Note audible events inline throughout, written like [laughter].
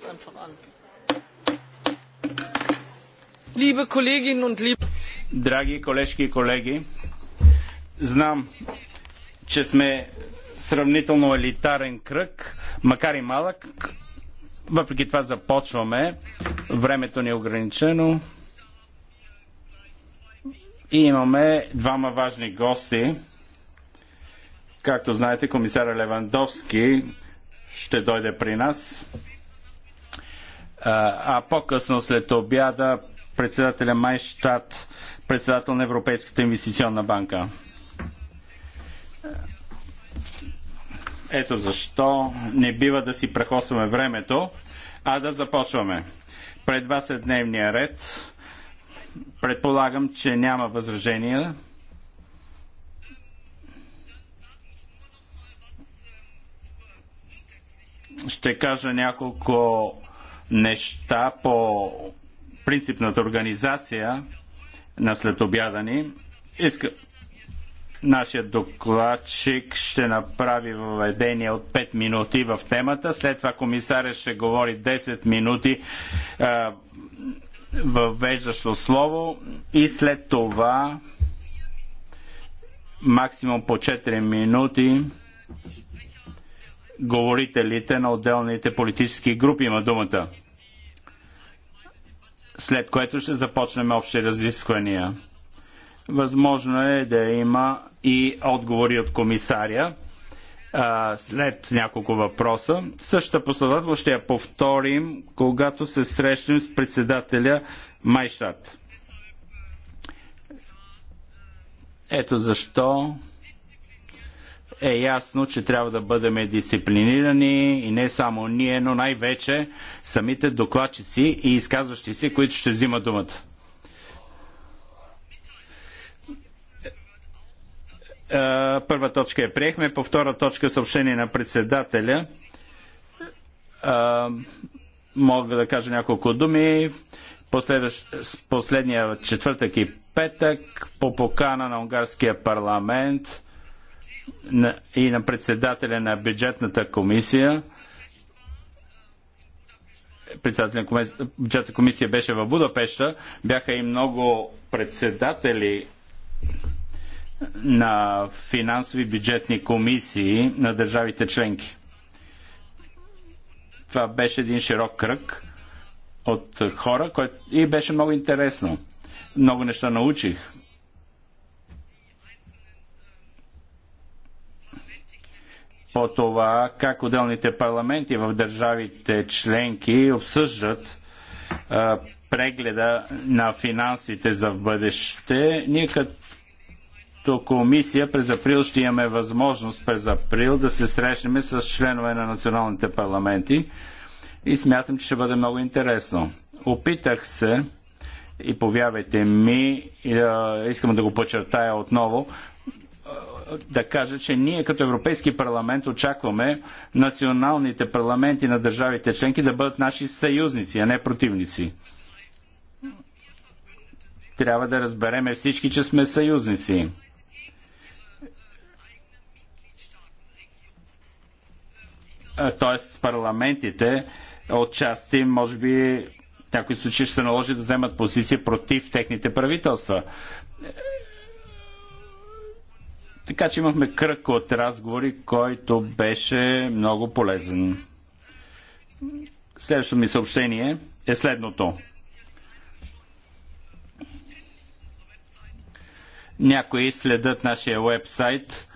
jetzt einfach an. Liebe Kolleginnen und liebe Драги колежки и колеги, знам, че сме сравнително елитарен кръг, макар и малък. Въпреки това започваме. Времето ни е ограничено. И имаме двама важни гости. Както знаете, комисаря Левандовски ще дойде при нас а по-късно след обяда председателя Майштат, председател на Европейската инвестиционна банка. Ето защо не бива да си прехосваме времето, а да започваме. Пред вас е дневния ред. Предполагам, че няма възражения. Ще кажа няколко неща по принципната организация на следобяда ни. Иска... Нашият докладчик ще направи въведение от 5 минути в темата. След това комисарят ще говори 10 минути а, въвеждащо слово и след това максимум по 4 минути говорителите на отделните политически групи има думата. След което ще започнем общи разисквания. Възможно е да има и отговори от комисаря а, след няколко въпроса. Същата последователност ще я повторим, когато се срещнем с председателя Майшат. Ето защо е ясно, че трябва да бъдем дисциплинирани и не само ние, но най-вече самите докладчици и изказващи се, които ще взимат думата. Е, първа точка я е приехме, по втора точка съобщение на председателя. Е, мога да кажа няколко думи. последния четвъртък и петък по покана на унгарския парламент и на председателя на бюджетната комисия. Председателя на комисия, бюджетната комисия беше в Будапешта. Бяха и много председатели на финансови бюджетни комисии на държавите членки. Това беше един широк кръг от хора който и беше много интересно. Много неща научих по това как отделните парламенти в държавите членки обсъждат а, прегледа на финансите за в бъдеще. Ние като комисия през април ще имаме възможност през април да се срещнем с членове на националните парламенти и смятам, че ще бъде много интересно. Опитах се и повярвайте ми, искам да го подчертая отново, да кажа, че ние като Европейски парламент очакваме националните парламенти на държавите членки да бъдат наши съюзници, а не противници. Трябва да разбереме всички, че сме съюзници. Тоест парламентите отчасти, може би, в някои случаи ще се наложи да вземат позиция против техните правителства така че имахме кръг от разговори, който беше много полезен. Следващото ми съобщение е следното. Някои следят нашия вебсайт.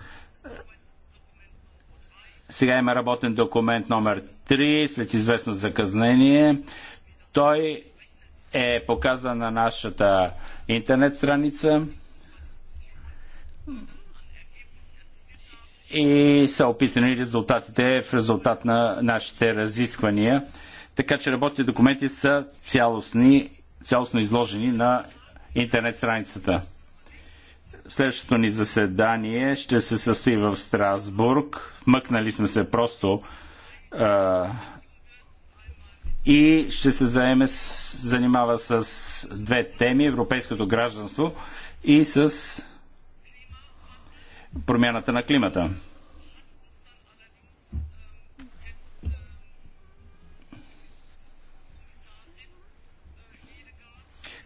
Сега има работен документ номер 3, след известно закъснение. Той е показан на нашата интернет страница и са описани резултатите в резултат на нашите разисквания. Така че работните документи са цялостни, цялостно изложени на интернет страницата. Следващото ни заседание ще се състои в Страсбург. Мъкнали сме се просто а, и ще се заеме, занимава с две теми европейското гражданство и с промяната на климата.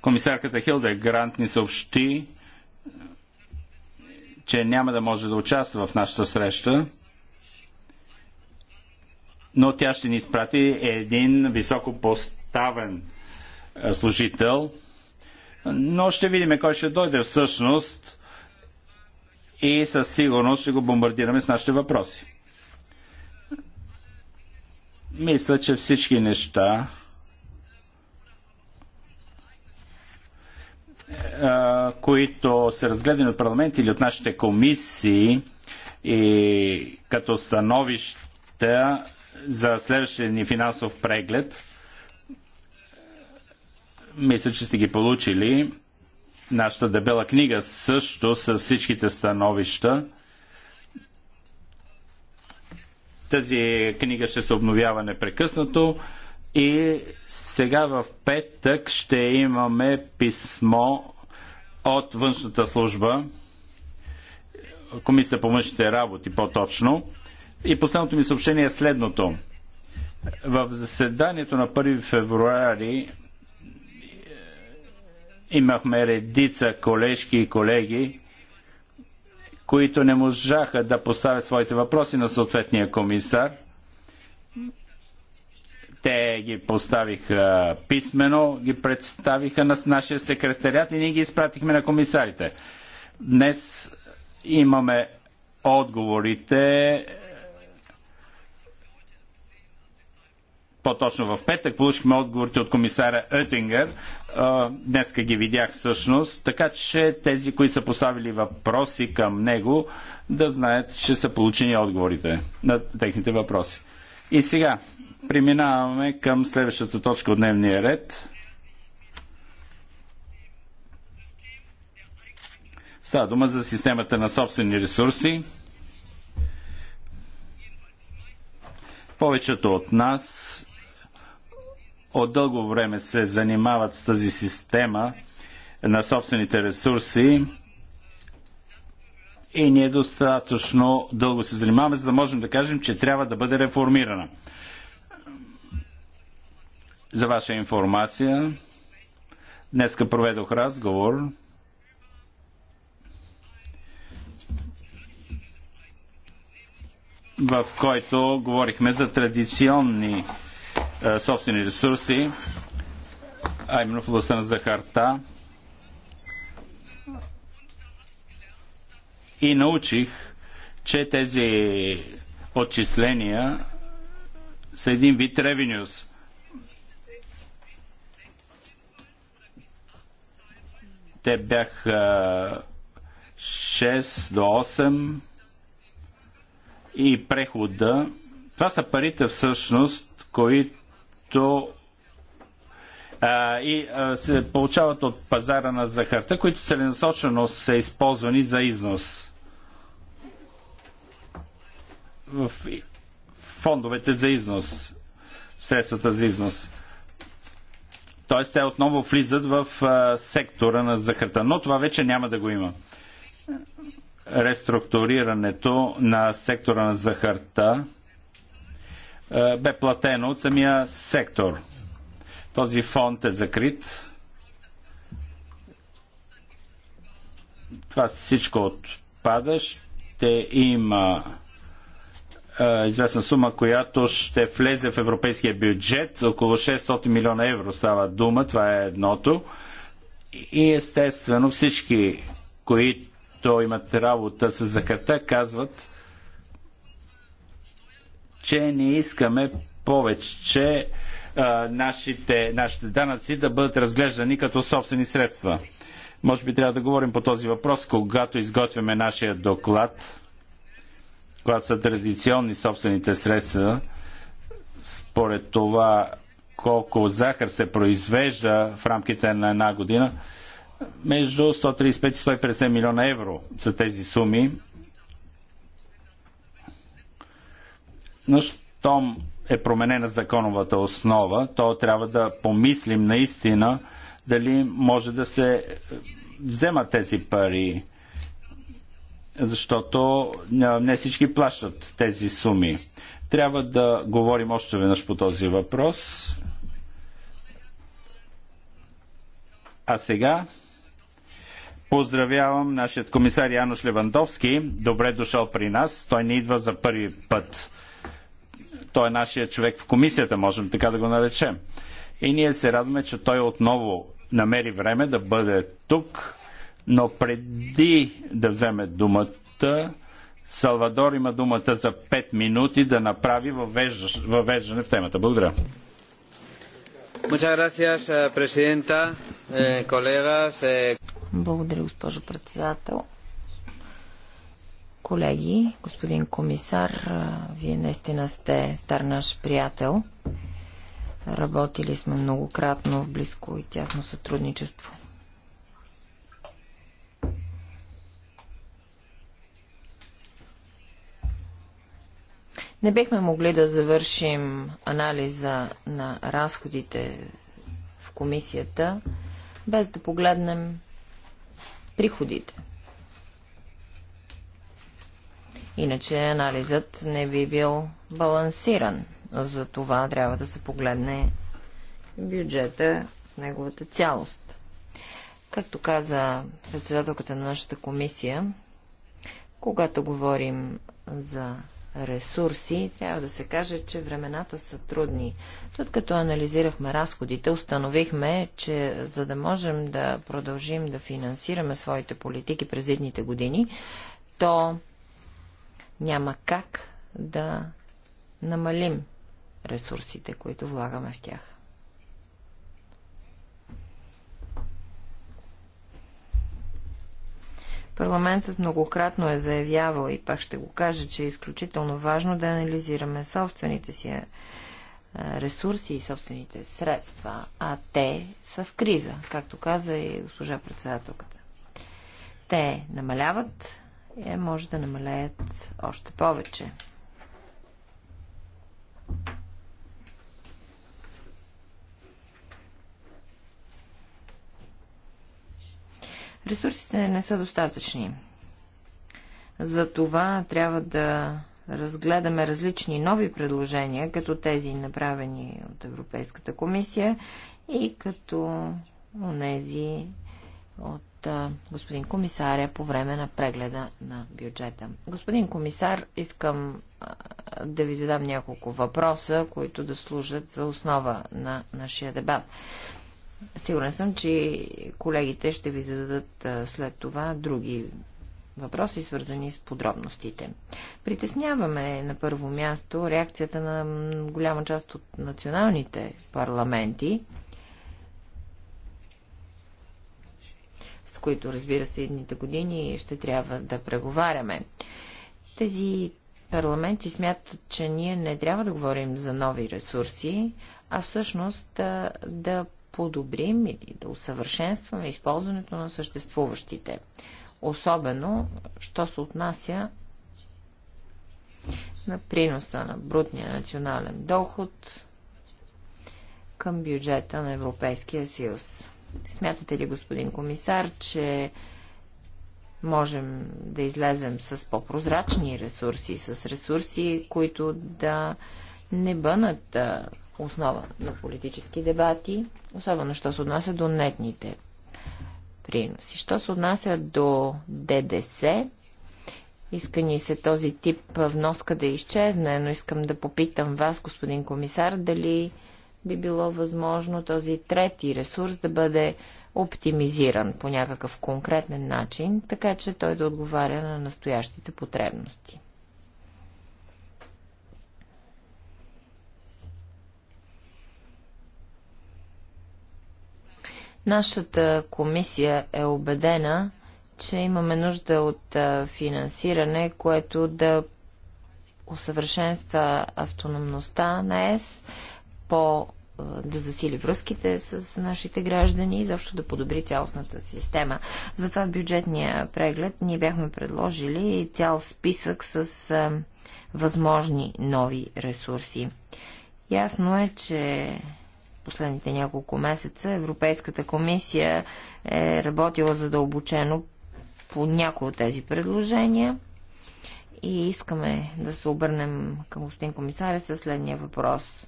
Комисарката Хилда Грант ни съобщи, че няма да може да участва в нашата среща, но тя ще ни изпрати един високо поставен служител, но ще видим кой ще дойде всъщност и със сигурност ще го бомбардираме с нашите въпроси. Мисля, че всички неща, които са разгледани от парламент или от нашите комисии и като становища за следващия ни финансов преглед. Мисля, че сте ги получили. Нашата дебела книга също с всичките становища. Тази книга ще се обновява непрекъснато. И сега в петък ще имаме писмо от външната служба, Комисията по външните работи по-точно. И последното ми съобщение е следното. В заседанието на 1 февруари е, имахме редица колежки и колеги, които не можаха да поставят своите въпроси на съответния комисар. Те ги поставиха писмено, ги представиха на нашия секретарят и ние ги изпратихме на комисарите. Днес имаме отговорите по-точно в петък получихме отговорите от комисаря Оетингер. Днеска ги видях всъщност, така че тези, които са поставили въпроси към него, да знаят, че са получени отговорите на техните въпроси. И сега, Преминаваме към следващата точка от дневния ред. Става дума за системата на собствени ресурси. Повечето от нас от дълго време се занимават с тази система на собствените ресурси и ние достатъчно дълго се занимаваме, за да можем да кажем, че трябва да бъде реформирана. За ваша информация, днеска проведох разговор в който говорихме за традиционни е, собствени ресурси, а именно в областта на захарта. И научих, че тези отчисления са един вид ревенюс, Те бяха 6 до 8 и прехода. Това са парите всъщност, които а, и а, се получават от пазара на захарта, които целенасочено са използвани за износ. В фондовете за износ, средствата за износ. Т.е. те отново влизат в сектора на захарта. Но това вече няма да го има. Реструктурирането на сектора на захарта бе платено от самия сектор. Този фонд е закрит. Това всичко отпада. Ще има е, известна сума, която ще влезе в европейския бюджет. Около 600 милиона евро става дума. Това е едното. И естествено всички, които имат работа с закрата, казват, че не искаме повече а, е, нашите, нашите данъци да бъдат разглеждани като собствени средства. Може би трябва да говорим по този въпрос, когато изготвяме нашия доклад това са традиционни собствените средства, според това колко захар се произвежда в рамките на една година, между 135 и 150 милиона евро за тези суми. Но щом е променена законовата основа, то трябва да помислим наистина дали може да се вземат тези пари защото не всички плащат тези суми. Трябва да говорим още веднъж по този въпрос. А сега поздравявам нашият комисар Янош Левандовски. Добре дошъл при нас. Той не идва за първи път. Той е нашия човек в комисията, можем така да го наречем. И ние се радваме, че той отново намери време да бъде тук но преди да вземе думата, Салвадор има думата за 5 минути да направи въвеждане в темата. Благодаря. Eh, eh, eh. Благодаря, госпожо председател. Колеги, господин комисар, вие наистина сте стар наш приятел. Работили сме многократно в близко и тясно сътрудничество. Не бихме могли да завършим анализа на разходите в комисията, без да погледнем приходите. Иначе анализът не би бил балансиран. За това трябва да се погледне бюджета в неговата цялост. Както каза председателката на нашата комисия, когато говорим за ресурси, трябва да се каже, че времената са трудни. След като анализирахме разходите, установихме, че за да можем да продължим да финансираме своите политики през едните години, то няма как да намалим ресурсите, които влагаме в тях. Парламентът многократно е заявявал и пак ще го кажа, че е изключително важно да анализираме собствените си е, е, ресурси и собствените средства, а те са в криза, както каза и госпожа председателката. Те намаляват и е, може да намалеят още повече. Ресурсите не са достатъчни. Затова трябва да разгледаме различни нови предложения, като тези направени от Европейската комисия и като онези от а, господин комисаря по време на прегледа на бюджета. Господин комисар, искам а, да ви задам няколко въпроса, които да служат за основа на нашия дебат. Сигурен съм, че колегите ще ви зададат след това други въпроси, свързани с подробностите. Притесняваме на първо място реакцията на голяма част от националните парламенти, с които, разбира се, едните години ще трябва да преговаряме. Тези парламенти смятат, че ние не трябва да говорим за нови ресурси, а всъщност да, да подобрим или да усъвършенстваме използването на съществуващите. Особено, що се отнася на приноса на брутния национален доход към бюджета на Европейския съюз. Смятате ли, господин комисар, че можем да излезем с по-прозрачни ресурси, с ресурси, които да не бъдат основа на политически дебати, особено що се отнася до нетните приноси. Що се отнася до ДДС, иска ни се този тип вноска да изчезне, но искам да попитам вас, господин комисар, дали би било възможно този трети ресурс да бъде оптимизиран по някакъв конкретен начин, така че той да отговаря на настоящите потребности. Нашата комисия е убедена, че имаме нужда от финансиране, което да усъвършенства автономността на ЕС, по да засили връзките с нашите граждани и защо да подобри цялостната система. Затова в бюджетния преглед ние бяхме предложили цял списък с възможни нови ресурси. Ясно е, че последните няколко месеца. Европейската комисия е работила задълбочено по някои от тези предложения и искаме да се обърнем към господин комисаря със следния въпрос.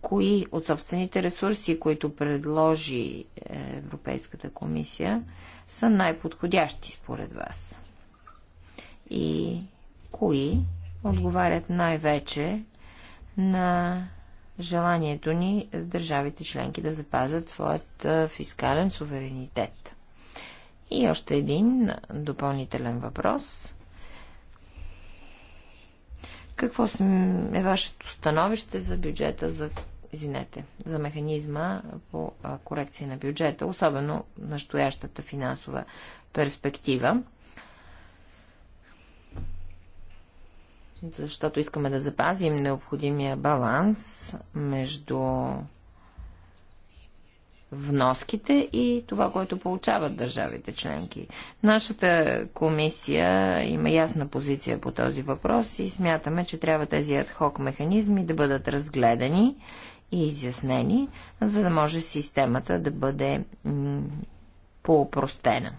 Кои от собствените ресурси, които предложи е, Европейската комисия, са най-подходящи според вас? И кои отговарят най-вече на желанието ни държавите членки да запазят своят фискален суверенитет. И още един допълнителен въпрос. Какво е вашето становище за бюджета за извинете, за механизма по корекция на бюджета, особено настоящата финансова перспектива? защото искаме да запазим необходимия баланс между вноските и това, което получават държавите членки. Нашата комисия има ясна позиция по този въпрос и смятаме, че трябва тези адхок механизми да бъдат разгледани и изяснени, за да може системата да бъде по-опростена.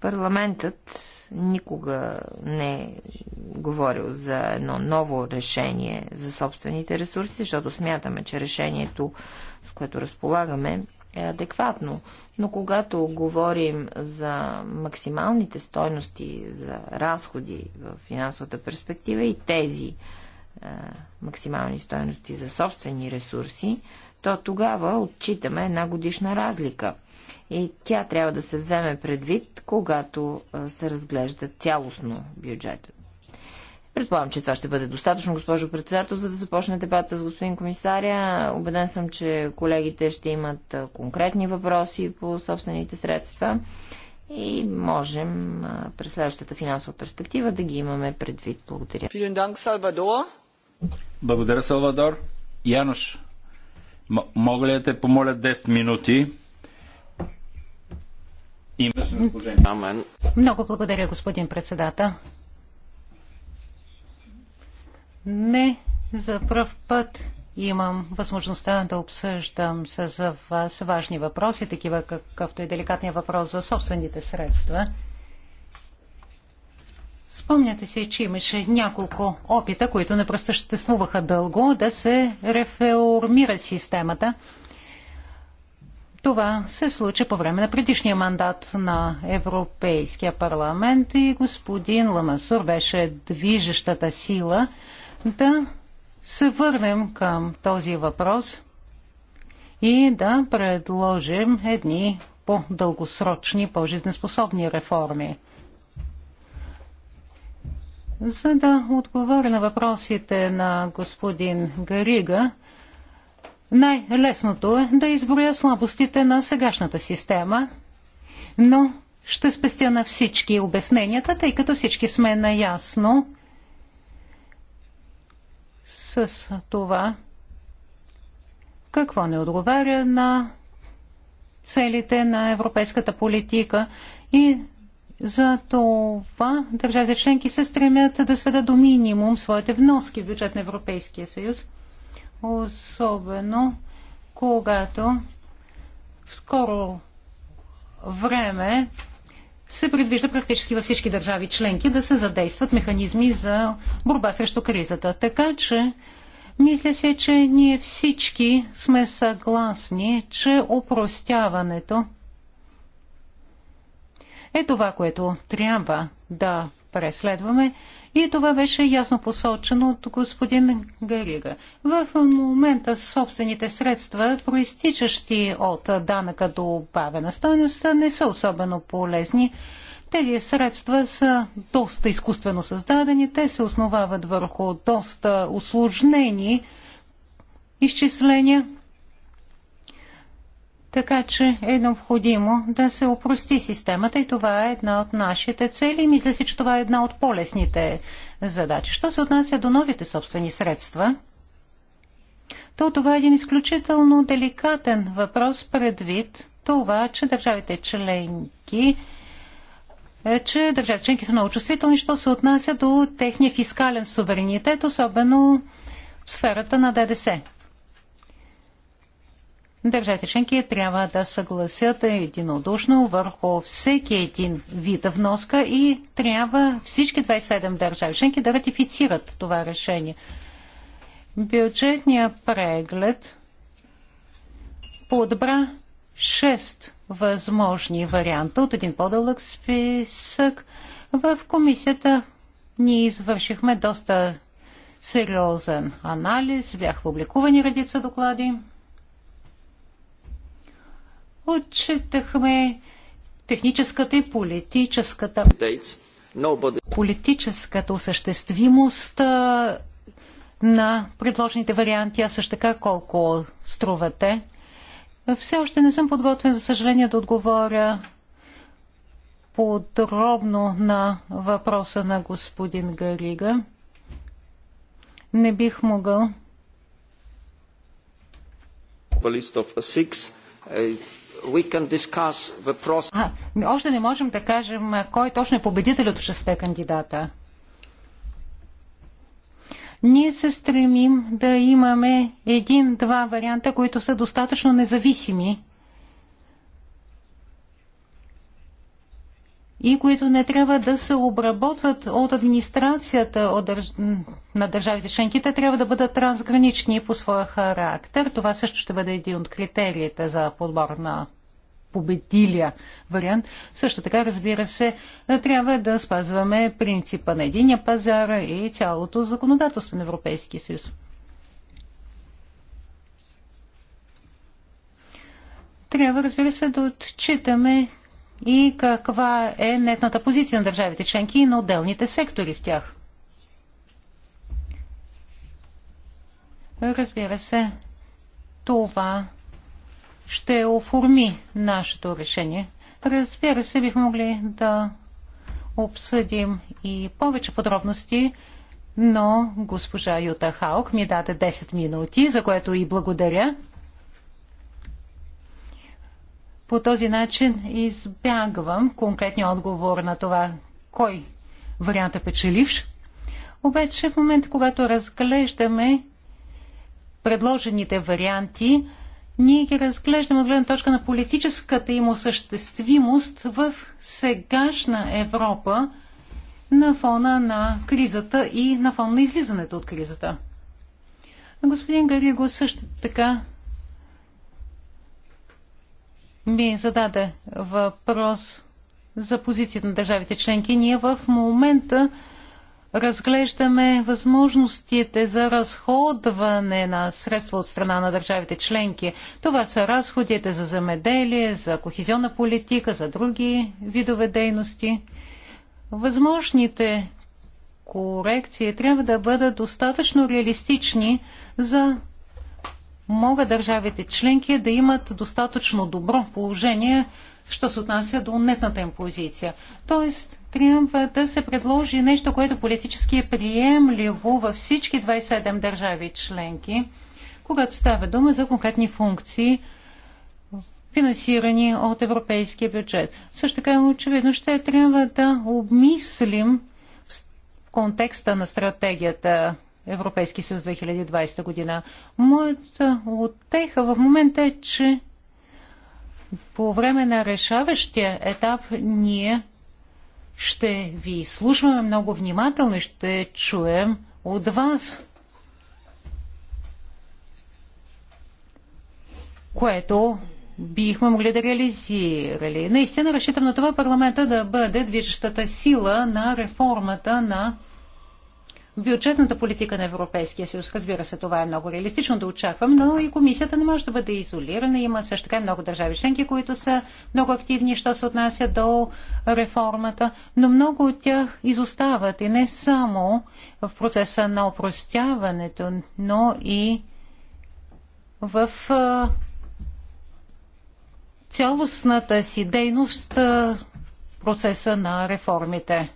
Парламентът никога не е говорил за едно ново решение за собствените ресурси, защото смятаме, че решението, с което разполагаме, е адекватно. Но когато говорим за максималните стойности за разходи в финансовата перспектива и тези е, максимални стойности за собствени ресурси, то тогава отчитаме една годишна разлика. И тя трябва да се вземе предвид, когато се разглежда цялостно бюджета. Предполагам, че това ще бъде достатъчно, госпожо председател, за да започне дебата с господин комисаря. Обеден съм, че колегите ще имат конкретни въпроси по собствените средства и можем през следващата финансова перспектива да ги имаме предвид. Благодаря. Благодаря, Салвадор. Янош мога ли да те помоля 10 минути? Много благодаря, господин председател. Не за пръв път имам възможността да обсъждам с вас важни въпроси, такива какъвто е деликатният въпрос за собствените средства – Спомняте си, че имаше няколко опита, които не просто съществуваха дълго, да се реформира системата. Това се случи по време на предишния мандат на Европейския парламент и господин Ламасур беше движещата сила да се върнем към този въпрос и да предложим едни по-дългосрочни, по-жизнеспособни реформи. За да отговоря на въпросите на господин Гарига, най-лесното е да изброя слабостите на сегашната система, но ще спестя на всички обясненията, тъй като всички сме наясно с това, какво не отговаря на целите на европейската политика и за това държавите членки се стремят да сведат до минимум своите вноски в бюджет на Европейския съюз, особено когато в скоро време се предвижда практически във всички държави членки да се задействат механизми за борба срещу кризата. Така че, мисля се, че ние всички сме съгласни, че упростяването – е това, което трябва да преследваме. И това беше ясно посочено от господин Гарига. В момента собствените средства, проистичащи от данъка до бавена стойност, не са особено полезни. Тези средства са доста изкуствено създадени, те се основават върху доста усложнени изчисления, така че е необходимо да се опрости системата и това е една от нашите цели. Мисля си, че това е една от по-лесните задачи. Що се отнася до новите собствени средства, то това е един изключително деликатен въпрос предвид това, че държавите членки е, че държавите членки са много чувствителни, що се отнася до техния фискален суверенитет, особено в сферата на ДДС държавите членки трябва да съгласят единодушно върху всеки един вид вноска и трябва всички 27 държави членки да ратифицират това решение. Бюджетният преглед подбра 6 възможни варианта от един по-дълъг списък. В комисията ние извършихме доста сериозен анализ, бях публикувани редица доклади отчитахме техническата и политическата политическата осъществимост на предложените варианти, а също така колко струвате. Все още не съм подготвен, за съжаление, да отговоря подробно на въпроса на господин Гарига. Не бих могъл we can discuss the process. А, още не можем да кажем кой точно е победител от шесте кандидата. Ние се стремим да имаме един-два варианта, които са достатъчно независими и които не трябва да се обработват от администрацията от държ... на държавите членки. Те трябва да бъдат трансгранични по своя характер. Това също ще бъде един от критериите за подбор на победилия вариант. Също така, разбира се, трябва да спазваме принципа на единия пазар и цялото законодателство на Европейския съюз. Трябва, разбира се, да отчитаме и каква е нетната позиция на държавите членки и на отделните сектори в тях. Разбира се, това ще оформи нашето решение. Разбира се, бих могли да обсъдим и повече подробности, но госпожа Юта Хаук ми даде 10 минути, за което и благодаря. По този начин избягвам конкретния отговор на това, кой вариант е печеливш. Обаче в момента, когато разглеждаме предложените варианти, ние ги разглеждаме от гледна точка на политическата им осъществимост в сегашна Европа на фона на кризата и на фона на излизането от кризата. Господин Гариго също така ми зададе въпрос за позицията на държавите членки. Ние в момента разглеждаме възможностите за разходване на средства от страна на държавите членки. Това са разходите за замеделие, за кохизионна политика, за други видове дейности. Възможните корекции трябва да бъдат достатъчно реалистични, за могат държавите членки да имат достатъчно добро положение, що се отнася до нетната им позиция. Тоест, трябва да се предложи нещо, което политически е приемливо във всички 27 държави членки, когато става дума за конкретни функции, финансирани от европейския бюджет. Също така, очевидно, ще трябва да обмислим в контекста на стратегията Европейски съюз 2020 година. Моята отеха в момента е, че по време на решаващия етап ние ще ви слушаме много внимателно и ще чуем от вас, което бихме могли да реализирали. Наистина разчитам на това парламента да бъде движещата сила на реформата на бюджетната политика на Европейския съюз. Разбира се, това е много реалистично да очаквам, но и комисията не може да бъде изолирана. Има също така много държави членки, които са много активни, що се отнася до реформата, но много от тях изостават и не само в процеса на опростяването, но и в цялостната си дейност в процеса на реформите.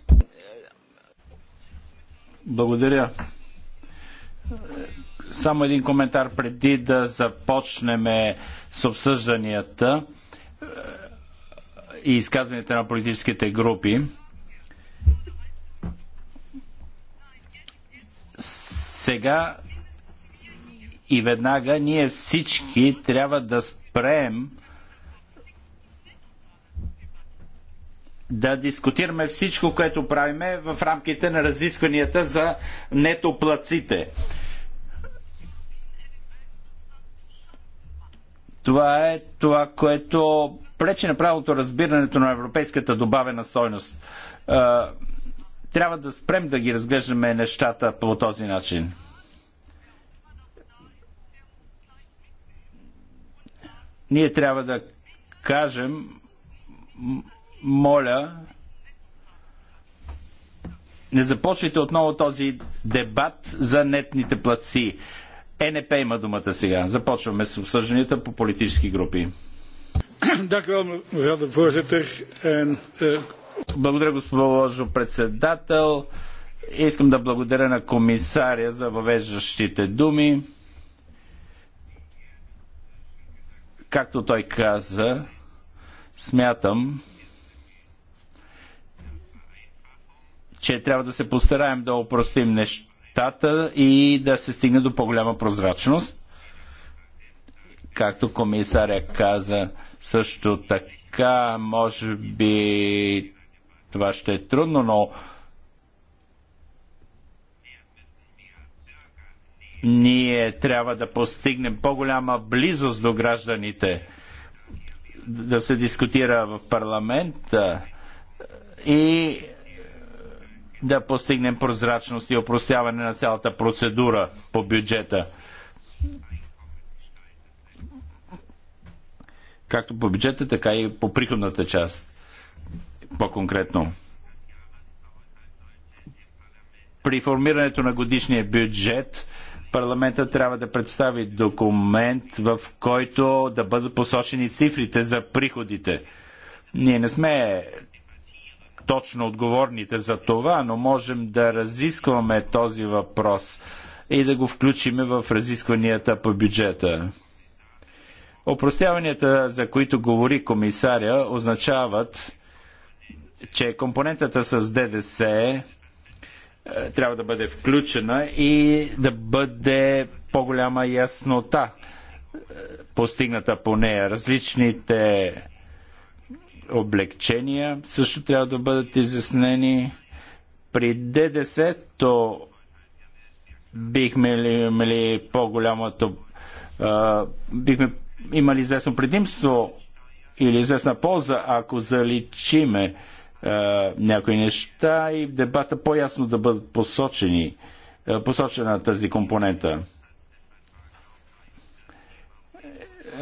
Благодаря. Само един коментар преди да започнем с обсъжданията е, и изказванията на политическите групи. Сега и веднага ние всички трябва да спрем да дискутираме всичко, което правиме в рамките на разискванията за нетоплаците. Това е това, което пречи на правилното разбирането на европейската добавена стойност. Трябва да спрем да ги разглеждаме нещата по този начин. Ние трябва да кажем моля, не започвайте отново този дебат за нетните платци. ЕНП има думата сега. Започваме с обсъжданията по политически групи. Eh, благодаря, госпожо председател. Искам да благодаря на комисаря за въвеждащите думи. Както той каза, смятам, че трябва да се постараем да опростим нещата и да се стигне до по-голяма прозрачност. Както комисаря каза, също така, може би това ще е трудно, но ние трябва да постигнем по-голяма близост до гражданите, да се дискутира в парламента и да постигнем прозрачност и опростяване на цялата процедура по бюджета. Както по бюджета, така и по приходната част. По-конкретно. При формирането на годишния бюджет парламента трябва да представи документ, в който да бъдат посочени цифрите за приходите. Ние не сме точно отговорните за това, но можем да разискваме този въпрос и да го включим в разискванията по бюджета. Опростяванията, за които говори комисаря, означават, че компонентата с ДДС е, трябва да бъде включена и да бъде по-голяма яснота е, постигната по нея. Различните облегчения също трябва да бъдат изяснени. При ДДС то бихме ли имали по-голямото бихме имали известно предимство или известна полза, ако заличиме а, някои неща и в дебата по-ясно да бъдат посочени, а, посочена тази компонента.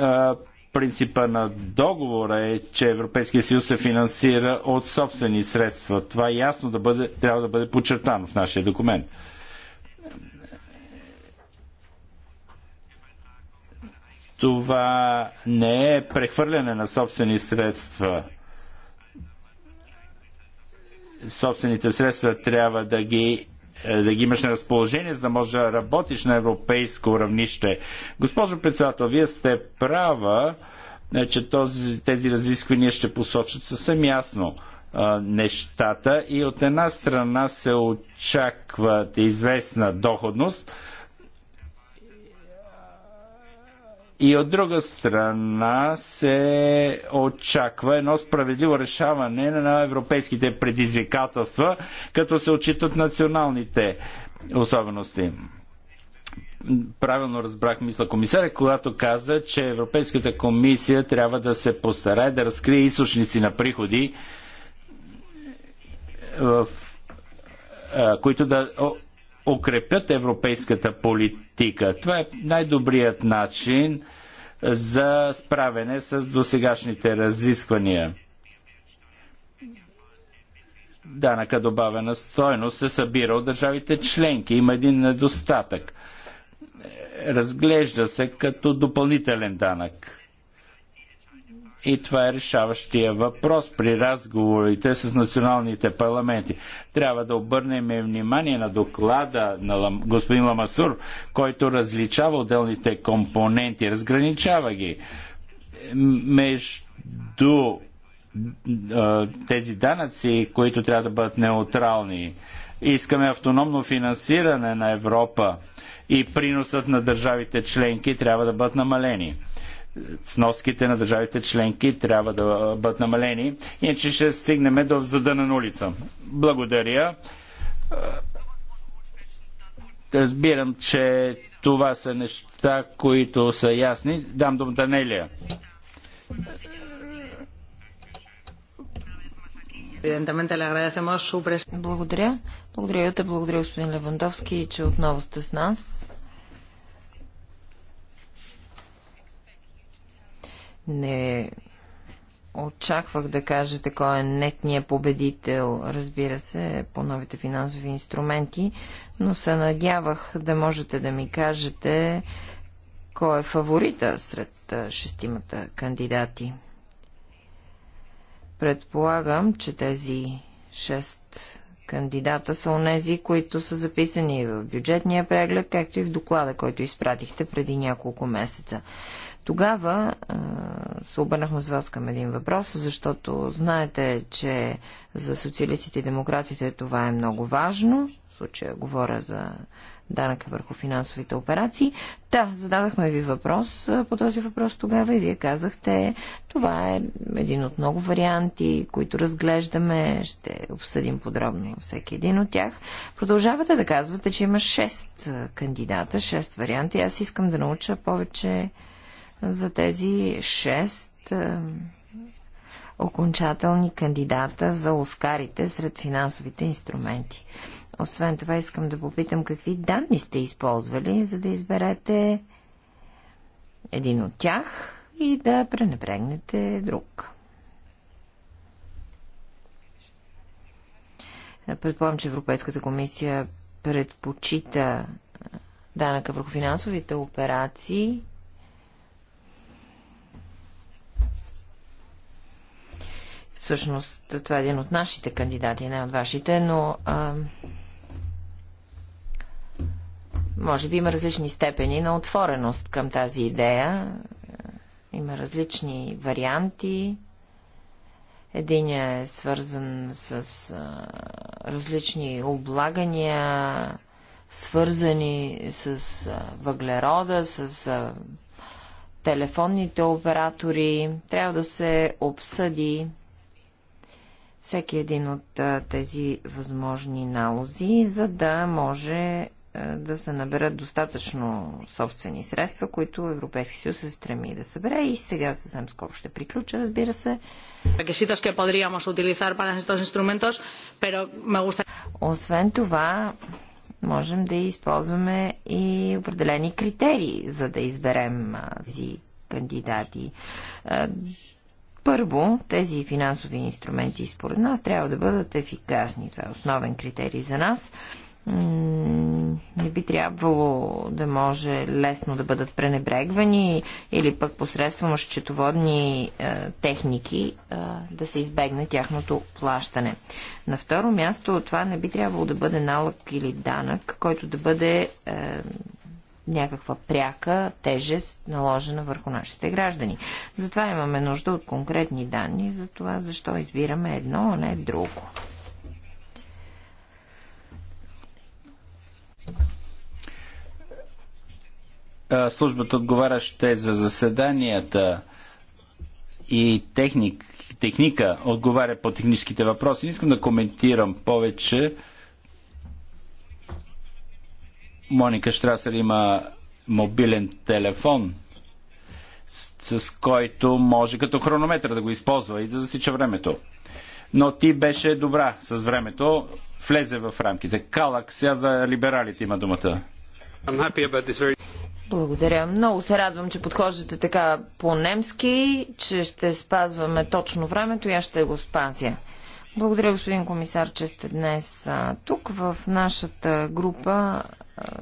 А, принципа на договора е, че Европейския съюз се финансира от собствени средства. Това е ясно да бъде, трябва да бъде подчертано в нашия документ. Това не е прехвърляне на собствени средства. Собствените средства трябва да ги е, да ги имаш на разположение, за да можеш да работиш на европейско равнище. Госпожо председател, вие сте права, е, че този, тези разисквания ще посочат съвсем ясно е, нещата и от една страна се очаква известна доходност, и от друга страна се очаква едно справедливо решаване на европейските предизвикателства, като се отчитат националните особености. Правилно разбрах мисля комисаря, когато каза, че Европейската комисия трябва да се постарае да разкрие източници на приходи в които да укрепят европейската политика. Това е най-добрият начин за справяне с досегашните разисквания. Данъка добавена стойност се събира от държавите членки. Има един недостатък. Разглежда се като допълнителен данък. И това е решаващия въпрос при разговорите с националните парламенти. Трябва да обърнем внимание на доклада на господин Ламасур, който различава отделните компоненти, разграничава ги между тези данъци, които трябва да бъдат неутрални. Искаме автономно финансиране на Европа и приносът на държавите членки трябва да бъдат намалени вноските на държавите членки трябва да бъдат намалени, иначе ще стигнем до на улица. Благодаря. Е, разбирам, че това са неща, които са ясни. Дам дом Данелия. Благодаря. Благодаря, Юта. Благодаря, господин Левандовски, че отново сте с нас. Не очаквах да кажете кой е нетният победител, разбира се, по новите финансови инструменти, но се надявах да можете да ми кажете кой е фаворита сред шестимата кандидати. Предполагам, че тези шест кандидата са онези, които са записани в бюджетния преглед, както и в доклада, който изпратихте преди няколко месеца. Тогава се обърнахме с вас към един въпрос, защото знаете, че за социалистите и демократите това е много важно. В случая говоря за данъка върху финансовите операции. Да, зададахме ви въпрос по този въпрос тогава и вие казахте, това е един от много варианти, които разглеждаме, ще обсъдим подробно всеки един от тях. Продължавате да казвате, че има 6 кандидата, 6 варианти. Аз искам да науча повече за тези шест е, окончателни кандидата за Оскарите сред финансовите инструменти. Освен това искам да попитам какви данни сте използвали, за да изберете един от тях и да пренебрегнете друг. Предполагам, че Европейската комисия предпочита данъка върху финансовите операции Всъщност, това е един от нашите кандидати, не от вашите, но а, може би има различни степени на отвореност към тази идея. Има различни варианти. Един е свързан с а, различни облагания, свързани с а, въглерода, с а, телефонните оператори. Трябва да се обсъди всеки един от тези възможни налози, за да може да се наберат достатъчно собствени средства, които Европейски съюз се стреми да събере. И сега съвсем скоро ще приключа, разбира се. Освен това, можем да използваме и определени критерии, за да изберем тези кандидати. Първо, тези финансови инструменти според нас трябва да бъдат ефикасни. Това е основен критерий за нас. Не би трябвало да може лесно да бъдат пренебрегвани или пък посредством счетоводни е, техники е, да се избегне тяхното плащане. На второ място, това не би трябвало да бъде налък или данък, който да бъде е, някаква пряка тежест, наложена върху нашите граждани. Затова имаме нужда от конкретни данни за това, защо избираме едно, а не друго. Службата отговаряща ще за заседанията и техник, техника отговаря по техническите въпроси. Не искам да коментирам повече Моника Штрасър има мобилен телефон, с, с който може като хронометър да го използва и да засича времето. Но ти беше добра с времето, влезе в рамките. Калак сега за либералите има думата. Благодаря. Много се радвам, че подхождате така по-немски, че ще спазваме точно времето и аз ще го спазя. Благодаря, господин комисар, че сте днес тук в нашата група.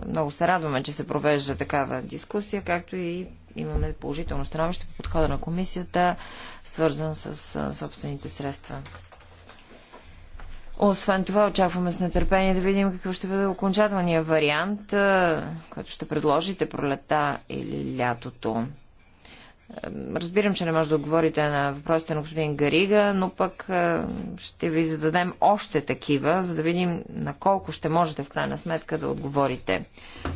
Много се радваме, че се провежда такава дискусия, както и имаме положително становище по подхода на комисията, свързан с собствените средства. Освен това, очакваме с нетърпение да видим какъв ще бъде окончателният вариант, който ще предложите пролета или лятото. Разбирам, че не може да отговорите на въпросите на господин Гарига, но пък е, ще ви зададем още такива, за да видим на колко ще можете в крайна сметка да отговорите.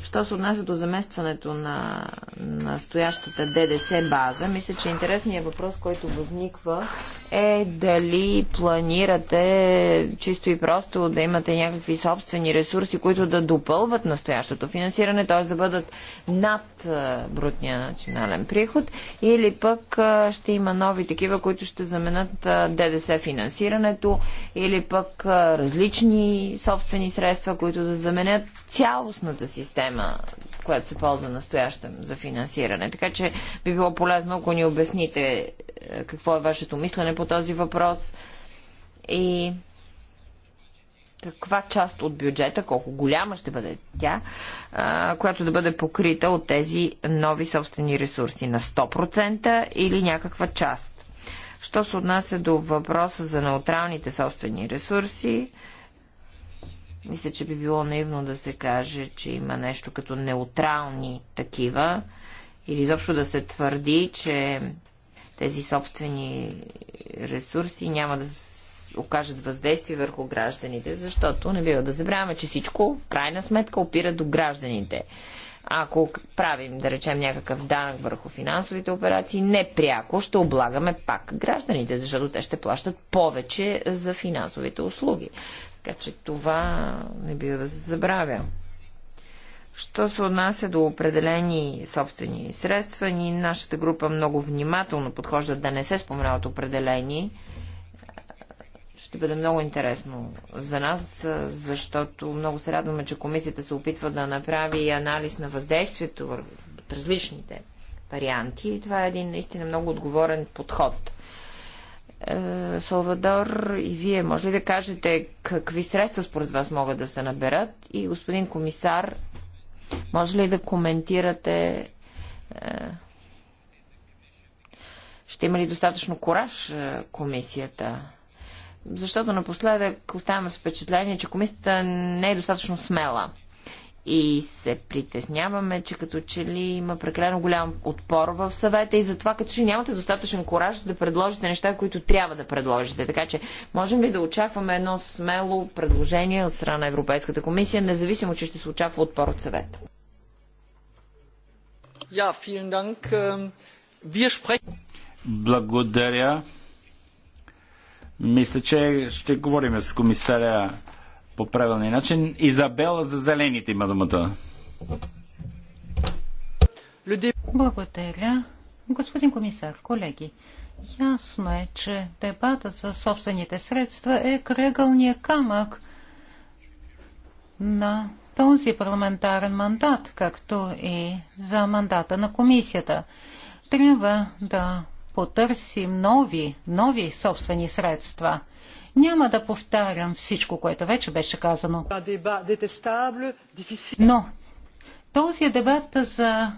Що се отнася до заместването на настоящата ДДС база, мисля, че интересният въпрос, който възниква е дали планирате чисто и просто да имате някакви собствени ресурси, които да допълват настоящото финансиране, т.е. да бъдат над е, брутния национален приход или пък ще има нови такива, които ще заменят ДДС финансирането, или пък различни собствени средства, които да заменят цялостната система, която се ползва настоящем за финансиране. Така че би било полезно, ако ни обясните какво е вашето мислене по този въпрос и каква част от бюджета, колко голяма ще бъде тя, която да бъде покрита от тези нови собствени ресурси на 100% или някаква част. Що се отнася до въпроса за неутралните собствени ресурси, мисля, че би било наивно да се каже, че има нещо като неутрални такива или изобщо да се твърди, че тези собствени ресурси няма да окажат въздействие върху гражданите, защото не бива да забравяме, че всичко в крайна сметка опира до гражданите. Ако правим, да речем, някакъв данък върху финансовите операции, непряко ще облагаме пак гражданите, защото те ще плащат повече за финансовите услуги. Така че това не бива да се забравя. Що се отнася до определени собствени средства, ни нашата група много внимателно подхожда да не се споменават определени ще бъде много интересно за нас, защото много се радваме, че комисията се опитва да направи анализ на въздействието върху различните варианти. И това е един наистина много отговорен подход. Е, Салвадор, и вие може ли да кажете какви средства според вас могат да се наберат? И господин комисар, може ли да коментирате е, ще има ли достатъчно кораж е, комисията? защото напоследък оставаме с впечатление, че комисията не е достатъчно смела. И се притесняваме, че като че ли има прекалено голям отпор в съвета и затова като че нямате достатъчен кораж да предложите неща, които трябва да предложите. Така че можем ли да очакваме едно смело предложение от страна на Европейската комисия, независимо, че ще се очаква отпор от съвета? Ähm, Благодаря. Мисля, че ще говорим с комисаря по правилния начин. Изабела за зелените има думата. Благодаря. Господин комисар, колеги, ясно е, че дебатът за собствените средства е кръгълния камък на този парламентарен мандат, както и за мандата на комисията. Трябва да потърсим нови, нови собствени средства. Няма да повтарям всичко, което вече беше казано. Но този дебат за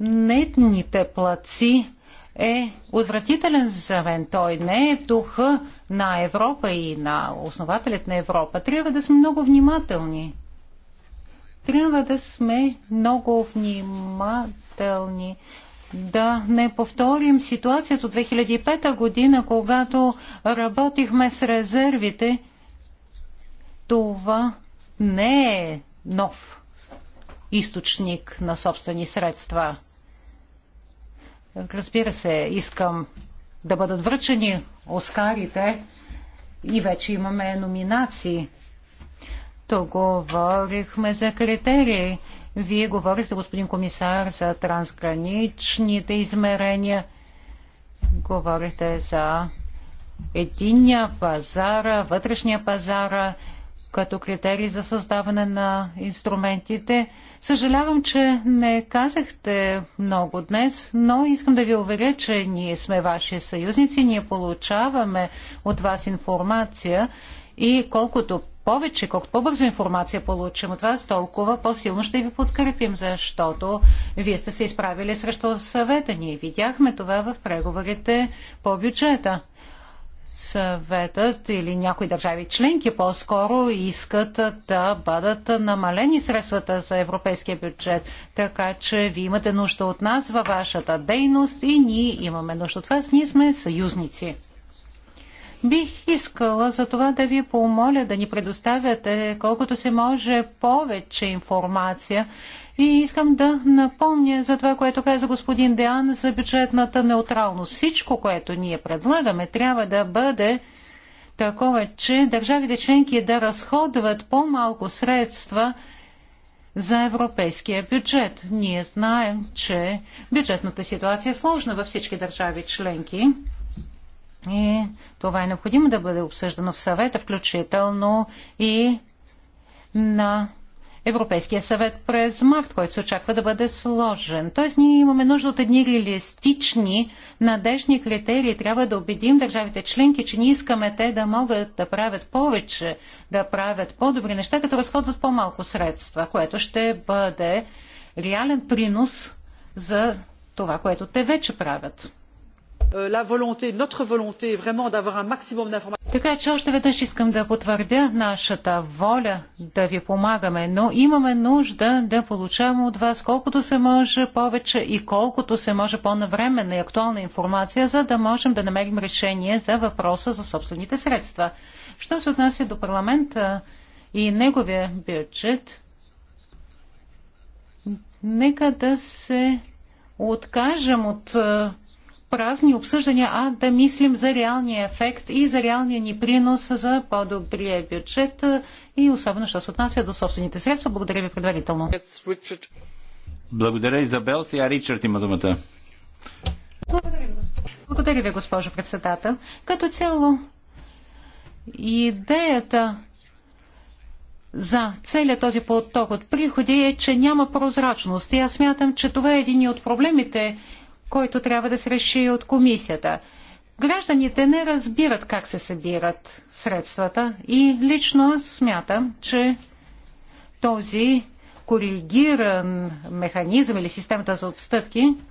нетните плаци е отвратителен за мен. Той не е в духа на Европа и на основателят на Европа. Трябва да сме много внимателни. Трябва да сме много внимателни да не повторим ситуацията от 2005 година, когато работихме с резервите. Това не е нов източник на собствени средства. Разбира се, искам да бъдат връчени Оскарите и вече имаме номинации. То говорихме за критерии вие говорите, господин комисар, за трансграничните измерения. Говорите за единния пазара, вътрешния пазара, като критерий за създаване на инструментите. Съжалявам, че не казахте много днес, но искам да ви уверя, че ние сме ваши съюзници, ние получаваме от вас информация и колкото повече, колкото по-бързо информация получим от вас, толкова по-силно ще ви подкрепим, защото вие сте се изправили срещу съвета. Ние видяхме това в преговорите по бюджета. Съветът или някои държави членки по-скоро искат да бъдат намалени средствата за европейския бюджет. Така че ви имате нужда от нас във вашата дейност и ние имаме нужда от вас. Ние сме съюзници. Бих искала за това да ви помоля да ни предоставяте колкото се може повече информация и искам да напомня за това, което каза господин Деан за бюджетната неутралност. Всичко, което ние предлагаме, трябва да бъде такова, че държавите членки да разходват по-малко средства за европейския бюджет. Ние знаем, че бюджетната ситуация е сложна във всички държави членки и това е необходимо да бъде обсъждано в съвета, включително и на Европейския съвет през март, който се очаква да бъде сложен. Тоест ние имаме нужда от едни реалистични, надежни критерии. Трябва да убедим държавите членки, че ние искаме те да могат да правят повече, да правят по-добри неща, като разходват по-малко средства, което ще бъде реален принос за това, което те вече правят. Euh, la volonté, notre volonté vraiment d'avoir un maximum d'informations. Така че още веднъж искам да потвърдя нашата воля да ви помагаме, но имаме нужда да получаваме от вас колкото се може повече и колкото се може по-навременна и актуална информация, за да можем да намерим решение за въпроса за собствените средства. Що се отнася до парламента и неговия бюджет, нека да се откажем от празни обсъждания, а да мислим за реалния ефект и за реалния ни принос за по-добрия бюджет и особено, що се отнася до собствените средства. Благодаря ви предварително. Благодаря, Изабел. Сега Ричард има думата. Благодаря ви, госпожо председател. Като цяло, идеята за целият този поток от приходи е, че няма прозрачност. И аз смятам, че това е един от проблемите, който трябва да се реши от комисията. Гражданите не разбират как се събират средствата и лично аз смятам, че този коригиран механизъм или системата за отстъпки –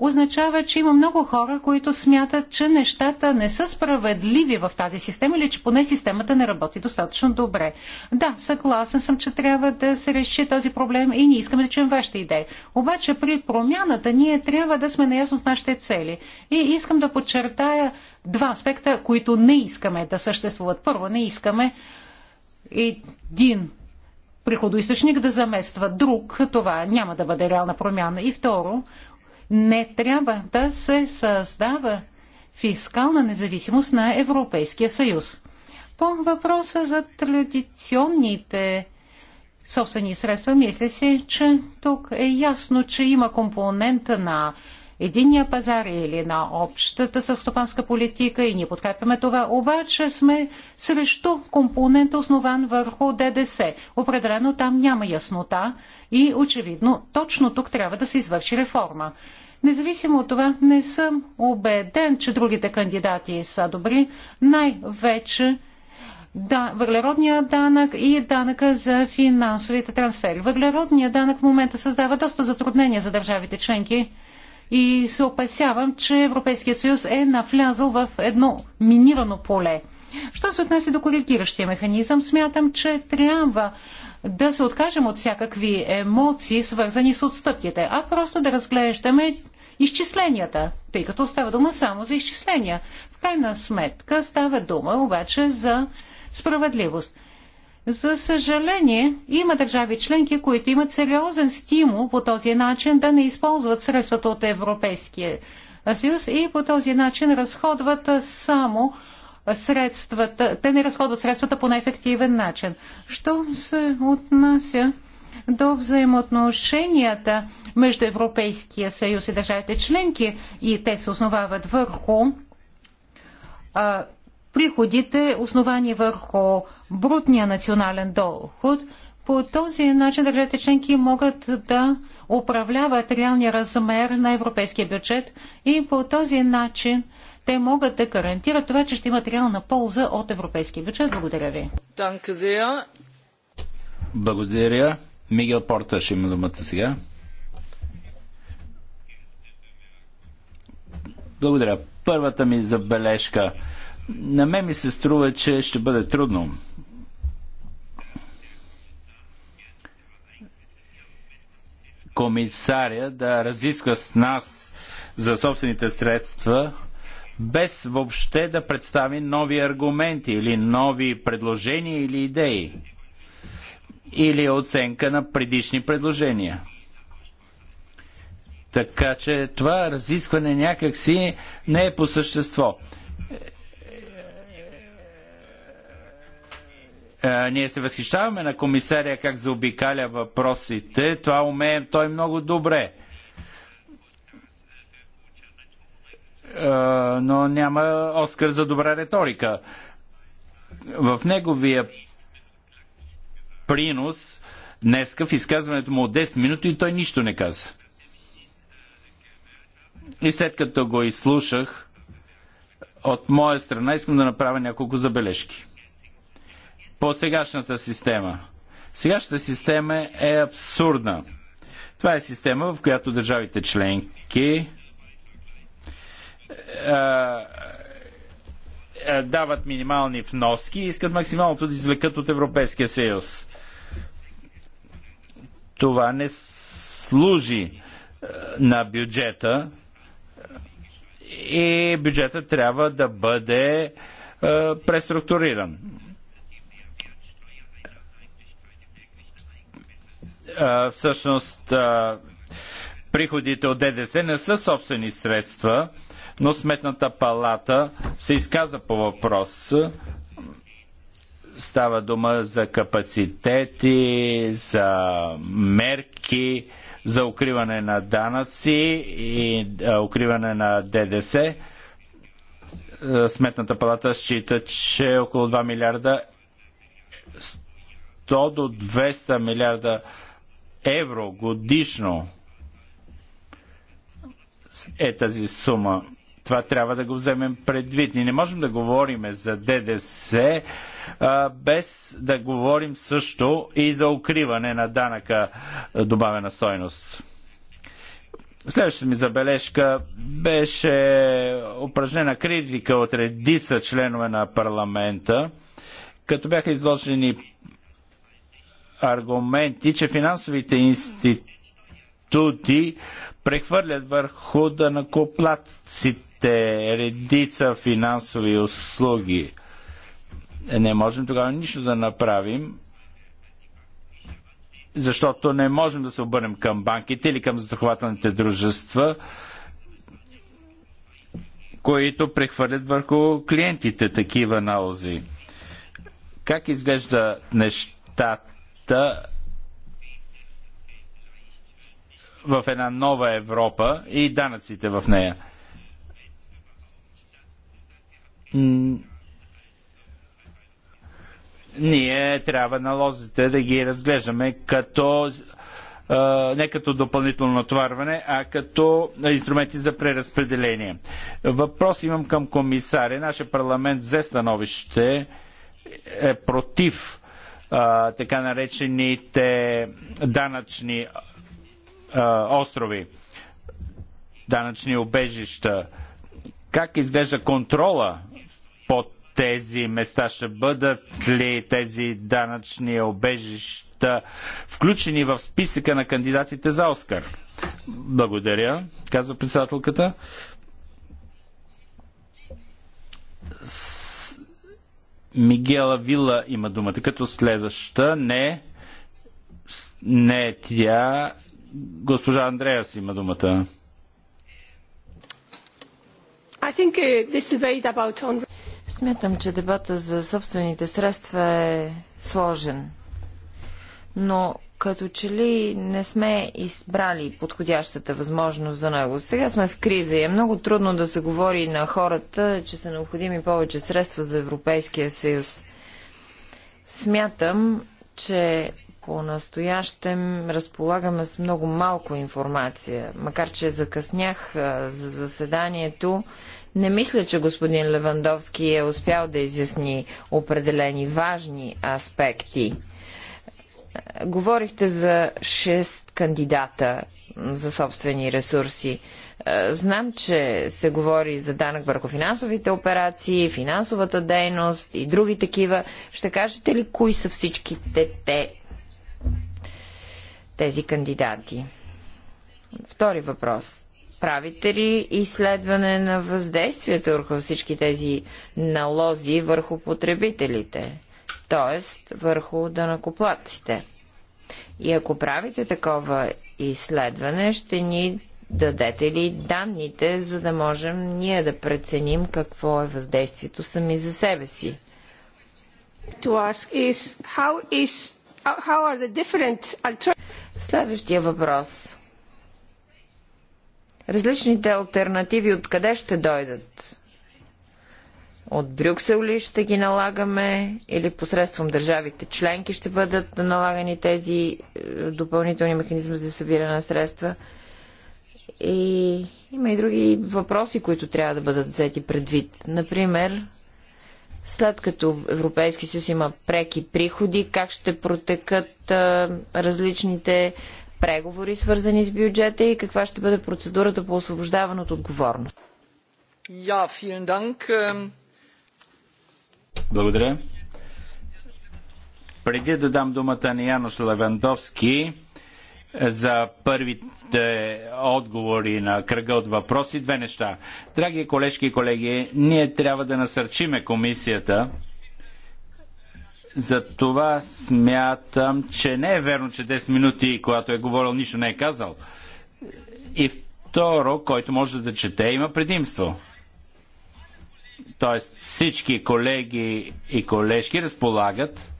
означава, че има много хора, които смятат, че нещата не са справедливи в тази система или че поне системата не работи достатъчно добре. Да, съгласен съм, че трябва да се реши този проблем и ние искаме да чуем вашите идеи. Обаче при промяната ние трябва да сме наясно с нашите цели. И искам да подчертая два аспекта, които не искаме да съществуват. Първо, не искаме един приходоисточник да замества друг, това няма да бъде реална промяна. И второ, не трябва да се създава фискална независимост на Европейския съюз. По въпроса за традиционните собствени средства, мисля се, че тук е ясно, че има компонента на единния пазар или на общата състопанска политика и ние подкрепяме това. Обаче сме срещу компонента основан върху ДДС. Определено там няма яснота и очевидно точно тук трябва да се извърши реформа. Независимо от това, не съм убеден, че другите кандидати са добри. Най-вече да, въглеродният данък и данъка за финансовите трансфери. Въглеродния данък в момента създава доста затруднения за държавите членки и се опасявам, че Европейският съюз е навлязъл в едно минирано поле. Що се отнесе до коригиращия механизъм, смятам, че трябва да се откажем от всякакви емоции, свързани с отстъпките, а просто да разглеждаме изчисленията, тъй като става дума само за изчисления. В крайна сметка става дума обаче за справедливост. За съжаление, има държави членки, които имат сериозен стимул по този начин да не използват средствата от Европейския съюз и по този начин разходват само средствата, те не разходват средствата по най-ефективен начин. Що се отнася до взаимоотношенията между Европейския съюз и държавите членки и те се основават върху а, приходите, основани върху брутния национален доход. По този начин държавите членки могат да управляват реалния размер на европейския бюджет и по този начин – те могат да гарантират това, че ще имат реална полза от европейския бюджет. Благодаря ви. Благодаря. Мигел Порта ще има думата сега. Благодаря. Първата ми забележка. На мен ми се струва, че ще бъде трудно. Комисаря да разисква с нас за собствените средства без въобще да представи нови аргументи или нови предложения или идеи или оценка на предишни предложения. Така че това разискване някакси не е по същество. ние се възхищаваме на комисаря как заобикаля въпросите. Това умеем той много добре. Е, но няма Оскар за добра риторика. В неговия принос днеска в изказването му от 10 минути той нищо не каза. И след като го изслушах, от моя страна искам да направя няколко забележки. По сегашната система. Сегашната система е абсурдна. Това е система, в която държавите членки е, е, дават минимални вноски и искат максималното да извлекат от Европейския съюз. Това не служи е, на бюджета и бюджета трябва да бъде преструктуриран. всъщност приходите от ДДС не са собствени средства, но Сметната палата се изказа по въпрос. Става дума за капацитети, за мерки, за укриване на данъци и укриване на ДДС. Сметната палата счита, че около 2 милиарда 100 до 200 милиарда евро годишно е тази сума. Това трябва да го вземем предвид. Ние не можем да говорим за ДДС а, без да говорим също и за укриване на данъка добавена стойност. Следващата ми забележка беше упражнена критика от редица членове на парламента, като бяха изложени аргументи, че финансовите институти прехвърлят върху данакоплатците те редица финансови услуги. Не можем тогава нищо да направим, защото не можем да се обърнем към банките или към застрахователните дружества, които прехвърлят върху клиентите такива налози. Как изглежда нещата в една нова Европа и данъците в нея? ние трябва налозите да ги разглеждаме като не като допълнително натоварване, а като инструменти за преразпределение. Въпрос имам към комисаря. Нашия парламент взе становище е против а, така наречените данъчни а, острови, данъчни обежища как изглежда контрола по тези места? Ще бъдат ли тези данъчни обежища включени в списъка на кандидатите за Оскар? Благодаря, казва председателката. С... Мигела Вила има думата като следваща. Не. Не тя. Госпожа Андреас има думата. Uh, Смятам, че дебата за собствените средства е сложен. Но като че ли не сме избрали подходящата възможност за него. Сега сме в криза и е много трудно да се говори на хората, че са необходими повече средства за Европейския съюз. Смятам, че по-настоящем разполагаме с много малко информация. Макар, че закъснях за заседанието, не мисля, че господин Левандовски е успял да изясни определени важни аспекти. Говорихте за 6 кандидата за собствени ресурси. Е, знам, че се говори за данък върху финансовите операции, финансовата дейност и други такива. Ще кажете ли кои са всичките те, тези кандидати? Втори въпрос. Правите ли изследване на въздействието върху всички тези налози върху потребителите, т.е. върху данакоплатците? И ако правите такова изследване, ще ни дадете ли данните, за да можем ние да преценим какво е въздействието сами за себе си? Следващия въпрос. Различните альтернативи откъде ще дойдат? От Брюксел ли ще ги налагаме или посредством държавите членки ще бъдат налагани тези е, допълнителни механизми за събиране на средства? И има и други въпроси, които трябва да бъдат взети предвид. Например, след като Европейски съюз има преки приходи, как ще протекат а, е, различните преговори, свързани с бюджета и каква ще бъде процедурата по освобождаване от отговорност? Благодаря. Преди да дам думата на Янош Левандовски за първите отговори на кръга от въпроси, две неща. Драги колежки и колеги, ние трябва да насърчиме комисията затова смятам, че не е верно, че 10 минути, когато е говорил, нищо не е казал. И второ, който може да чете, има предимство. Тоест всички колеги и колежки разполагат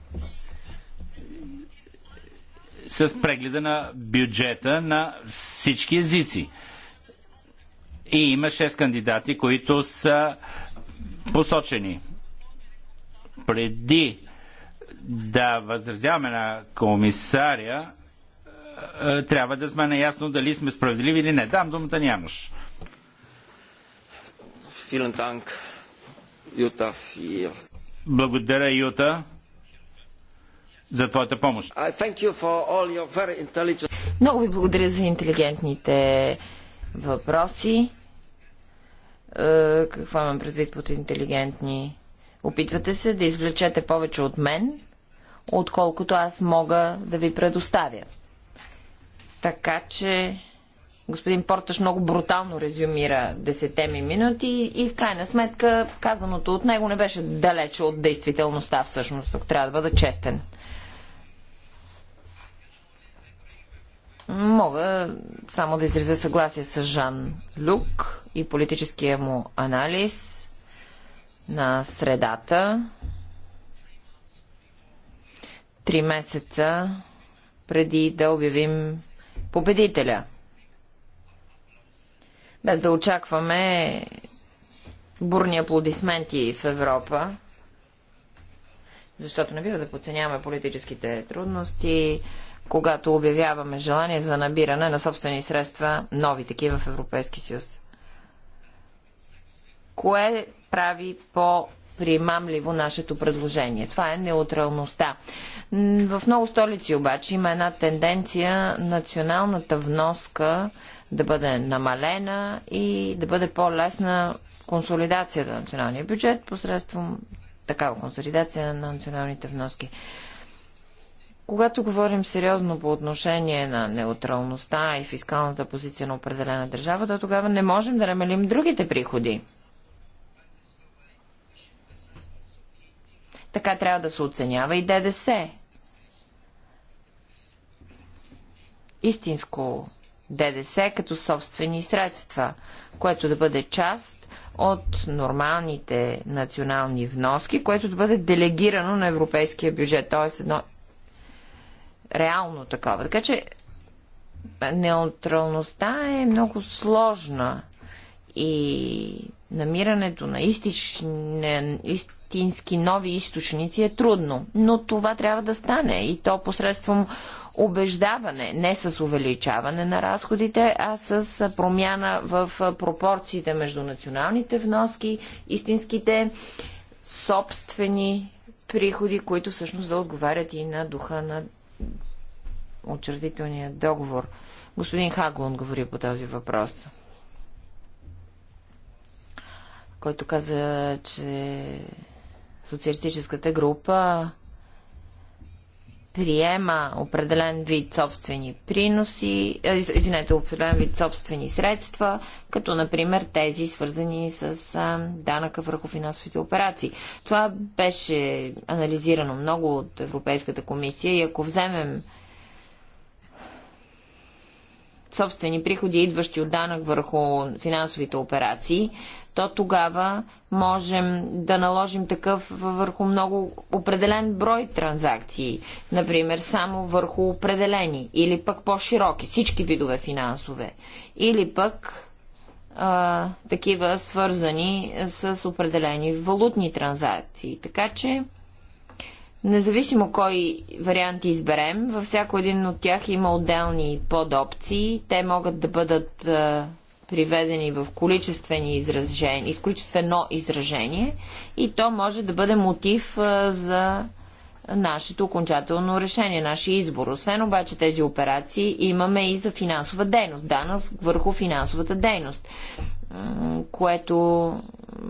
с прегледа на бюджета на всички езици. И има 6 кандидати, които са посочени. Преди да възразяваме на комисаря, е, трябва да сме наясно дали сме справедливи или не. Дам думата Нямаш. Благодаря, Юта, за твоята помощ. Много ви благодаря за интелигентните въпроси. Е, какво имам предвид под интелигентни? Опитвате се да извлечете повече от мен, отколкото аз мога да ви предоставя. Така че господин Порташ много брутално резюмира 10 ми минути и в крайна сметка казаното от него не беше далече от действителността всъщност, ако трябва да бъда честен. Мога само да изразя съгласие с Жан Люк и политическия му анализ на средата три месеца преди да обявим победителя. Без да очакваме бурни аплодисменти в Европа, защото не бива да подценяваме политическите трудности, когато обявяваме желание за набиране на собствени средства, нови такива в Европейски съюз. Кое прави по-примамливо нашето предложение? Това е неутралността. В много столици обаче има една тенденция националната вноска да бъде намалена и да бъде по-лесна консолидацията на националния бюджет посредством такава консолидация на националните вноски. Когато говорим сериозно по отношение на неутралността и фискалната позиция на определена държава, то тогава не можем да намалим другите приходи. Така трябва да се оценява и ДДС. истинско ДДС като собствени средства, което да бъде част от нормалните национални вноски, което да бъде делегирано на европейския бюджет, т.е. едно реално такова. Така че неутралността е много сложна и намирането на истична, истински нови източници е трудно, но това трябва да стане и то посредством убеждаване, не с увеличаване на разходите, а с промяна в пропорциите между националните вноски, истинските собствени приходи, които всъщност да отговарят и на духа на учредителния договор. Господин Хаглун говори по този въпрос който каза, че социалистическата група приема определен вид собствени приноси, е, извинете, определен вид собствени средства, като например тези свързани с данъка върху финансовите операции. Това беше анализирано много от Европейската комисия и ако вземем собствени приходи, идващи от данък върху финансовите операции, то тогава можем да наложим такъв върху много определен брой транзакции, например само върху определени, или пък по-широки, всички видове финансове, или пък а, такива свързани с определени валутни транзакции. Така че, независимо кой вариант изберем, във всяко един от тях има отделни подопции. Те могат да бъдат а, приведени в количествени изражения, в количествено изражение и то може да бъде мотив за нашето окончателно решение, нашия избор. Освен обаче тези операции имаме и за финансова дейност, данъс върху финансовата дейност, което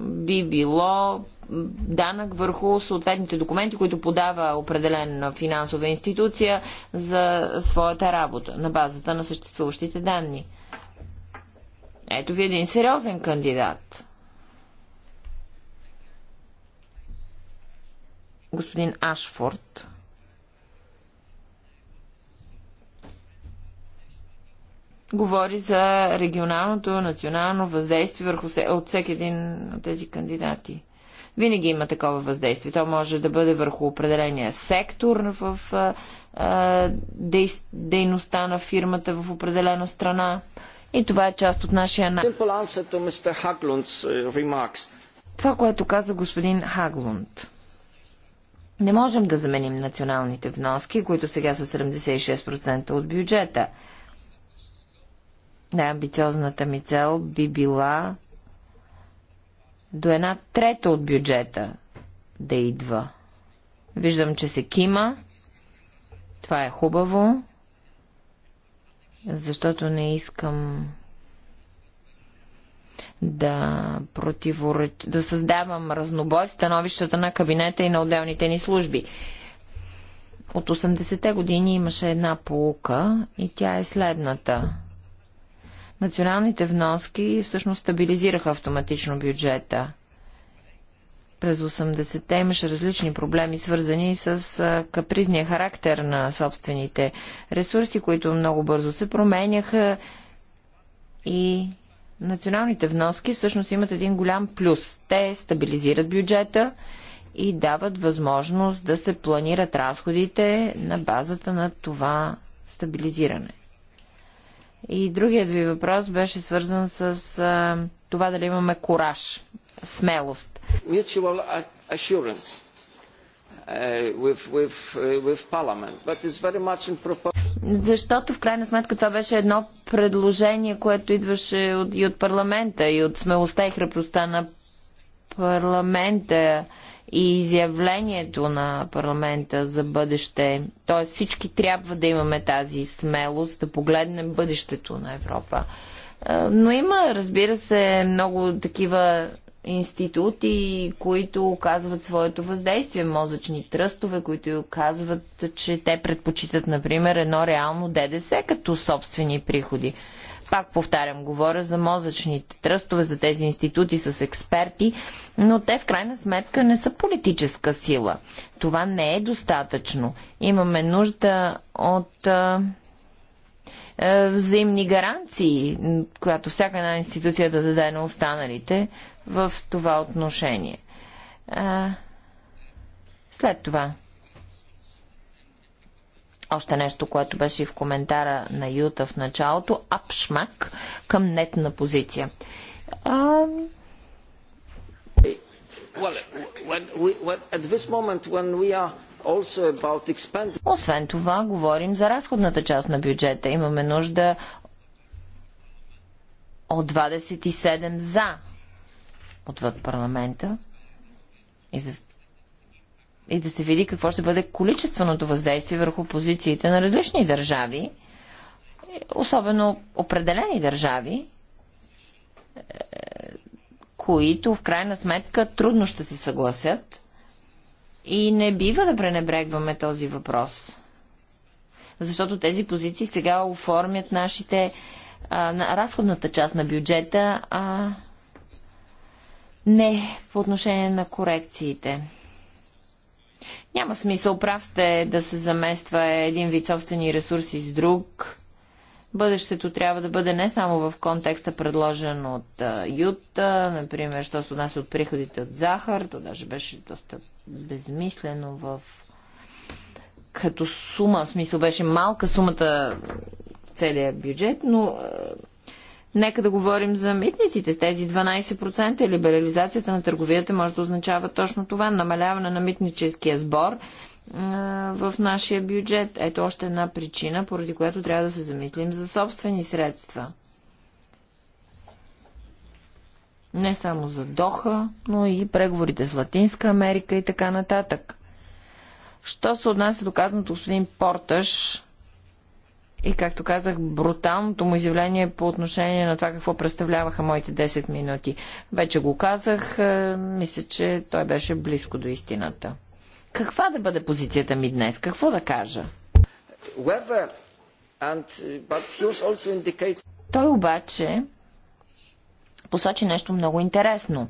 би било данък върху съответните документи, които подава определена финансова институция за своята работа на базата на съществуващите данни. Ето ви един сериозен кандидат. Господин Ашфорд. Говори за регионалното, национално въздействие върху от всеки един от тези кандидати винаги има такова въздействие. То може да бъде върху определения сектор в а, дей, дейността на фирмата в определена страна. И това е част от нашия анализ. Uh, това, което каза господин Хаглунд. Не можем да заменим националните вноски, които сега са 76% от бюджета. Най-амбициозната ми цел би била до една трета от бюджета да идва. Виждам, че се кима. Това е хубаво защото не искам да, противореч... да създавам разнобой в становищата на кабинета и на отделните ни служби. От 80-те години имаше една полука и тя е следната. Националните вноски всъщност стабилизираха автоматично бюджета – през 80-те имаше различни проблеми, свързани с капризния характер на собствените ресурси, които много бързо се променяха и националните вноски всъщност имат един голям плюс. Те стабилизират бюджета и дават възможност да се планират разходите на базата на това стабилизиране. И другият ви въпрос беше свързан с а, това дали имаме кораж, смелост mutual assurance uh, uh, with, Parliament, but it's very much in proportion. Защото в крайна сметка това беше едно предложение, което идваше от, и от парламента, и от смелостта и храбростта на парламента и изявлението на парламента за бъдеще. Тоест всички трябва да имаме тази смелост да погледнем бъдещето на Европа. Е, но има, разбира се, много такива институти, които оказват своето въздействие, мозъчни тръстове, които оказват, че те предпочитат, например, едно реално ДДС като собствени приходи. Пак повтарям, говоря за мозъчните тръстове, за тези институти с експерти, но те в крайна сметка не са политическа сила. Това не е достатъчно. Имаме нужда от е, взаимни гаранции, която всяка една институция да даде на останалите в това отношение. Е, след това. Още нещо, което беше и в коментара на Юта в началото. Апшмак към нетна позиция. А... Е, well, when we, when, at this moment, when we are освен това, говорим за разходната част на бюджета. Имаме нужда от 27 за отвъд парламента и, за... и да се види какво ще бъде количественото въздействие върху позициите на различни държави, особено определени държави, е, които в крайна сметка трудно ще се съгласят и не бива да пренебрегваме този въпрос. Защото тези позиции сега оформят нашите а, на разходната част на бюджета, а не по отношение на корекциите. Няма смисъл, прав сте да се замества един вид собствени ресурси с друг Бъдещето трябва да бъде не само в контекста предложен от Юта, например, що се отнася от приходите от захар, то даже беше доста безмислено в като сума, в смисъл беше малка сумата целият бюджет, но Нека да говорим за митниците. Тези 12% либерализацията на търговията може да означава точно това намаляване на митническия сбор в нашия бюджет. Ето още една причина, поради която трябва да се замислим за собствени средства. Не само за Доха, но и преговорите с Латинска Америка и така нататък. Що се отнася до казаното господин Порташ и, както казах, бруталното му изявление по отношение на това какво представляваха моите 10 минути. Вече го казах, мисля, че той беше близко до истината. Каква да бъде позицията ми днес? Какво да кажа? Той обаче посочи нещо много интересно.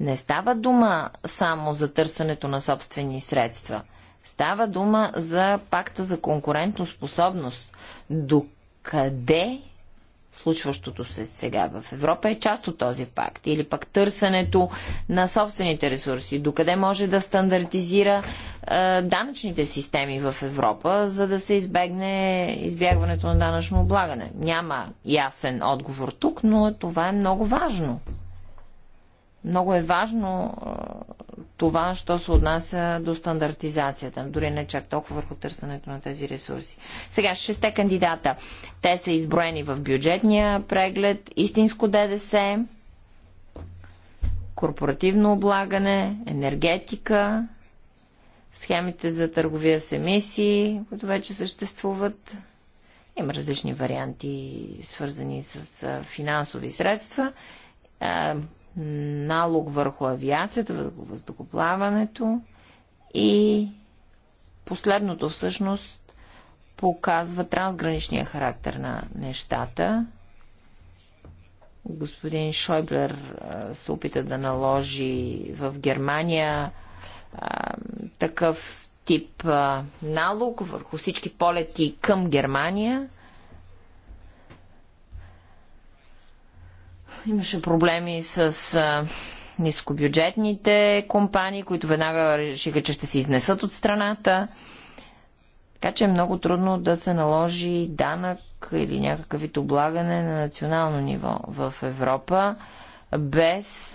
Не става дума само за търсенето на собствени средства. Става дума за пакта за конкурентоспособност. Докъде случващото се сега в Европа е част от този пакт. Или пък търсенето на собствените ресурси. Докъде може да стандартизира е, данъчните системи в Европа, за да се избегне избягването на данъчно облагане. Няма ясен отговор тук, но това е много важно. Много е важно това, що се отнася до стандартизацията, дори не чак толкова върху търсенето на тези ресурси. Сега, шесте кандидата. Те са изброени в бюджетния преглед, истинско ДДС, корпоративно облагане, енергетика, схемите за търговия с емисии, които вече съществуват. Има различни варианти, свързани с финансови средства налог върху авиацията, върху въздухоплаването и последното всъщност показва трансграничния характер на нещата. Господин Шойблер се опита да наложи в Германия а, такъв тип а, налог върху всички полети към Германия – Имаше проблеми с а, нискобюджетните компании, които веднага решиха, че ще се изнесат от страната. Така че е много трудно да се наложи данък или някакъв вид облагане на национално ниво в Европа, без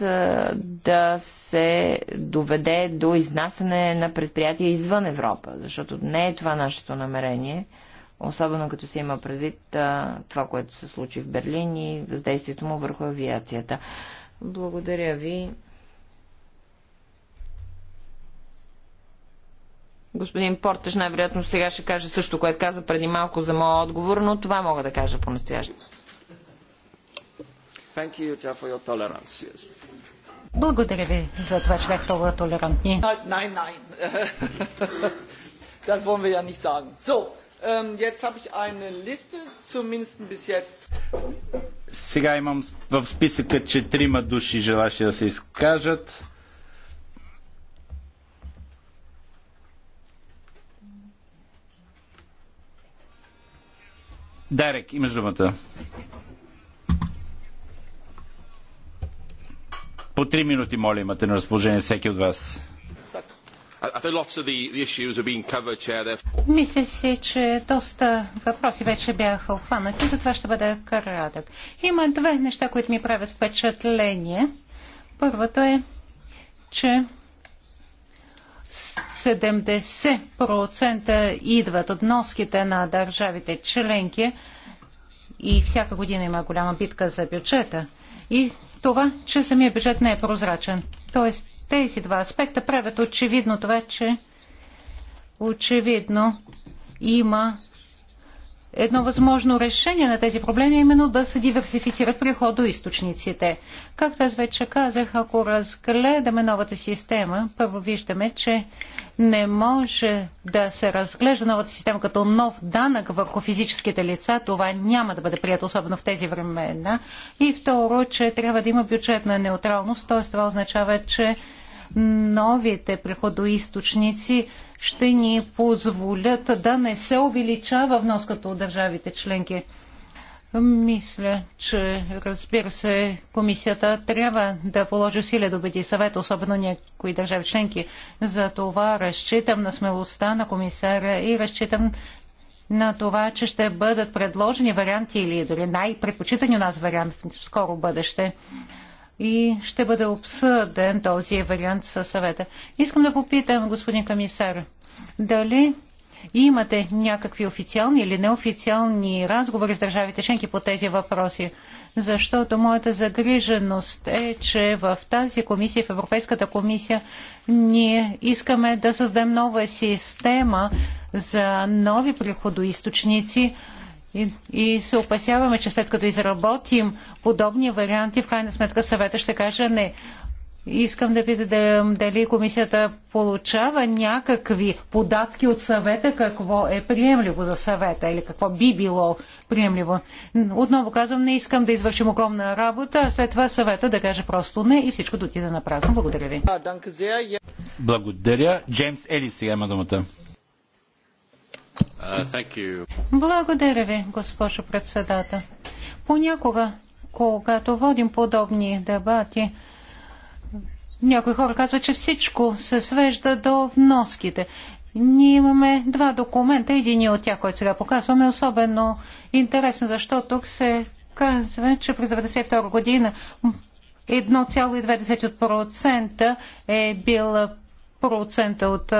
да се доведе до изнасяне на предприятия извън Европа, защото не е това нашето намерение – особено като се има предвид а, това, което се случи в Берлин и въздействието му върху авиацията. Благодаря ви. Господин Портеш най-вероятно сега ще каже също, което каза преди малко за моя отговор, но това мога да кажа по-настояще. Yes. Благодаря ви за това, че бях толкова толерантни. Не, не, не. Това не можем да nicht Ähm, jetzt habe ich eine Liste, zumindest bis jetzt. Сега имам в списъка четирима души желащи да се изкажат. Дарек, имаш думата. По три минути, моля, имате на разположение всеки от вас. Мисля си, че доста въпроси вече бяха обхванати, затова ще бъда кратък. Има две неща, които ми правят впечатление. Първото е, че 70% идват от носките на държавите членки и всяка година има голяма битка за бюджета. И това, че самия бюджет не е прозрачен. Тоест, тези два аспекта правят очевидно това, че очевидно има едно възможно решение на тези проблеми, именно да се диверсифицират приходоисточниците. Както аз вече казах, ако разгледаме новата система, първо виждаме, че не може да се разглежда новата система като нов данък върху физическите лица. Това няма да бъде прият, особено в тези времена. И второ, че трябва да има бюджетна неутралност, т.е. това означава, че новите приходоисточници ще ни позволят да не се увеличава вноската от държавите членки. Мисля, че разбира се, комисията трябва да положи усилия да убеди съвет, особено някои държави членки. За това разчитам на смелостта на комисаря и разчитам на това, че ще бъдат предложени варианти или дори най-предпочитани у нас вариант в скоро бъдеще и ще бъде обсъден този вариант със съвета. Искам да попитам, господин комисар, дали имате някакви официални или неофициални разговори с държавите членки по тези въпроси? Защото моята загриженост е, че в тази комисия, в Европейската комисия, ние искаме да създадем нова система за нови приходоисточници, и, и се опасяваме, че след като изработим подобни варианти, в крайна сметка съвета ще каже не. Искам да питам дали комисията получава някакви податки от съвета, какво е приемливо за съвета или какво би било приемливо. Отново казвам, не искам да извършим огромна работа, а след това съвета да каже просто не и всичко да отиде на празно. Благодаря ви. Благодаря. Джеймс Елис сега има думата. Благодаря ви, госпожо председател. Понякога, когато водим подобни дебати, някои хора казват, че всичко се свежда до вноските. Ние имаме два документа. Един е от тях, който сега показваме, е особено интересен, защото тук се казва, че през 1992 година 1,2% е бил процента от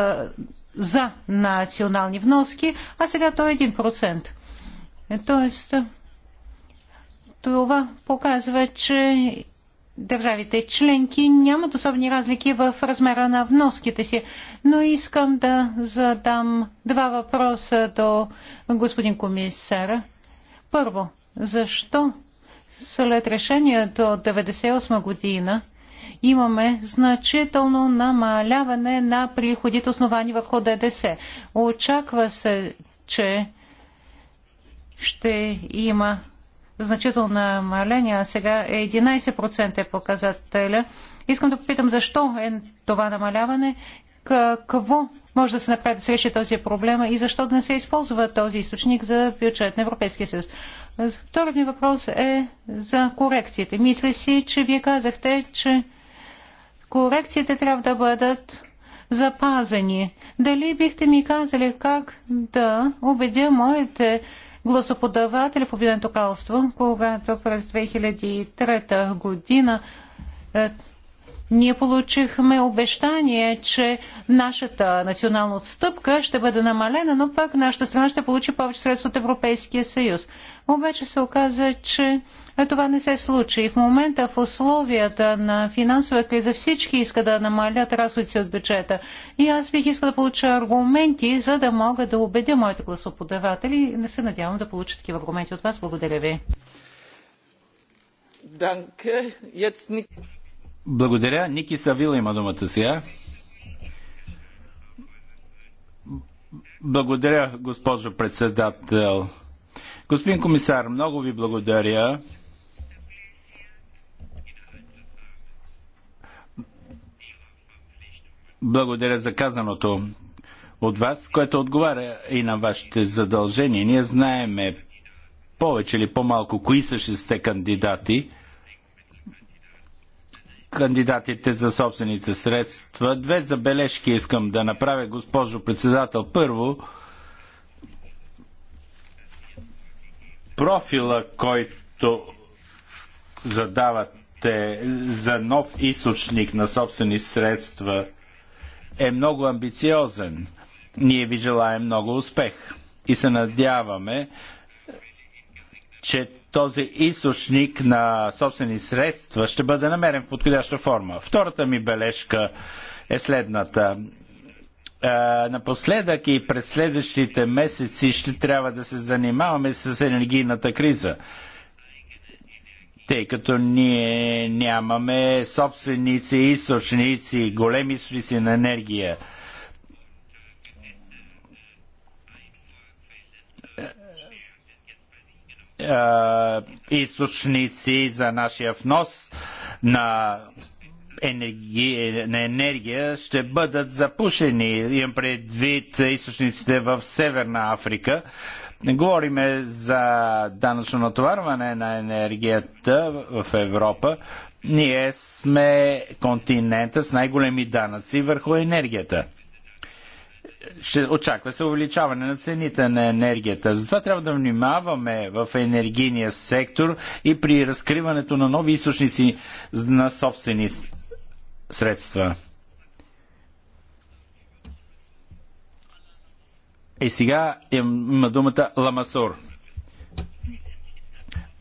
за национални вноски, а сега то е 1%. Тоест, това показва, че държавите членки нямат особени разлики в размера на вноските си. Но искам да задам два въпроса до господин комисара. Първо, защо след решението от 1998 година имаме значително намаляване на приходите основани върху ДДС. Очаква се, че ще има значително намаление, а сега е 11% е показателя. Искам да попитам защо е това намаляване, какво може да се направи да се реши този проблем и защо да не се използва този източник за бюджет на Европейския съюз. Вторият ми въпрос е за корекциите. Мисля си, че вие казахте, че корекциите трябва да бъдат запазени. Дали бихте ми казали как да убедя моите гласоподаватели в Обединеното кралство, когато през 2003 година е, ние получихме обещание, че нашата национална отстъпка ще бъде намалена, но пък нашата страна ще получи повече средства от Европейския съюз. Обаче се оказа, че това не се случи. И в момента в условията на финансова криза всички искат да намалят разходите от бюджета. И аз бих искал да получа аргументи, за да мога да убедя моите гласоподаватели. Не се надявам да получа такива аргументи от вас. Благодаря ви. Благодаря. Ники Савила, има думата сега. Благодаря, госпожо председател. Господин комисар, много ви благодаря. Благодаря за казаното от вас, което отговаря и на вашите задължения. Ние знаеме повече или по-малко кои са шесте кандидати. Кандидатите за собствените средства. Две забележки искам да направя, госпожо председател. Първо, профила, който задавате за нов източник на собствени средства е много амбициозен. Ние ви желаем много успех и се надяваме, че този източник на собствени средства ще бъде намерен в подходяща форма. Втората ми бележка е следната. Е, напоследък и през следващите месеци ще трябва да се занимаваме с енергийната криза, тъй като ние нямаме собственици, източници, големи източници на енергия. Е, е, източници за нашия внос на е, на енергия ще бъдат запушени. Имам предвид източниците в Северна Африка. Говориме за данъчно натоварване на енергията в Европа. Ние сме континента с най-големи данъци върху енергията. Ще очаква се увеличаване на цените на енергията. Затова трябва да внимаваме в енергийния сектор и при разкриването на нови източници на собственост средства. И сега има думата Ламасур.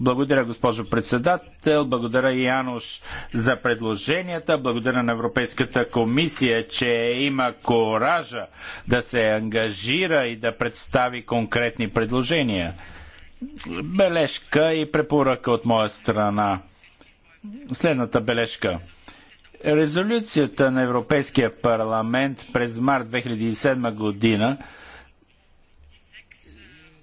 Благодаря, госпожо председател. Благодаря, Янош, за предложенията. Благодаря на Европейската комисия, че има коража да се ангажира и да представи конкретни предложения. Бележка и препоръка от моя страна. Следната бележка – Резолюцията на Европейския парламент през март 2007 година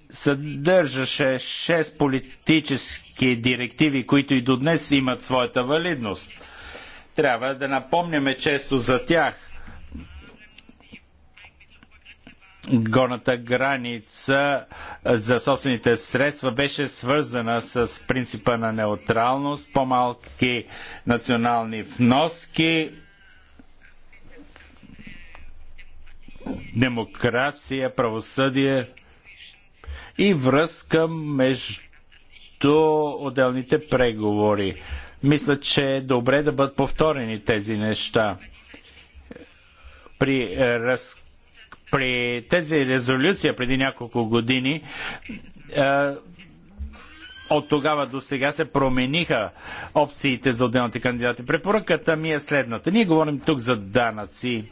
съдържаше 6 политически директиви, които и до днес имат своята валидност. Трябва да напомняме често за тях – горната граница за собствените средства беше свързана с принципа на неутралност, по-малки национални вноски, демокрация, правосъдие и връзка между отделните преговори. Мисля, че е добре да бъдат повторени тези неща при разк при тези резолюция преди няколко години е, от тогава до сега се промениха опциите за отделните кандидати. Препоръката ми е следната. Ние говорим тук за данъци.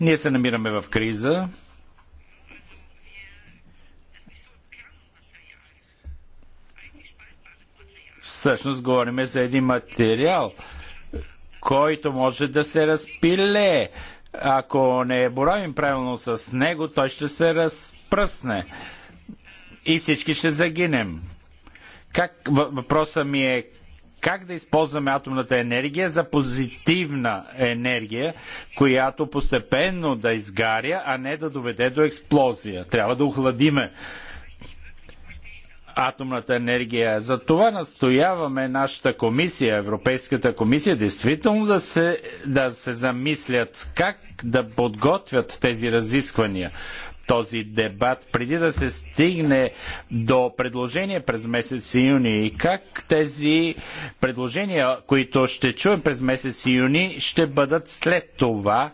Ние се намираме в криза. Всъщност говорим за един материал, който може да се разпилее ако не боравим правилно с него, той ще се разпръсне и всички ще загинем. Как, въпросът ми е как да използваме атомната енергия за позитивна енергия, която постепенно да изгаря, а не да доведе до експлозия. Трябва да охладиме атомната енергия. За това настояваме нашата комисия, Европейската комисия, действително да се, да се замислят как да подготвят тези разисквания, този дебат, преди да се стигне до предложение през месец юни и как тези предложения, които ще чуем през месец юни, ще бъдат след това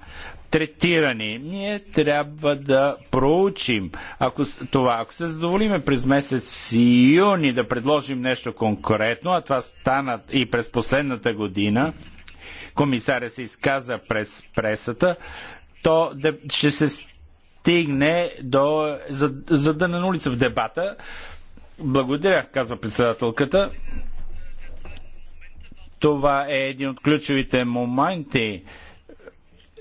третирани. Ние трябва да проучим ако, това. Ако се задоволиме през месец юни да предложим нещо конкретно, а това стана и през последната година, комисаря се изказа през пресата, то ще се стигне до задънена улица в дебата. Благодаря, казва председателката. Това е един от ключовите моменти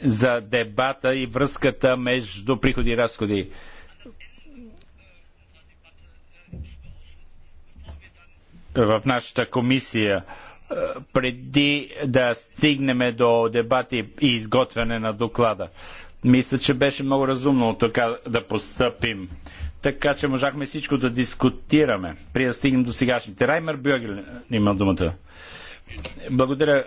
за дебата и връзката между приходи и разходи. В нашата комисия е, преди да стигнем до дебати и изготвяне на доклада. Мисля, че беше много разумно така да постъпим. Така че можахме всичко да дискутираме, при да стигнем до сегашните. Раймер Бюгел има думата. Благодаря,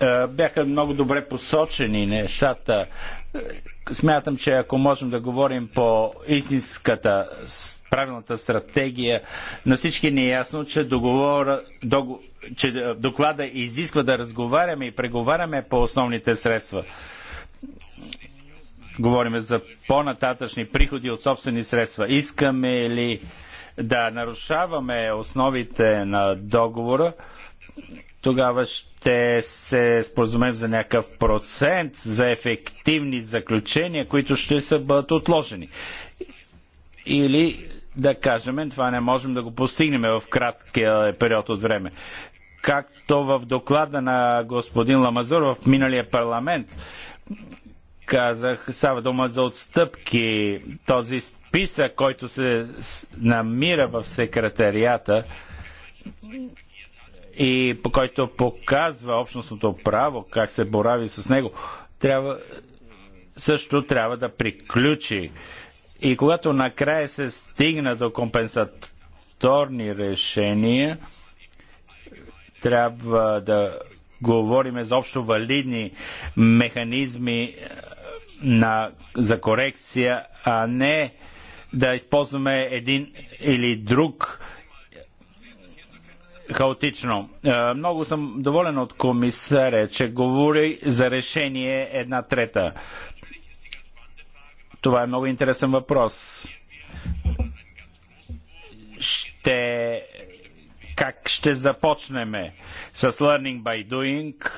Е, бяха много добре посочени нещата. Смятам, че ако можем да говорим по истинската, правилната стратегия, на всички ни е ясно, че, договора, догу, че доклада изисква да разговаряме и преговаряме по основните средства. Говориме за по-нататъчни приходи от собствени средства. Искаме ли да нарушаваме основите на договора? тогава ще се споразумем за някакъв процент за ефективни заключения, които ще са бъдат отложени. Или да кажем, това не можем да го постигнем в краткия период от време. Както в доклада на господин Ламазур в миналия парламент казах, става дума за отстъпки. Този списък, който се намира в секретарията, и по който показва общностното право, как се борави с него, трябва, също трябва да приключи. И когато накрая се стигна до компенсаторни решения, трябва да говорим за общо валидни механизми е, на, за корекция, а не да използваме един или друг хаотично. Е, много съм доволен от комисаря, че говори за решение една трета. Това е много интересен въпрос. Ще... Как ще започнем с Learning by Doing,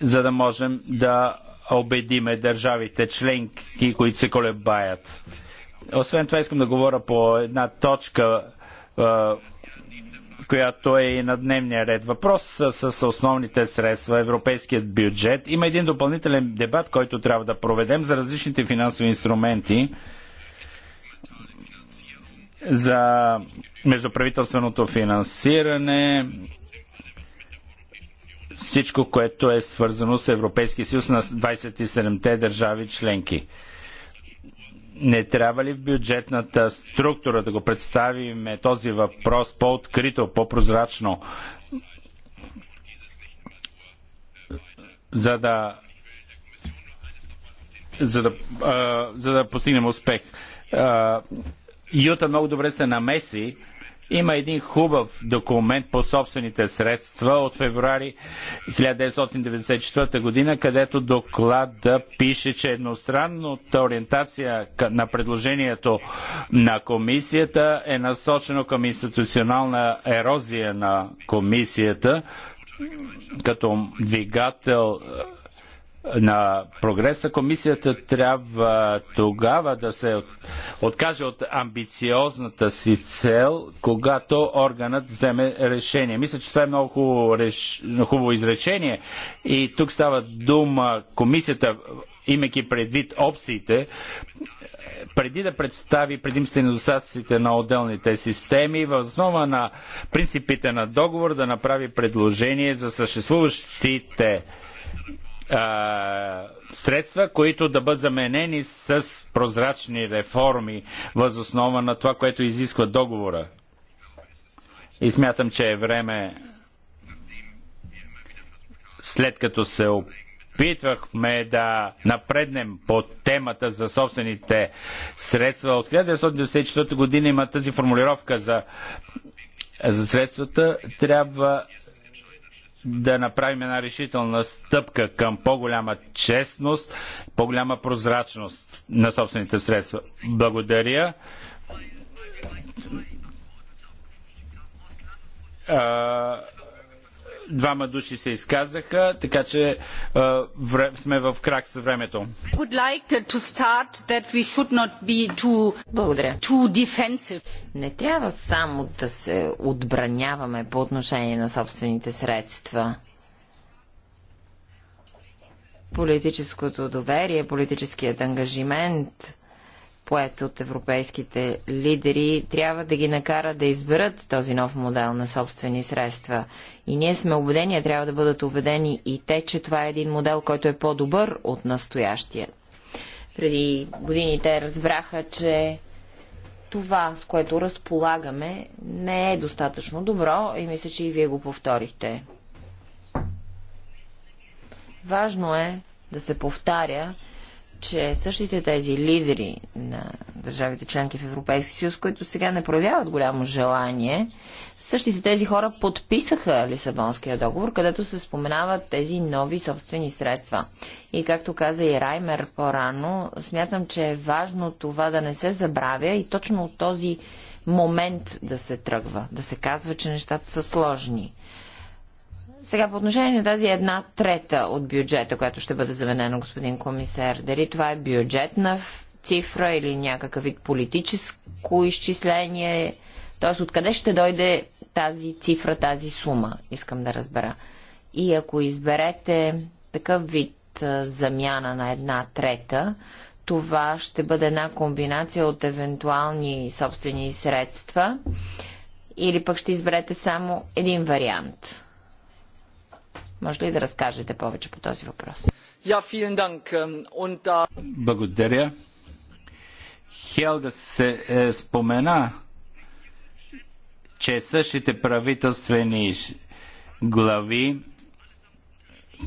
за да можем да убедиме държавите членки, които се колебаят. Освен това искам да говоря по една точка, е, която е и на дневния ред. Въпрос с, с основните средства, европейският бюджет. Има един допълнителен дебат, който трябва да проведем за различните финансови инструменти за междуправителственото финансиране, всичко, което е свързано с Европейския съюз на 27-те държави членки не трябва ли в бюджетната структура да го представим този въпрос по-открито, по-прозрачно, за да за да, а, за да постигнем успех. А, Юта много добре се намеси има един хубав документ по собствените средства от февруари 1994 година, където доклада пише, че едностранната ориентация на предложението на комисията е насочено към институционална ерозия на комисията като двигател на прогреса, комисията трябва тогава да се откаже от амбициозната си цел, когато органът вземе решение. Мисля, че това е много хубаво, реш... хубаво изречение и тук става дума комисията, имайки предвид опциите, преди да представи предимствени недостатъците на отделните системи, в основа на принципите на договор да направи предложение за съществуващите средства, които да бъдат заменени с прозрачни реформи възоснова на това, което изисква договора. И смятам, че е време след като се опитвахме да напреднем по темата за собствените средства. От 1994 година има тази формулировка за, за средствата. Трябва да направим една решителна стъпка към по-голяма честност, по-голяма прозрачност на собствените средства. Благодаря. А, двама души се изказаха, така че е, вре, сме в крак с времето. Like too, Благодаря. Too Не трябва само да се отбраняваме по отношение на собствените средства. Политическото доверие, политическият ангажимент поет от европейските лидери, трябва да ги накара да изберат този нов модел на собствени средства. И ние сме убедени, трябва да бъдат убедени и те, че това е един модел, който е по-добър от настоящия. Преди години те разбраха, че това, с което разполагаме, не е достатъчно добро и мисля, че и вие го повторихте. Важно е да се повтаря, че същите тези лидери на държавите членки в Европейския съюз, които сега не проявяват голямо желание, същите тези хора подписаха Лисабонския договор, където се споменават тези нови собствени средства. И както каза и Раймер по-рано, смятам, че е важно това да не се забравя и точно от този момент да се тръгва, да се казва, че нещата са сложни. Сега по отношение на тази една трета от бюджета, която ще бъде заменена, господин комисар, дали това е бюджетна цифра или някакъв вид политическо изчисление, т.е. откъде ще дойде тази цифра, тази сума, искам да разбера. И ако изберете такъв вид замяна на една трета, това ще бъде една комбинация от евентуални собствени средства или пък ще изберете само един вариант. Може ли да разкажете повече по този въпрос? Благодаря. Хелга се е, спомена, че същите правителствени глави,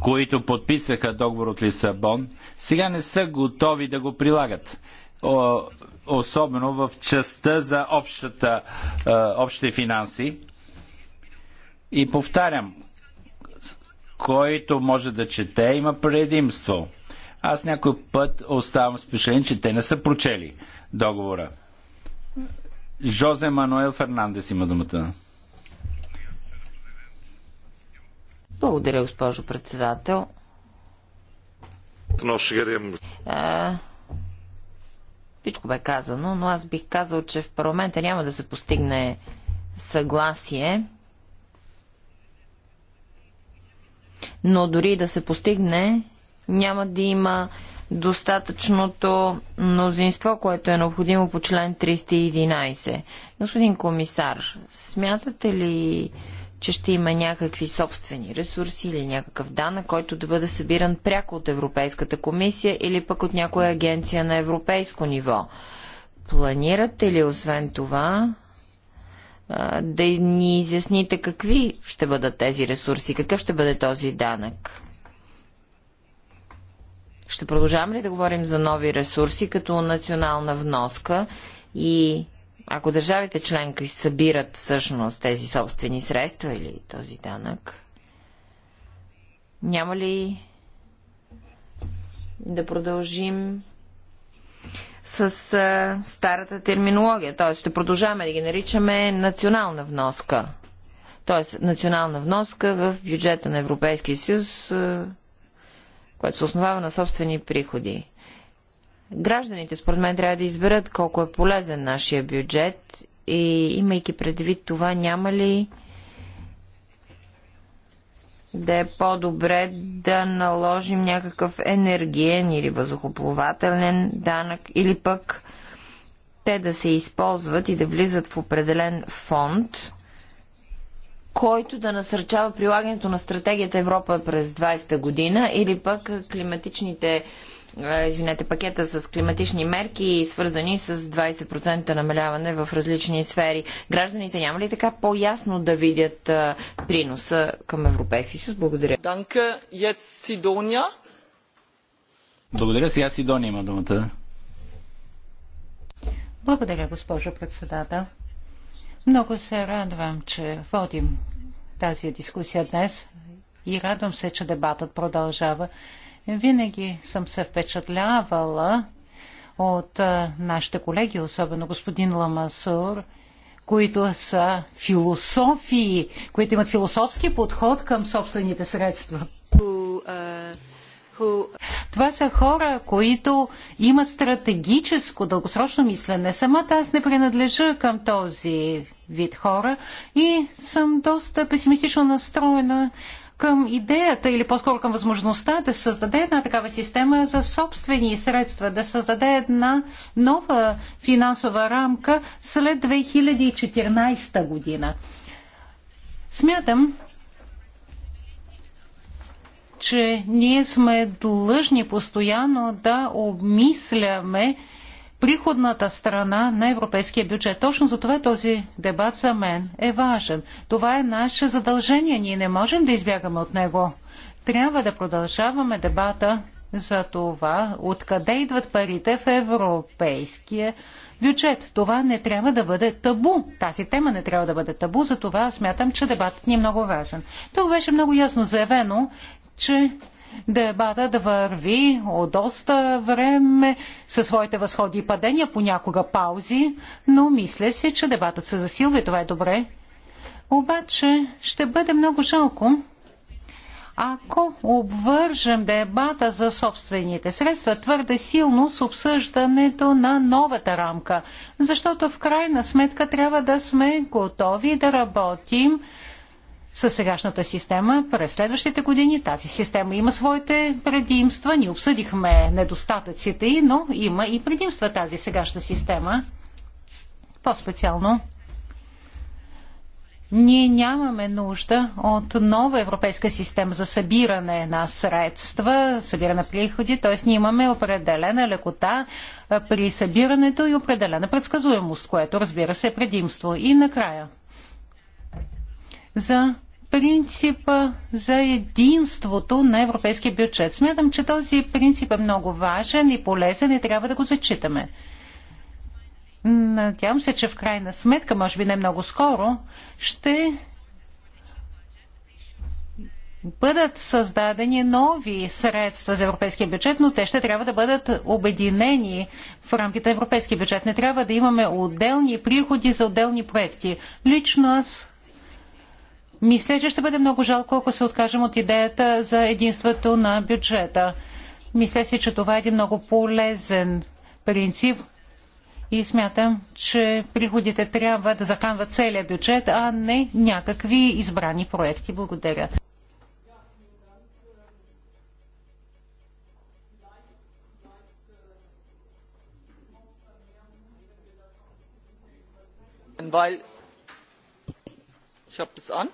които подписаха договор от Лисабон, сега не са готови да го прилагат. О, особено в частта за общата, е, общите финанси. И повтарям, който може да чете, има предимство. Аз някой път оставам впечатлен, че те не са прочели договора. Жозе Мануел Фернандес има думата. Благодаря, госпожо председател. Но ще всичко бе казано, но аз бих казал, че в парламента няма да се постигне съгласие но дори да се постигне, няма да има достатъчното мнозинство, което е необходимо по член 311. Господин комисар, смятате ли, че ще има някакви собствени ресурси или някакъв данък, който да бъде събиран пряко от Европейската комисия или пък от някоя агенция на европейско ниво? Планирате ли освен това да ни изясните какви ще бъдат тези ресурси, какъв ще бъде този данък. Ще продължаваме ли да говорим за нови ресурси като национална вноска и ако държавите членки събират всъщност тези собствени средства или този данък, няма ли да продължим с а, старата терминология. Т.е. ще продължаваме да ги наричаме национална вноска. Тоест национална вноска в бюджета на Европейския съюз, което се основава на собствени приходи. Гражданите, според мен, трябва да изберат колко е полезен нашия бюджет и имайки предвид това, няма ли да е по-добре да наложим някакъв енергиен или въздухоплавателен данък, или пък те да се използват и да влизат в определен фонд, който да насърчава прилагането на стратегията Европа през 20-та година или пък климатичните извинете, пакета с климатични мерки, свързани с 20% намаляване в различни сфери. Гражданите няма ли така по-ясно да видят приноса към Европейския съюз? Благодаря. Данка, Сидония. Благодаря. Сега Сидония има думата. Благодаря, госпожо председател. Много се радвам, че водим тази дискусия днес и радвам се, че дебатът продължава. Винаги съм се впечатлявала от нашите колеги, особено господин Ламасур, които са философии, които имат философски подход към собствените средства. Това са хора, които имат стратегическо, дългосрочно мислене. Самата аз не принадлежа към този вид хора и съм доста песимистично настроена към идеята или по-скоро към възможността да създаде една такава система за собствени средства, да създаде една нова финансова рамка след 2014 година. Смятам, че ние сме длъжни постоянно да обмисляме приходната страна на европейския бюджет. Точно за това този дебат за мен е важен. Това е наше задължение. Ние не можем да избягаме от него. Трябва да продължаваме дебата за това, откъде идват парите в европейския бюджет. Това не трябва да бъде табу. Тази тема не трябва да бъде табу, затова смятам, че дебатът ни е много важен. Тук беше много ясно заявено, че дебата да върви от доста време със своите възходи и падения, понякога паузи, но мисля се, че дебатът се засилва и това е добре. Обаче ще бъде много жалко, ако обвържем дебата за собствените средства твърде силно с обсъждането на новата рамка, защото в крайна сметка трябва да сме готови да работим със сегашната система. През следващите години тази система има своите предимства. Ние обсъдихме недостатъците и, но има и предимства тази сегашна система. По-специално ние нямаме нужда от нова европейска система за събиране на средства, събиране на приходи, т.е. ние имаме определена лекота при събирането и определена предсказуемост, което разбира се е предимство. И накрая, за принципа за единството на европейския бюджет. Смятам, че този принцип е много важен и полезен и трябва да го зачитаме. Надявам се, че в крайна сметка, може би не много скоро, ще бъдат създадени нови средства за европейския бюджет, но те ще трябва да бъдат обединени в рамките на европейския бюджет. Не трябва да имаме отделни приходи за отделни проекти. Лично аз мисля, че ще бъде много жалко, ако се откажем от идеята за единството на бюджета. Мисля си, че това е един много полезен принцип и смятам, че приходите трябва да заканват целият бюджет, а не някакви избрани проекти. Благодаря. weil ich habe das an.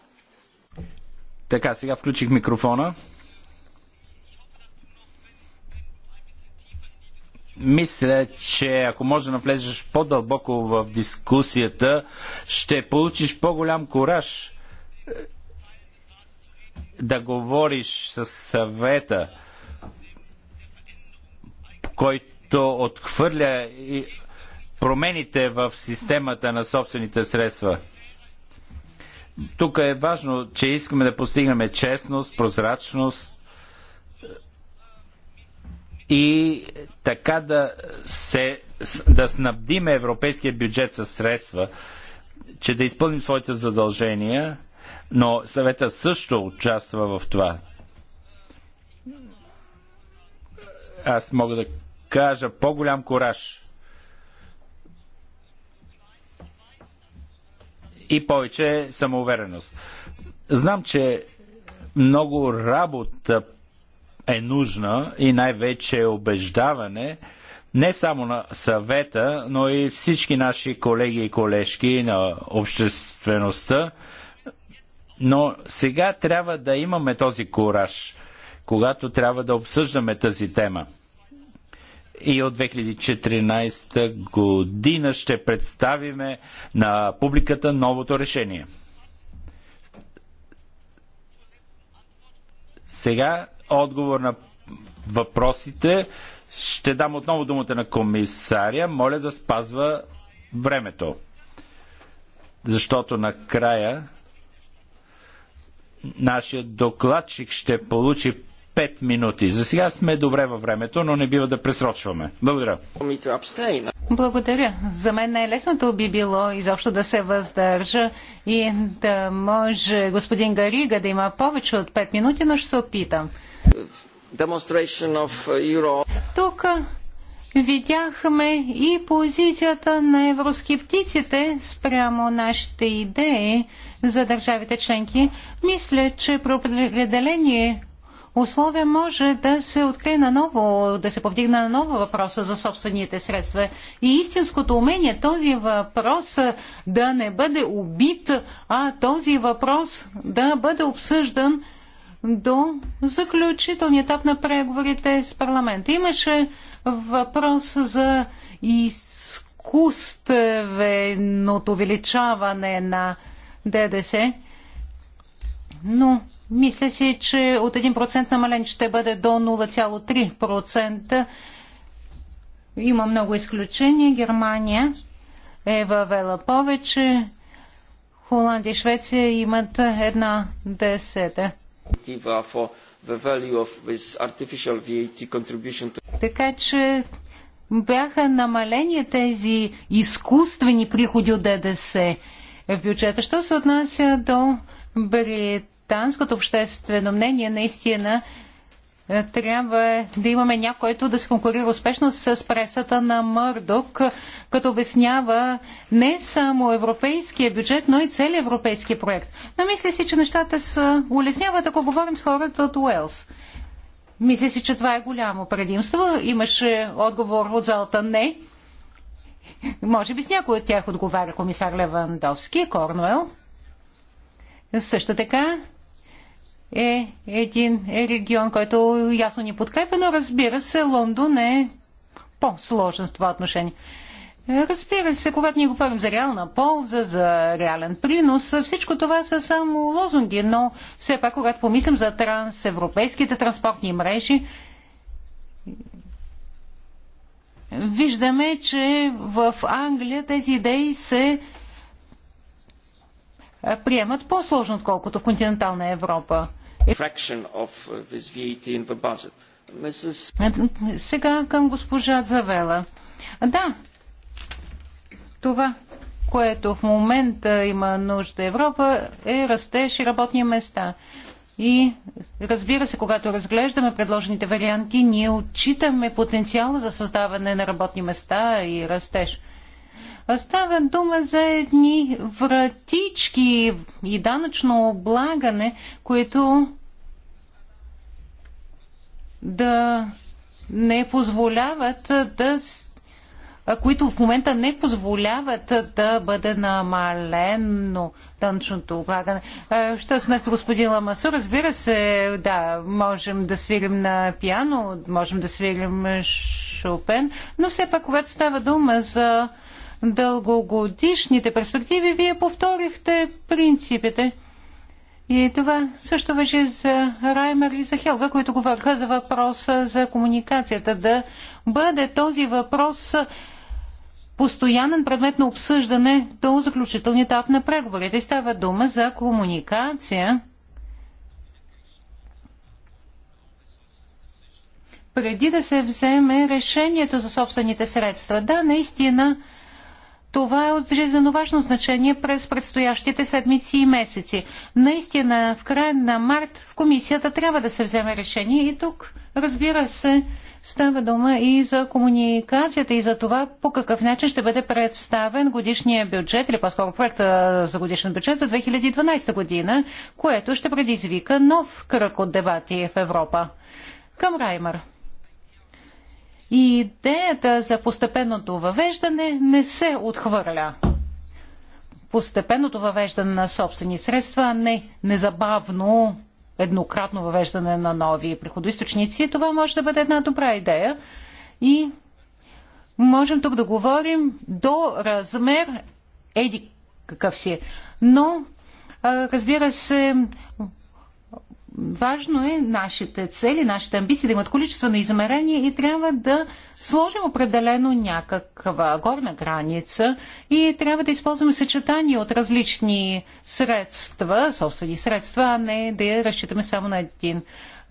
Така, сега включих микрофона. Мисля, че ако може да навлезеш по-дълбоко в дискусията, ще получиш по-голям кораж е, да говориш с съвета, който отхвърля промените в системата на собствените средства. Тук е важно, че искаме да постигаме честност, прозрачност и така да, се, да снабдим европейския бюджет със средства, че да изпълним своите задължения, но съвета също участва в това. Аз мога да кажа по-голям кораж и повече самоувереност. Знам, че много работа е нужна и най-вече убеждаване не само на съвета, но и всички наши колеги и колежки на обществеността. Но сега трябва да имаме този кураж, когато трябва да обсъждаме тази тема – и от 2014 година ще представиме на публиката новото решение. Сега отговор на въпросите. Ще дам отново думата на комисаря. Моля да спазва времето. Защото накрая нашия докладчик ще получи 5 минути. За сега сме добре във времето, но не бива да пресрочваме. Благодаря. Благодаря. За мен най-лесното би било изобщо да се въздържа и да може господин Гарига да има повече от 5 минути, но ще се опитам. Uh, Тук видяхме и позицията на евроскептиците спрямо нашите идеи за държавите членки. Мисля, че при определение условия може да се открие на ново, да се повдигне на ново въпроса за собствените средства. И истинското умение този въпрос да не бъде убит, а този въпрос да бъде обсъждан до заключителния етап на преговорите с парламента. Имаше въпрос за изкуственото увеличаване на ДДС, но мисля си, че от 1% намален ще бъде до 0,3%. Има много изключения. Германия е въвела повече. Холандия и Швеция имат една десета. Така че бяха намалени тези изкуствени приходи от ДДС в бюджета. Що се отнася до Брит британското обществено мнение наистина е, трябва да имаме някой, който да се конкурира успешно с пресата на Мърдок, като обяснява не само европейския бюджет, но и цели европейски проект. Но мисля си, че нещата се улесняват, ако говорим с хората от Уелс. Мисля си, че това е голямо предимство. Имаше отговор от залата не. Може би с някой от тях отговаря комисар Левандовски, Корнуел. Също така е един регион, който ясно ни подкрепя, но разбира се, Лондон е по-сложен в това отношение. Разбира се, когато ние говорим за реална полза, за реален принос, всичко това са само лозунги, но все пак, когато помислим за трансевропейските транспортни мрежи, виждаме, че в Англия тези идеи се приемат по-сложно, отколкото в континентална Европа fraction of uh, this VAT in the budget. Mrs. Сега към госпожа Завела. Да, това, което в момента има нужда Европа, е растеж и работни места. И разбира се, когато разглеждаме предложените варианти, ние отчитаме потенциала за създаване на работни места и растеж. Става дума за едни вратички и данъчно облагане, които да не позволяват да които в момента не позволяват да бъде намалено тънчното облагане. Що сме нас господин Ламасо, разбира се, да, можем да свирим на пиано, можем да свирим Шопен, но все пак, когато става дума за дългогодишните перспективи, вие повторихте принципите – и това също беше за Раймер и за Хелга, които говориха за въпроса за комуникацията. Да бъде този въпрос постоянен предмет на обсъждане до заключителния етап на преговорите. Става дума за комуникация преди да се вземе решението за собствените средства. Да, наистина това е от жизненно важно значение през предстоящите седмици и месеци. Наистина, в края на март в комисията трябва да се вземе решение и тук, разбира се, става дума и за комуникацията и за това по какъв начин ще бъде представен годишния бюджет или по-скоро проекта за годишен бюджет за 2012 година, което ще предизвика нов кръг от дебати в Европа. Към Раймър. И идеята за постепенното въвеждане не се отхвърля. Постепенното въвеждане на собствени средства, а не незабавно еднократно въвеждане на нови приходоисточници, това може да бъде една добра идея. И можем тук да говорим до размер еди какъв си. Е. Но, разбира се, важно е нашите цели, нашите амбиции да имат количествено измерение и трябва да сложим определено някаква горна граница и трябва да използваме съчетание от различни средства, собствени средства, а не да я разчитаме само на един.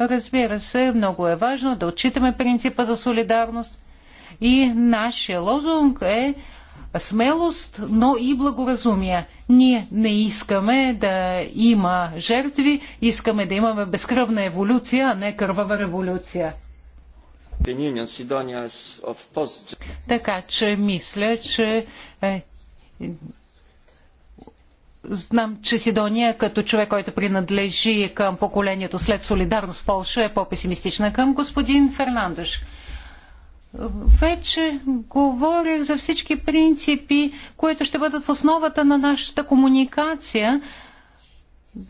Разбира се, много е важно да отчитаме принципа за солидарност и нашия лозунг е смелост, но и благоразумие. Ние не искаме да има жертви, искаме да имаме безкръвна еволюция, а не кървава революция. Така че мисля, че е, знам, че Сидония като човек, който принадлежи към поколението след солидарност в Польша е по-песимистична към господин Фернандош. Вече говорих за всички принципи, които ще бъдат в основата на нашата комуникация.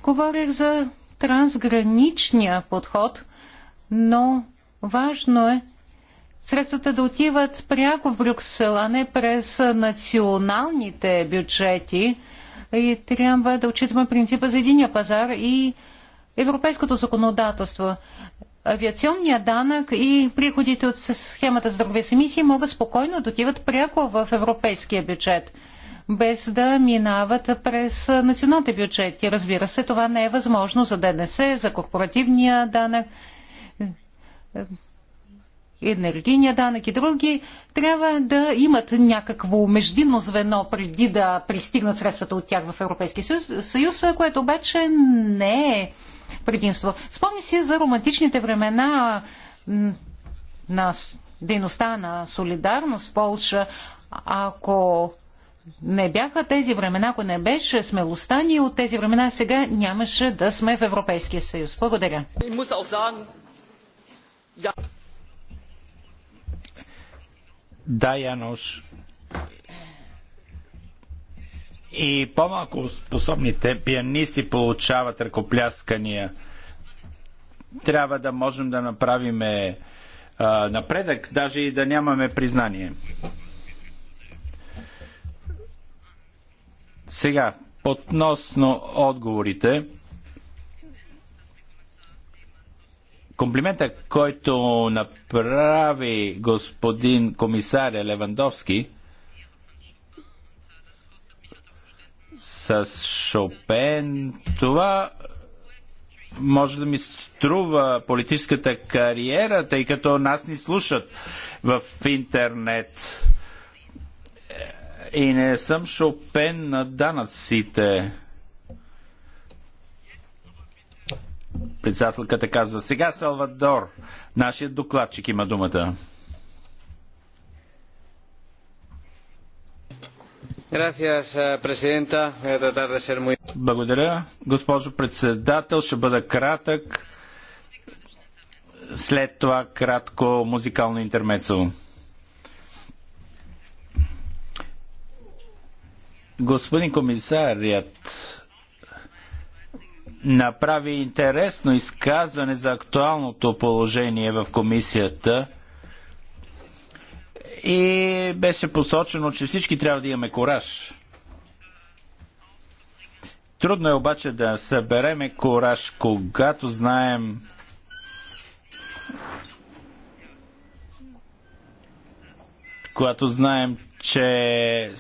Говорих за трансграничния подход, но важно е средствата да отиват пряко в Брюксел, а не през националните бюджети. И трябва да отчитаме принципа за единия пазар и европейското законодателство авиационния данък и приходите от схемата за търговия с емисии могат спокойно да отиват пряко в европейския бюджет, без да минават през националните бюджети. Разбира се, това не е възможно за ДНС, за корпоративния данък, енергийния данък и други. Трябва да имат някакво междинно звено преди да пристигнат средствата от тях в Европейския съюз, което обаче не е предимство. Спомни си за романтичните времена на дейността на солидарност в Полша. Ако не бяха тези времена, ако не беше смелостта ни от тези времена, сега нямаше да сме в Европейския съюз. Благодаря. Да, Янош, и по-малко способните пианисти получават ръкопляскания. Трябва да можем да направим а, напредък, даже и да нямаме признание. Сега, относно отговорите, комплимента, който направи господин комисаря Левандовски, с Шопен, това може да ми струва политическата кариера, тъй като нас ни слушат в интернет. И не съм Шопен на данъците. Председателката казва, сега Салвадор, нашият докладчик има думата. Eh, Благодаря. Госпожо председател, ще бъда кратък. След това кратко музикално интермецо. Господин комисарият направи интересно изказване за актуалното положение в комисията – и беше посочено, че всички трябва да имаме кораж. Трудно е обаче да събереме кораж, когато знаем когато знаем, че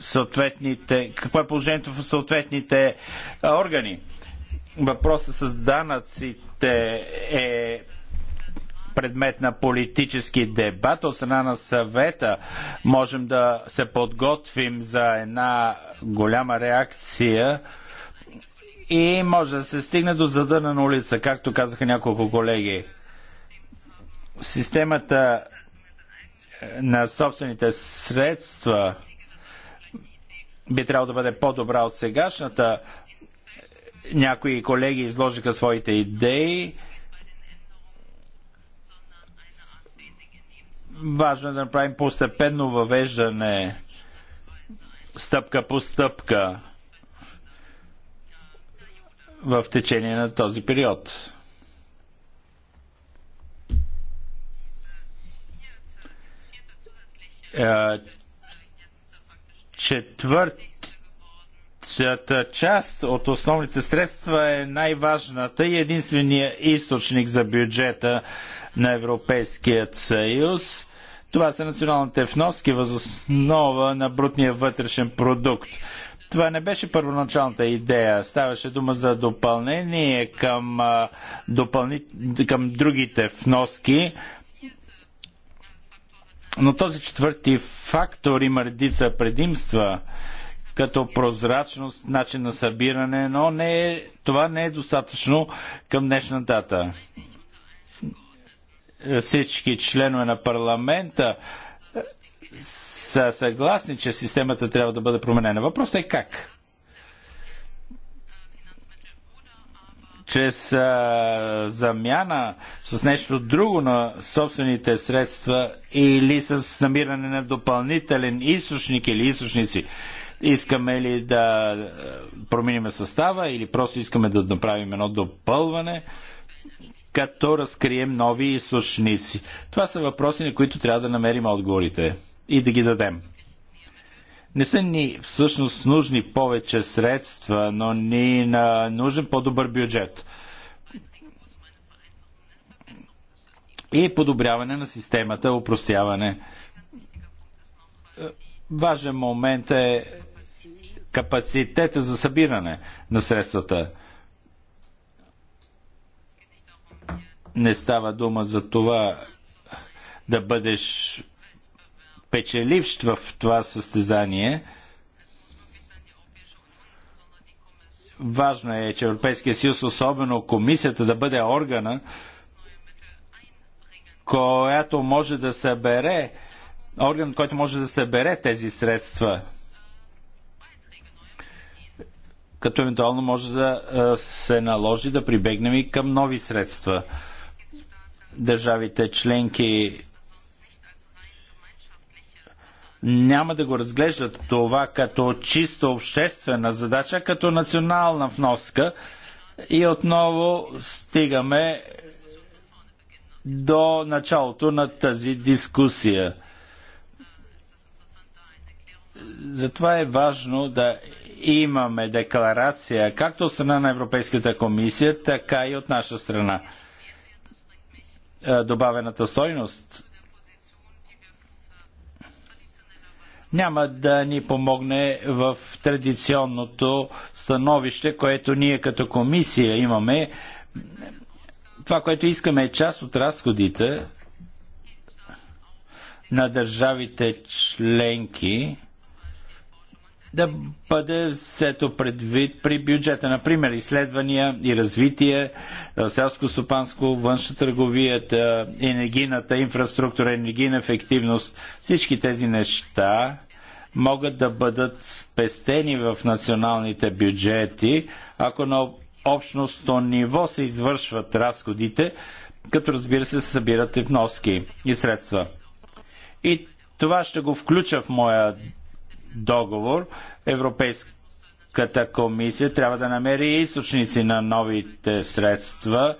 съответните, какво е положението в съответните органи. Въпросът с данъците е предмет на политически дебат от страна на съвета. Можем да се подготвим за една голяма реакция и може да се стигне до на улица, както казаха няколко колеги. Системата е, на собствените средства би трябвало да бъде по-добра от сегашната. Някои колеги изложиха своите идеи Важно е да направим постепенно въвеждане, стъпка по стъпка в течение на този период. Е, четвъртата част от основните средства е най-важната и единствения източник за бюджета на Европейският съюз. Това са националните вноски възоснова на брутния вътрешен продукт. Това не беше първоначалната идея. Ставаше дума за допълнение към, допълни, към другите вноски. Но този четвърти фактор има редица предимства, като прозрачност, начин на събиране, но не е, това не е достатъчно към днешна дата всички членове на парламента е, са съгласни, че системата трябва да бъде променена. Въпросът е как? Чрез а, замяна с нещо друго на собствените средства или с намиране на допълнителен източник или източници. Искаме ли да променим състава или просто искаме да направим едно допълване? като разкрием нови източници? Това са въпроси, на които трябва да намерим отговорите и да ги дадем. Не са ни всъщност нужни повече средства, но ни на нужен по-добър бюджет. И подобряване на системата, упростяване. Важен момент е капацитета за събиране на средствата. не става дума за това да бъдеш печеливш в това състезание. Важно е, че Европейския съюз, особено комисията, да бъде органа, която може да събере, орган, който може да събере тези средства като евентуално може да се наложи да прибегнем и към нови средства държавите членки няма да го разглеждат това като чисто обществена задача, като национална вноска. И отново стигаме до началото на тази дискусия. Затова е важно да имаме декларация както от страна на Европейската комисия, така и от наша страна. Е, добавената стойност няма да ни помогне в традиционното становище, което ние като комисия имаме. Това, което искаме е част от разходите на държавите членки да бъде взето предвид при бюджета. Например, изследвания и развитие, селско-стопанско, външна търговията, енергийната инфраструктура, енергийна ефективност. Всички тези неща могат да бъдат спестени в националните бюджети, ако на общностно ниво се извършват разходите, като разбира се се събират и вноски и средства. И това ще го включа в моя договор, Европейската комисия трябва да намери източници на новите средства,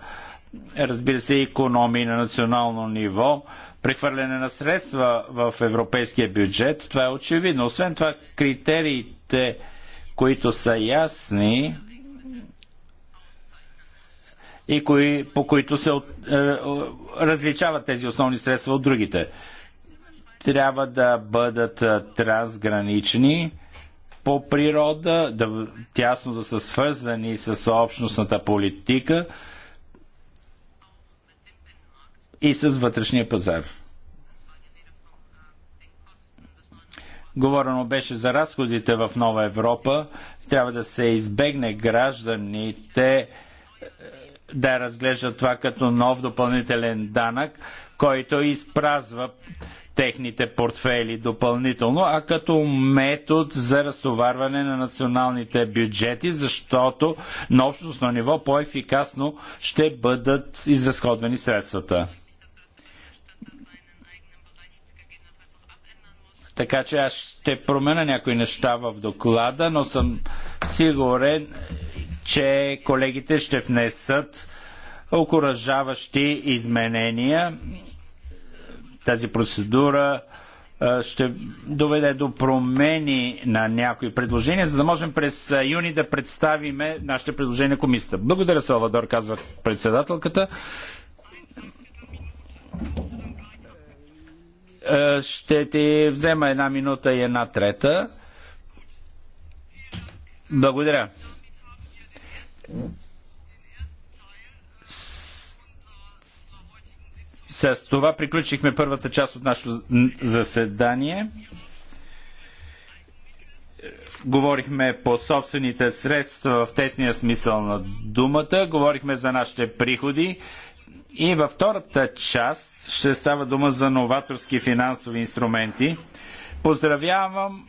разбира се, економии на национално ниво, прехвърляне на средства в европейския бюджет. Това е очевидно. Освен това, критериите, които са ясни, и кои, по които се е, е различават тези основни средства от другите трябва да бъдат трансгранични по природа, да, тясно да са свързани с общностната политика и с вътрешния пазар. Говорено беше за разходите в Нова Европа. Трябва да се избегне гражданите е, да разглеждат това като нов допълнителен данък, който изпразва техните портфели допълнително, а като метод за разтоварване на националните бюджети, защото на общностно ниво по-ефикасно ще бъдат изразходвани средствата. Така че аз ще променя някои неща в доклада, но съм сигурен, че колегите ще внесат окоръжаващи изменения тази процедура ще доведе до промени на някои предложения, за да можем през юни да представиме нашите предложения на комисията. Благодаря, Салвадор, казва председателката. Ще ти взема една минута и една трета. Благодаря. С това приключихме първата част от нашето заседание. Говорихме по собствените средства в тесния смисъл на думата, говорихме за нашите приходи и във втората част ще става дума за новаторски финансови инструменти. Поздравявам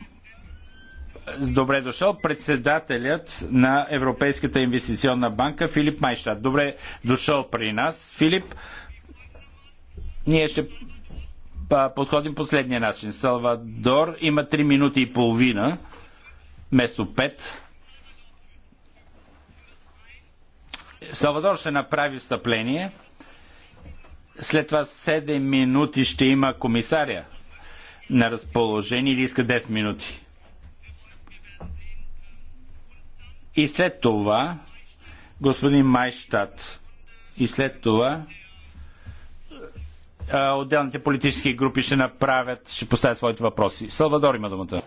с добре дошъл председателят на Европейската инвестиционна банка Филип Майштад. Добре дошъл при нас, Филип. Ние ще подходим последния начин. Салвадор има 3 минути и половина, вместо 5. Салвадор ще направи встъпление. След това 7 минути ще има комисаря на разположение или иска 10 минути. И след това господин Майштат и след това отделните политически групи ще направят, ще поставят своите въпроси. Салвадор има думата.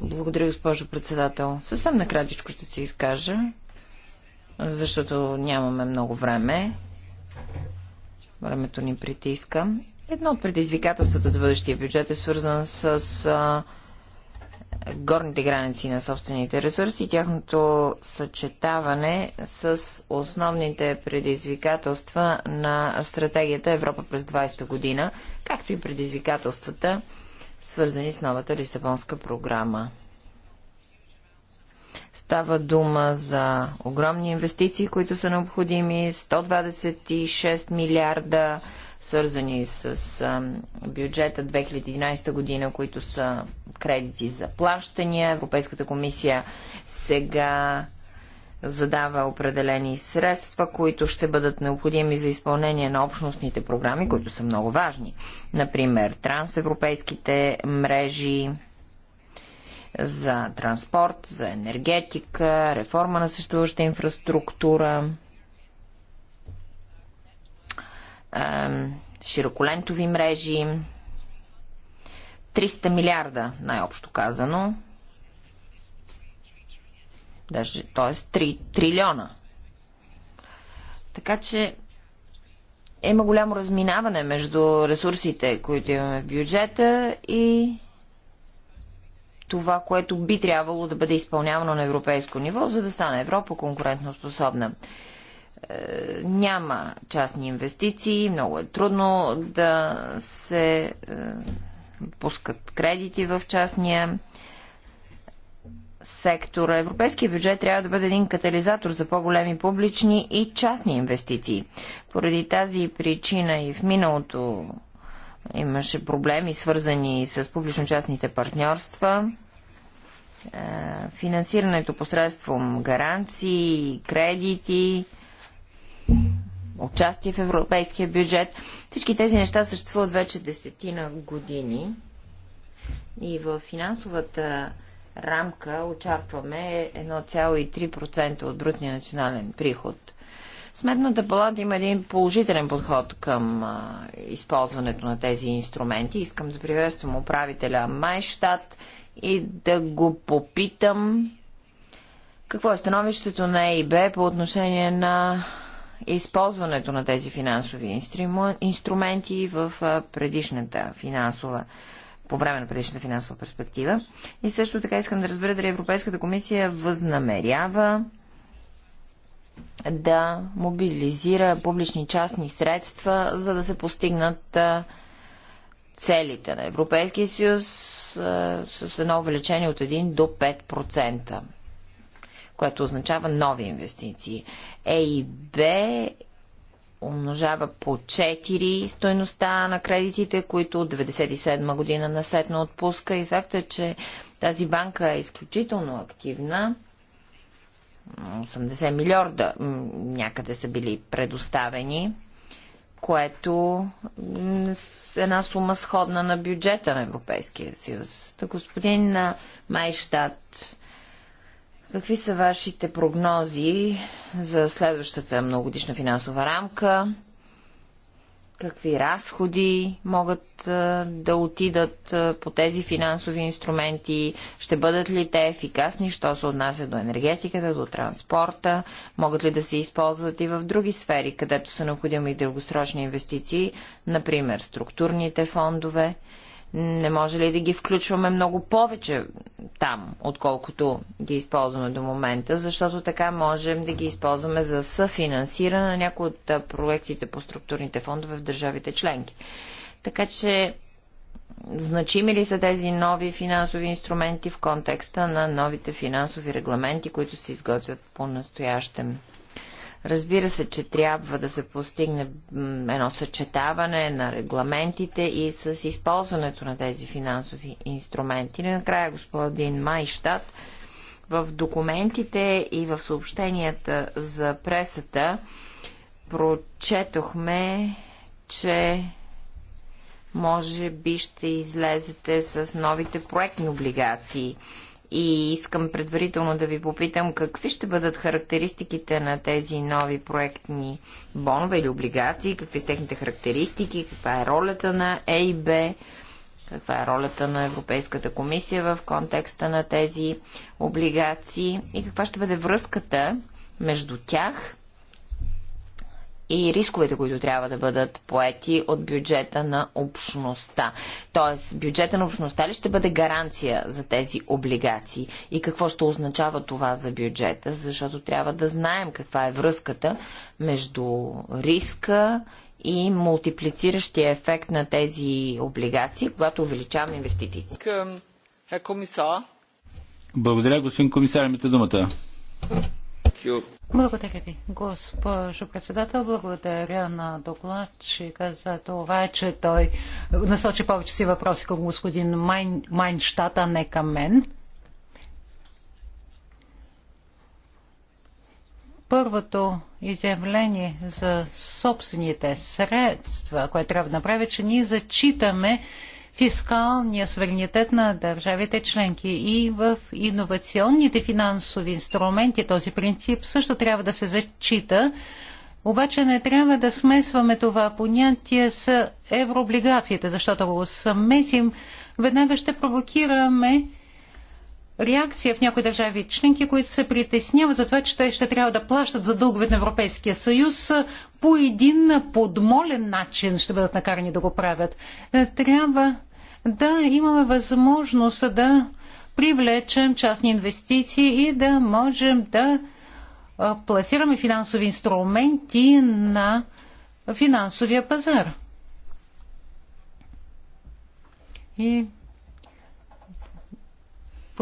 Благодаря, госпожо председател. Съвсем накратичко ще се изкажа, защото нямаме много време. Времето ни притиска. Едно от предизвикателствата за бъдещия бюджет е свързан с горните граници на собствените ресурси и тяхното съчетаване с основните предизвикателства на стратегията Европа през 20-та година, както и предизвикателствата, свързани с новата Лисабонска програма. Става дума за огромни инвестиции, които са необходими 126 милиарда евро свързани с а, бюджета 2011 година, които са кредити за плащания. Европейската комисия сега задава определени средства, които ще бъдат необходими за изпълнение на общностните програми, които са много важни. Например, трансевропейските мрежи за транспорт, за енергетика, реформа на съществуваща инфраструктура – широколентови мрежи, 300 милиарда, най-общо казано, даже, т.е. 3 трилиона. Така че има голямо разминаване между ресурсите, които имаме в бюджета и това, което би трябвало да бъде изпълнявано на европейско ниво, за да стане Европа конкурентно способна. Е, няма частни инвестиции, много е трудно да се е, пускат кредити в частния сектор. Европейския бюджет трябва да бъде един катализатор за по-големи публични и частни инвестиции. Поради тази причина и в миналото имаше проблеми, свързани с публично-частните партньорства. Е, финансирането посредством гаранции, кредити, участие в европейския бюджет. Всички тези неща съществуват вече десетина години и в финансовата рамка очакваме 1,3% от брутния национален приход. Сметната палата има един положителен подход към а, използването на тези инструменти. Искам да приветствам управителя Майштат и да го попитам какво е становището на ЕИБ по отношение на използването на тези финансови инструменти в предишната финансова по време на предишната финансова перспектива. И също така искам да разбера дали Европейската комисия възнамерява да мобилизира публични частни средства, за да се постигнат целите на Европейския съюз с едно увеличение от 1 до 5% което означава нови инвестиции. A е и B умножава по 4 стоеността на кредитите, които от 1997 година насетно отпуска. И факта, е, че тази банка е изключително активна. 80 милиарда някъде са били предоставени, което е една сума сходна на бюджета на Европейския съюз. Та господин Майштад, Какви са вашите прогнози за следващата многодишна финансова рамка? Какви разходи могат да отидат по тези финансови инструменти? Ще бъдат ли те ефикасни, що се отнася до енергетиката, до транспорта? Могат ли да се използват и в други сфери, където са необходими и дългосрочни инвестиции, например структурните фондове? Не може ли да ги включваме много повече там, отколкото ги използваме до момента, защото така можем да ги използваме за съфинансиране на някои от проектите по структурните фондове в държавите членки. Така че значими ли са тези нови финансови инструменти в контекста на новите финансови регламенти, които се изготвят по-настоящем? Разбира се, че трябва да се постигне едно съчетаване на регламентите и с използването на тези финансови инструменти. И накрая господин Майштат в документите и в съобщенията за пресата прочетохме, че може би ще излезете с новите проектни облигации. И искам предварително да ви попитам какви ще бъдат характеристиките на тези нови проектни бонове или облигации, какви са техните характеристики, каква е ролята на ЕИБ, каква е ролята на Европейската комисия в контекста на тези облигации и каква ще бъде връзката между тях и рисковете, които трябва да бъдат поети от бюджета на общността. Тоест, бюджета на общността ли ще бъде гаранция за тези облигации и какво ще означава това за бюджета, защото трябва да знаем каква е връзката между риска и мултиплициращия ефект на тези облигации, когато увеличаваме инвестиции. Към е, комисар. Благодаря, господин комисар, имате думата. Благодаря ви, госпожо председател. Благодаря на докладчика за това, че той насочи повече си въпроси към господин Майн, Майнштат, а не към мен. Първото изявление за собствените средства, което трябва да направи, че ние зачитаме фискалния суверенитет на държавите членки и в иновационните финансови инструменти този принцип също трябва да се зачита, обаче не трябва да смесваме това понятие с еврооблигациите, защото ако го смесим, веднага ще провокираме реакция в някои държави членки, които се притесняват за това, че те ще трябва да плащат за дългове на Европейския съюз по един подмолен начин ще бъдат накарани да го правят. Е, трябва да имаме възможност да привлечем частни инвестиции и да можем да пласираме финансови инструменти на финансовия пазар. И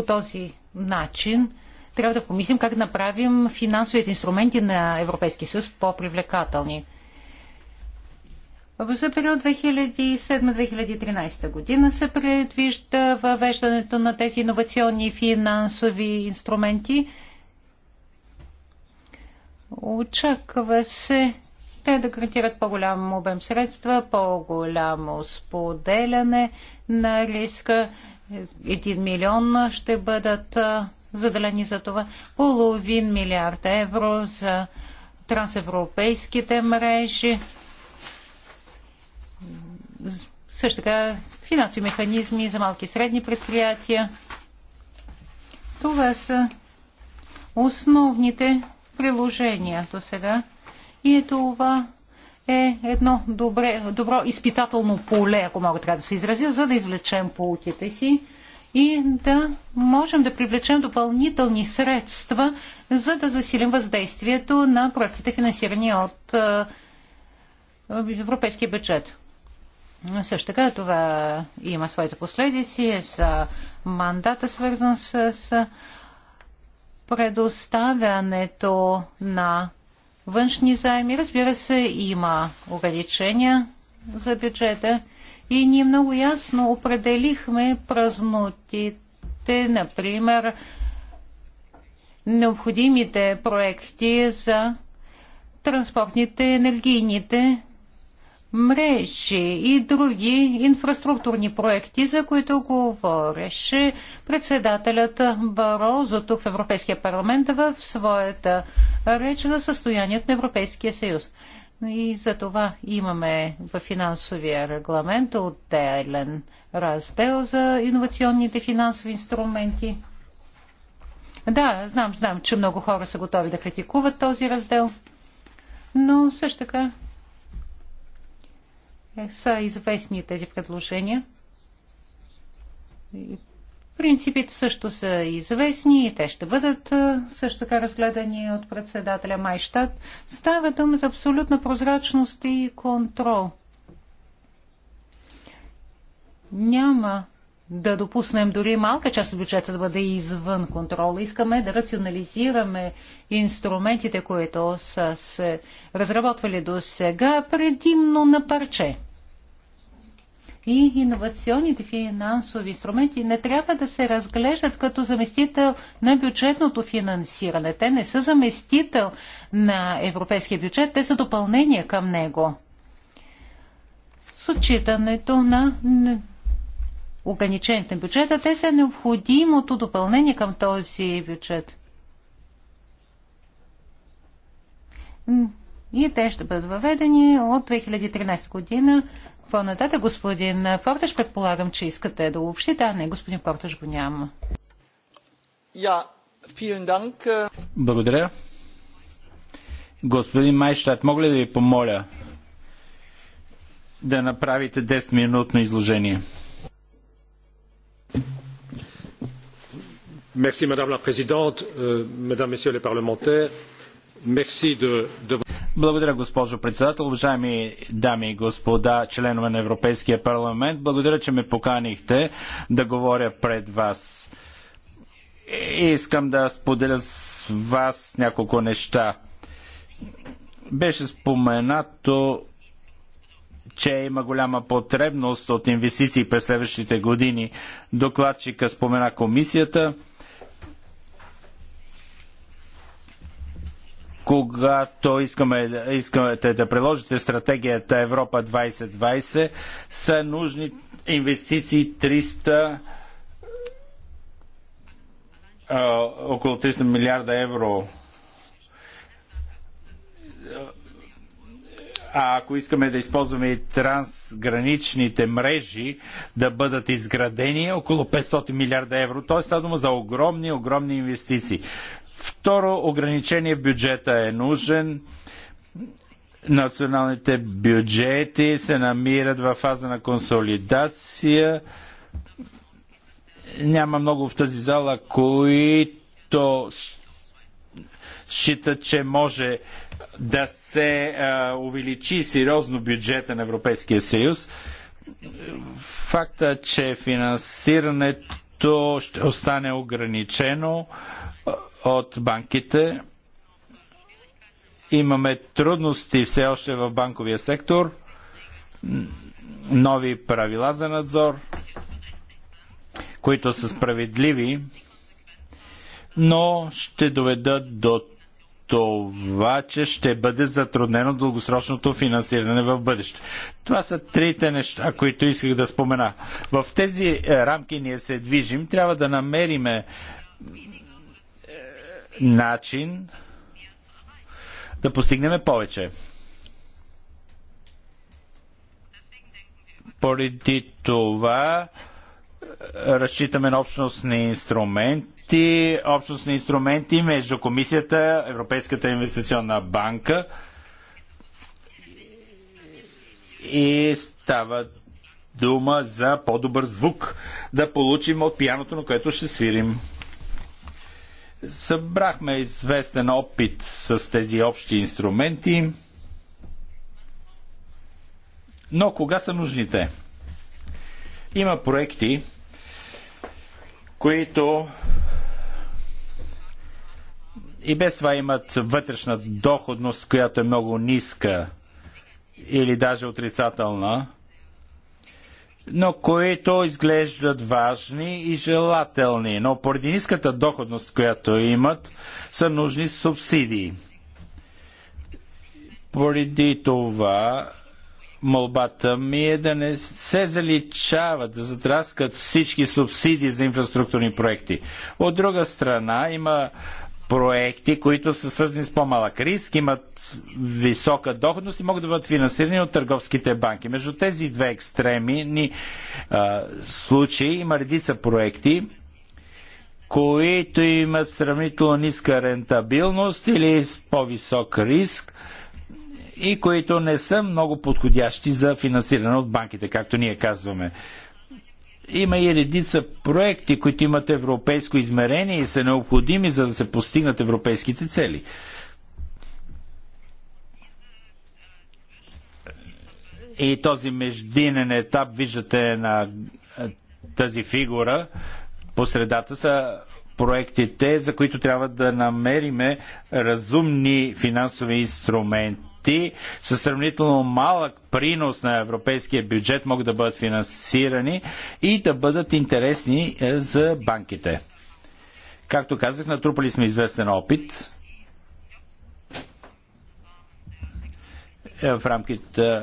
по този начин трябва да помислим как да направим финансовите инструменти на Европейския съюз по-привлекателни. За период 2007-2013 година се предвижда въвеждането на тези иновационни финансови инструменти. Очаква се те да гарантират по-голям обем средства, по-голямо споделяне на риска, 1 милион ще бъдат заделени за това, половин милиард евро за трансевропейските мрежи, също така финансови механизми за малки и средни предприятия. Това са основните приложения до сега. И е това е едно добре, добро изпитателно поле, ако мога така да се изразя, за да извлечем полуките си и да можем да привлечем допълнителни средства, за да засилим въздействието на проектите, финансирани от европейския бюджет. Също така това има своите последици за мандата, свързан с предоставянето на външни заеми. Разбира се, има ограничения за бюджета и ние много ясно определихме празнотите, например, необходимите проекти за транспортните, енергийните мрежи и други инфраструктурни проекти, за които говореше председателят Барозо тук в Европейския парламент в своята реч за състоянието на Европейския съюз. И за това имаме в финансовия регламент отделен раздел за инновационните финансови инструменти. Да, знам, знам, че много хора са готови да критикуват този раздел, но също така е, са известни тези предложения. Принципите също са известни и те ще бъдат е, също така разгледани от председателя Майштад. Става дума за абсолютна прозрачност и контрол. Няма да допуснем дори малка част от бюджета да бъде извън контрола. Искаме да рационализираме инструментите, които са се разработвали до сега, предимно на парче. И иновационните финансови инструменти не трябва да се разглеждат като заместител на бюджетното финансиране. Те не са заместител на европейския бюджет, те са допълнение към него с отчитането на ограничените бюджета, те са необходимото допълнение към този бюджет. И те ще бъдат въведени от 2013 година. По-нататък, господин Порташ, предполагам, че искате да общи. Да, не, господин Порташ го няма. Ja, vielen Благодаря. Господин Майштат, мога ли да ви помоля да направите 10-минутно изложение? Madame la Présidente, euh, Mesdames, Messieurs les parlementaires. Merci de, благодаря, госпожо председател. Уважаеми дами и господа, членове на Европейския парламент, благодаря, че ме поканихте да говоря пред вас. Искам да споделя с вас няколко неща. Беше споменато, че има голяма потребност от инвестиции през следващите години. Докладчика спомена комисията – когато искаме, да приложите стратегията Европа 2020, са нужни инвестиции 300 около 300 милиарда евро. А ако искаме да използваме и трансграничните мрежи да бъдат изградени, около 500 милиарда евро. Тоест, става дума за огромни, огромни инвестиции. Второ, ограничение бюджета е нужен. Националните бюджети се намират в фаза на консолидация. Няма много в тази зала, които считат, че може да се а, увеличи сериозно бюджета на Европейския съюз. Факта, че финансирането ще остане ограничено, а, от банките. Имаме трудности все още в банковия сектор, нови правила за надзор, които са справедливи, но ще доведат до това, че ще бъде затруднено дългосрочното финансиране в бъдеще. Това са трите неща, които исках да спомена. В тези рамки ние се движим, трябва да намериме начин да постигнем повече. Поради това е, разчитаме на общностни инструменти, общностни инструменти между Комисията, Европейската инвестиционна банка и става дума за по-добър звук да получим от пияното, на което ще свирим. Събрахме известен опит с тези общи инструменти, но кога са нужните? Има проекти, които и без това имат вътрешна доходност, която е много ниска или даже отрицателна – но които изглеждат важни и желателни, но поради ниската доходност, която имат, са нужни субсидии. Поради това молбата ми е да не се заличават, да затраскат всички субсидии за инфраструктурни проекти. От друга страна има проекти, които са свързани с по-малък риск, имат висока доходност и могат да бъдат финансирани от търговските банки. Между тези две екстремни а, случаи има редица проекти, които имат сравнително ниска рентабилност или по-висок риск и които не са много подходящи за финансиране от банките, както ние казваме. Има и редица проекти, които имат европейско измерение и са необходими, за да се постигнат европейските цели. И този междинен етап, виждате на тази фигура, по средата са проектите, за които трябва да намериме разумни финансови инструменти проекти със сравнително малък принос на европейския бюджет могат да бъдат финансирани и да бъдат интересни е, за банките. Както казах, натрупали сме известен опит е, в рамките е,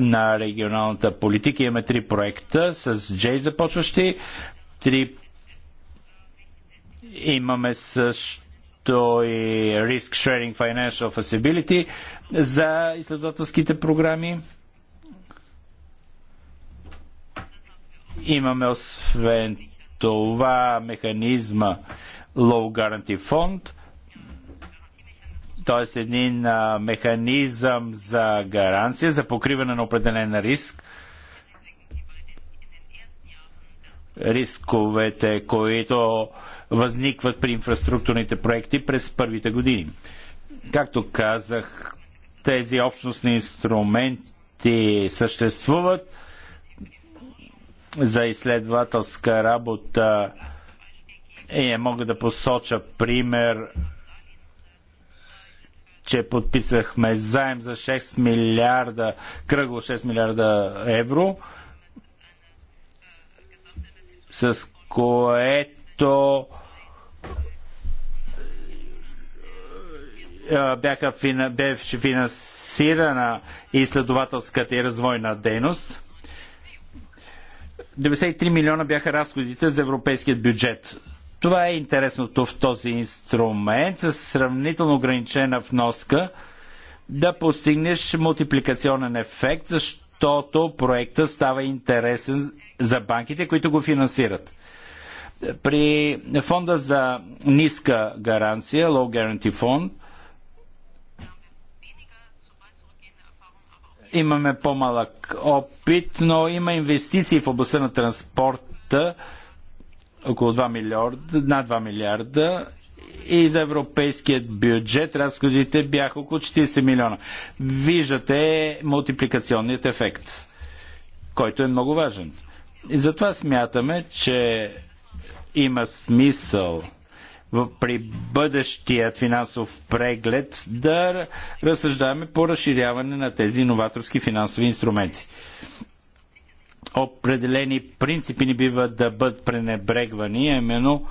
на регионалната политика. Имаме три проекта с Джей започващи. Три имаме също и Risk Sharing Financial Facility за изследователските програми. Имаме освен това механизма Low Guarantee Fund, т.е. един а, механизъм за гаранция, за покриване на определен риск. Рисковете, които възникват при инфраструктурните проекти през първите години. Както казах, тези общностни инструменти съществуват за изследователска работа. Е, мога да посоча пример, че подписахме заем за 6 милиарда, кръгло 6 милиарда евро, с което бяха, беше финансирана изследователската и развойна дейност. 93 милиона бяха разходите за европейският бюджет. Това е интересното в този инструмент с сравнително ограничена вноска да постигнеш мултипликационен ефект, защото проекта става интересен за банките, които го финансират. При фонда за ниска гаранция, Low Guarantee Fund, имаме по-малък опит, но има инвестиции в областта на транспорта около 2 милиарда, над 2 милиарда и за европейският бюджет разходите бяха около 40 милиона. Виждате мултипликационният ефект, който е много важен. И затова смятаме, че има смисъл при бъдещият финансов преглед да разсъждаваме по разширяване на тези иноваторски финансови инструменти. Определени принципи не бива да бъдат пренебрегвани, а именно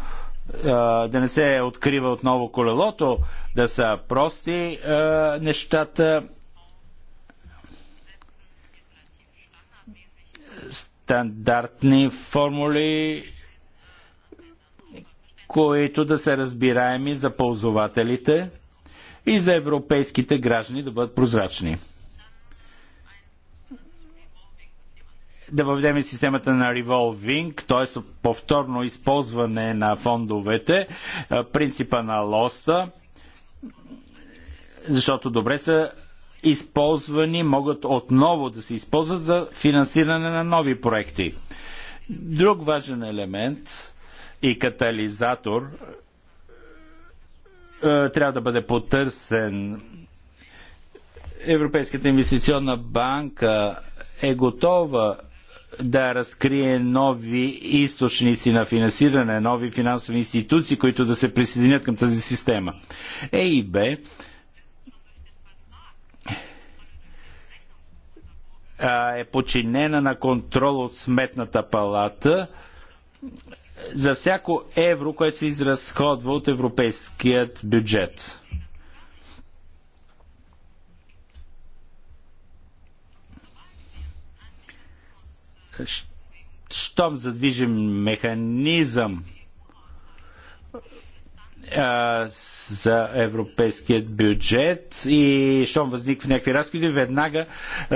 да не се открива отново колелото, да са прости нещата. Стандартни формули които да са разбираеми за ползвателите и за европейските граждани да бъдат прозрачни. Да въведем системата на револвинг, т.е. повторно използване на фондовете, принципа на лоста, защото добре са използвани, могат отново да се използват за финансиране на нови проекти. Друг важен елемент и катализатор е, трябва да бъде потърсен. Европейската инвестиционна банка е готова да разкрие нови източници на финансиране, нови финансови институции, които да се присъединят към тази система. Е Б е подчинена на контрол от Сметната палата за всяко евро, което се изразходва от европейският бюджет. Щом задвижим механизъм, за европейският бюджет и щом възникват някакви разходи, веднага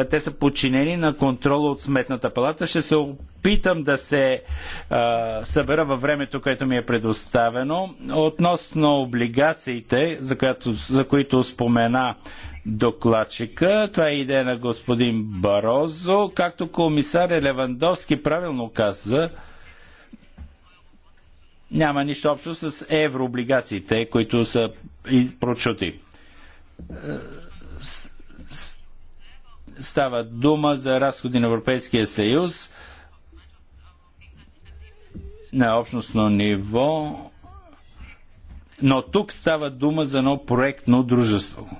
те са подчинени на контрола от Сметната палата. Ще се опитам да се а, събера във времето, което ми е предоставено. Относно облигациите, за, която, за които спомена докладчика. Това е идея на господин Барозо. Както комисар Левандовски правилно каза, няма нищо общо с еврооблигациите, които са и прочути. Е, става дума за разходи на Европейския съюз на общностно ниво, но тук става дума за едно проектно дружество.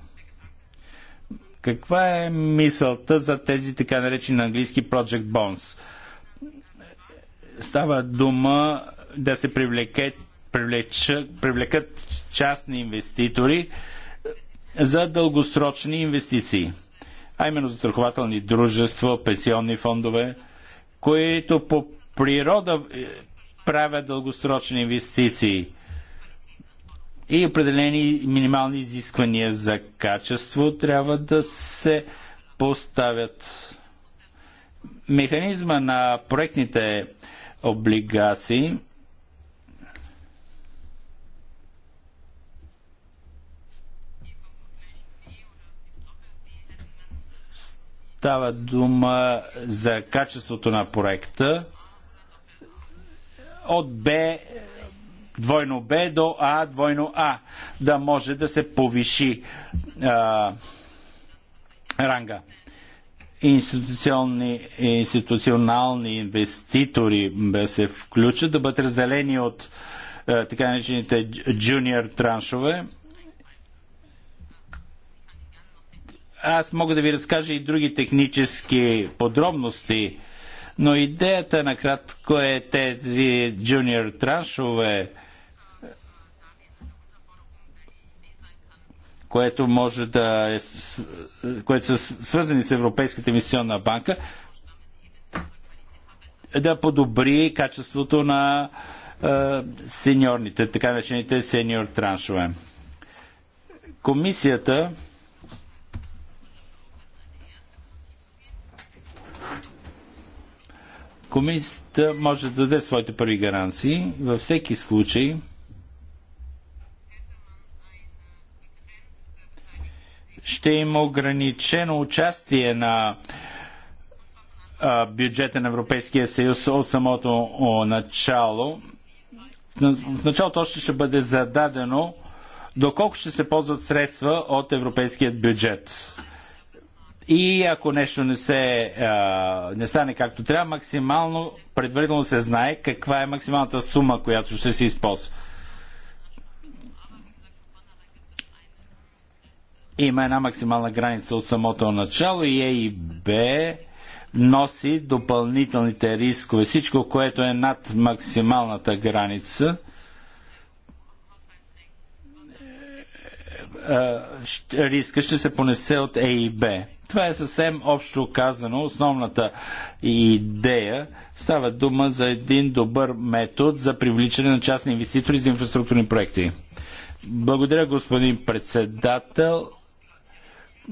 Каква е мисълта за тези така наречени на английски Project Bonds? Става дума да се привлекат, привлекат частни инвеститори е, за дългосрочни инвестиции, а именно застрахователни дружества, пенсионни фондове, които по природа е, правят дългосрочни инвестиции и определени минимални изисквания за качество трябва да се поставят. Механизма на проектните облигации Става дума за качеството на проекта от Б двойно Б до А двойно А, да може да се повиши а, ранга. Институционални, институционални инвеститори да се включат, да бъдат разделени от а, така наречените джуниор траншове Аз мога да ви разкажа и други технически подробности, но идеята накратко е тези джуниор траншове, което може да е, което са свързани с Европейската мисионна банка, да подобри качеството на е, сеньорните, така наречените сеньор траншове. Комисията Комисията може да даде своите първи гаранции. Във всеки случай ще има ограничено участие на бюджета на Европейския съюз от самото начало. В началото още ще бъде зададено доколко ще се ползват средства от европейският бюджет и ако нещо не, се, а, не стане както трябва, максимално предварително се знае каква е максималната сума, която ще се използва. Има една максимална граница от самото начало и Е и Б носи допълнителните рискове. Всичко, което е над максималната граница – Е, риска ще се понесе от Е и Б. Това е съвсем общо казано основната идея. Става дума за един добър метод за привличане на частни инвеститори за инфраструктурни проекти. Благодаря, господин председател.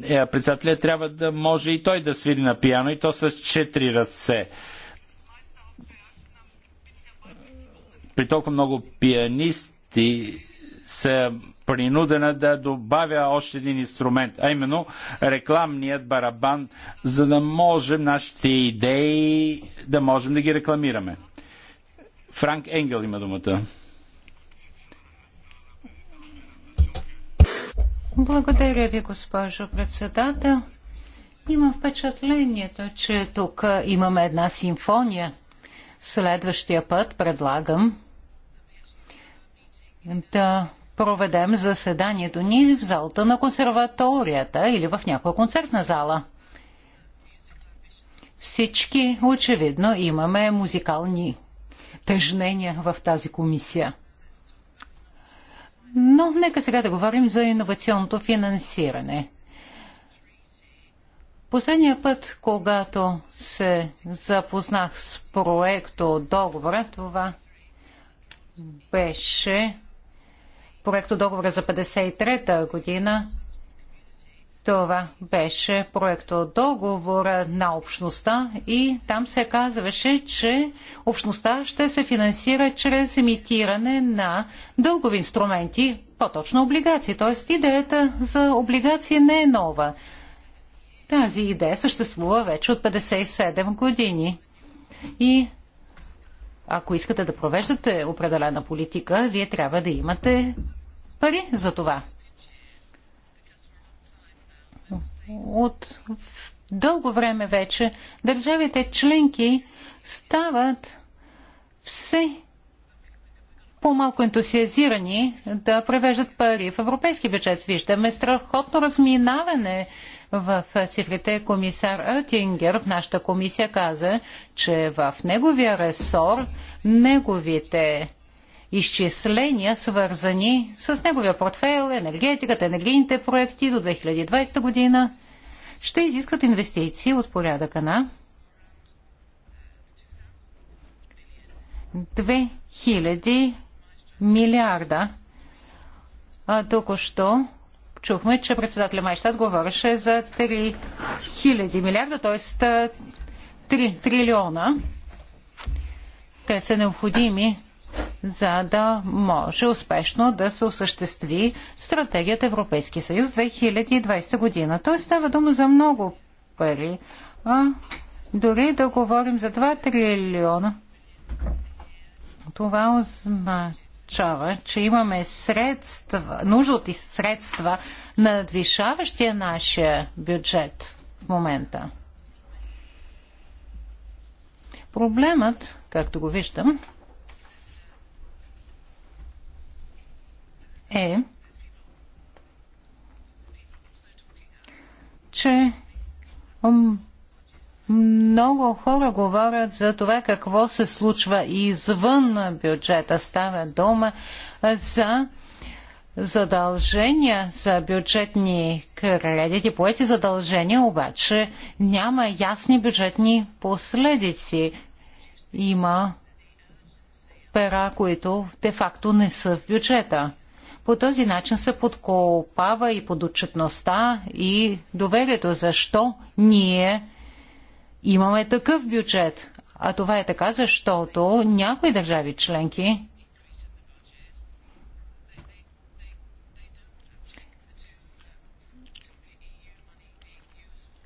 Е, председателят трябва да може и той да свири на пиано и то с четири ръце. При толкова много пианисти се е принудена да добавя още един инструмент, а именно рекламният барабан, за да можем нашите идеи да можем да ги рекламираме. Франк Енгел има думата. Благодаря ви, госпожо председател. Имам впечатлението, че тук имаме една симфония. Следващия път предлагам да проведем заседанието ни в залата на консерваторията или в някоя концертна зала. Всички, очевидно, имаме музикални тъжнения в тази комисия. Но нека сега да говорим за иновационното финансиране. Последния път, когато се запознах с проекто договора, това беше проекто договора за 53-та година. Това беше проекто договора на общността и там се казваше, че общността ще се финансира чрез имитиране на дългови инструменти, по-точно облигации. Тоест идеята за облигации не е нова. Тази идея съществува вече от 57 години. И ако искате да провеждате определена политика, вие трябва да имате пари за това. От дълго време вече държавите членки стават все по-малко ентусиазирани да превеждат пари в европейски бюджет. Виждаме страхотно разминаване в цифрите комисар Оттингер в нашата комисия каза, че в неговия ресор неговите изчисления, свързани с неговия портфейл, енергетиката, енергийните проекти до 2020 година, ще изискват инвестиции от порядъка на 2000 милиарда. А току-що чухме, че председателя Майштад говореше за 3 000 милиарда, т.е. 3 трилиона. Те са необходими за да може успешно да се осъществи стратегията Европейски съюз 2020 година. Той става дума за много пари, а дори да говорим за 2 трилиона. Това означава означава, че имаме средства, нужда от средства надвишаващия нашия бюджет в момента. Проблемът, както го виждам, е, че много хора говорят за това какво се случва извън бюджета. Става дума за задължения за бюджетни кредити, поети задължения, обаче няма ясни бюджетни последици. Има пера, които де-факто не са в бюджета. По този начин се подкопава и подотчетността и доверието. Защо ние имаме такъв бюджет. А това е така, защото някои държави членки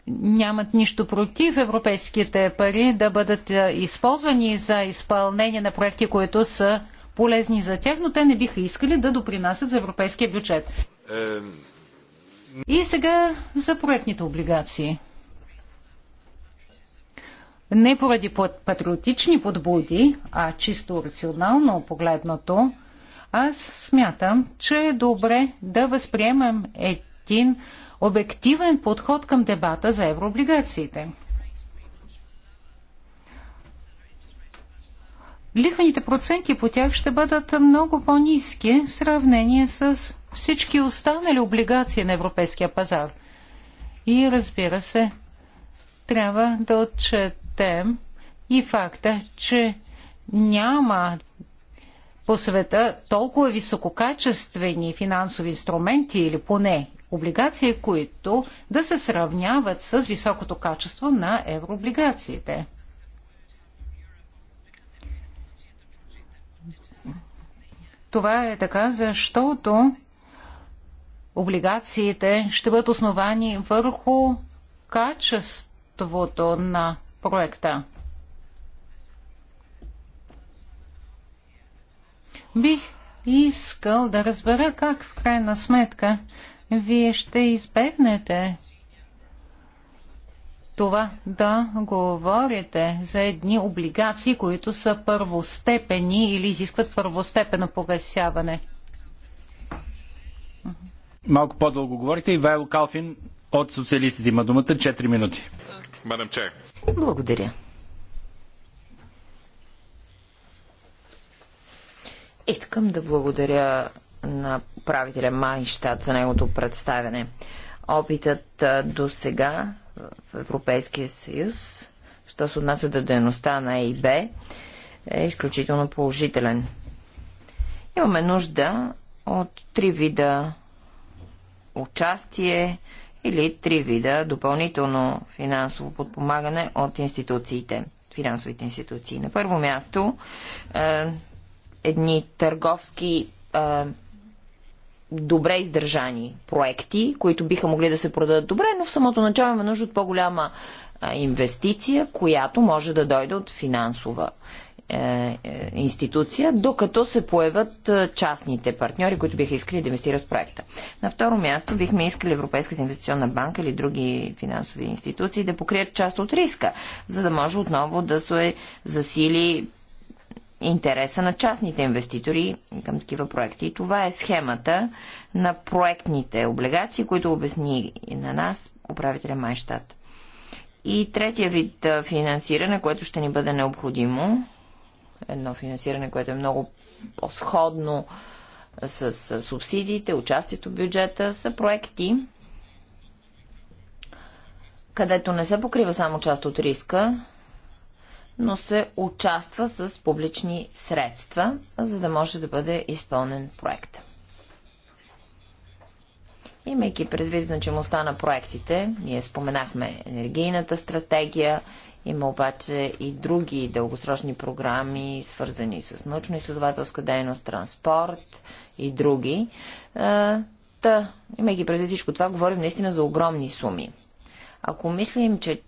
нямат нищо против европейските пари да бъдат е, използвани за изпълнение на проекти, които са полезни за тях, но те не биха искали да допринасят за европейския бюджет. И сега за проектните облигации не поради патриотични подбуди, а чисто рационално погледнато, аз смятам, че е добре да възприемем един обективен подход към дебата за еврооблигациите. Лихвените проценти по тях ще бъдат много по-низки в сравнение с всички останали облигации на европейския пазар. И разбира се, трябва да отчет отчетем и факта, че няма по света толкова висококачествени финансови инструменти или поне облигации, които да се сравняват с високото качество на еврооблигациите. Това е така, защото облигациите ще бъдат основани върху качеството на проекта. Бих искал да разбера как в крайна сметка вие ще избегнете това да говорите за едни облигации, които са първостепени или изискват първостепенно погасяване. Малко по-дълго говорите. Ивайло Калфин от социалистите има думата. 4 минути. Благодаря. Искам да благодаря на правителя Майнштад за неговото представяне. Опитът до сега в Европейския съюз, що се отнася до дейността на ЕИБ, е изключително положителен. Имаме нужда от три вида участие, или три вида допълнително финансово подпомагане от институциите, финансовите институции. На първо място е, едни търговски е, добре издържани проекти, които биха могли да се продадат добре, но в самото начало има нужда от по-голяма е, инвестиция, която може да дойде от финансова е, е, институция, докато се появят е, частните партньори, които биха искали да инвестират в проекта. На второ място бихме искали Европейската инвестиционна банка или други финансови институции да покрият част от риска, за да може отново да се засили интереса на частните инвеститори към такива проекти. И това е схемата на проектните облигации, които обясни на нас управителя Майштат. И третия вид финансиране, което ще ни бъде необходимо, едно финансиране, което е много по-сходно с, с субсидиите, участието в бюджета, са проекти, където не се покрива само част от риска, но се участва с публични средства, за да може да бъде изпълнен проект. Имайки предвид значимостта на проектите, ние споменахме енергийната стратегия, има обаче и други дългосрочни програми, свързани с научно-изследователска дейност, транспорт и други. Та, имайки преди всичко това, говорим наистина за огромни суми. Ако мислим, че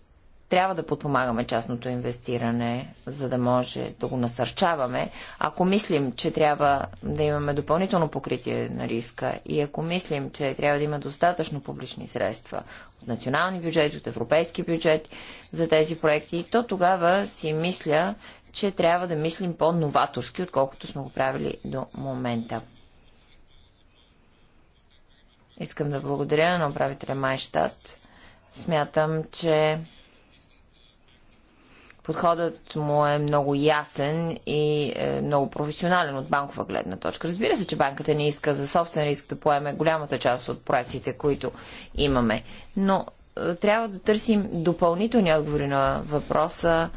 трябва да подпомагаме частното инвестиране, за да може да го насърчаваме. Ако мислим, че трябва да имаме допълнително покритие на риска и ако мислим, че трябва да има достатъчно публични средства от национални бюджети, от европейски бюджет за тези проекти, то тогава си мисля, че трябва да мислим по-новаторски, отколкото сме го правили до момента. Искам да благодаря на управителя Майштат. Смятам, че Подходът му е много ясен и е много професионален от банкова гледна точка. Разбира се, че банката не иска за собствен риск да поеме голямата част от проектите, които имаме. Но е, трябва да търсим допълнителни отговори на въпроса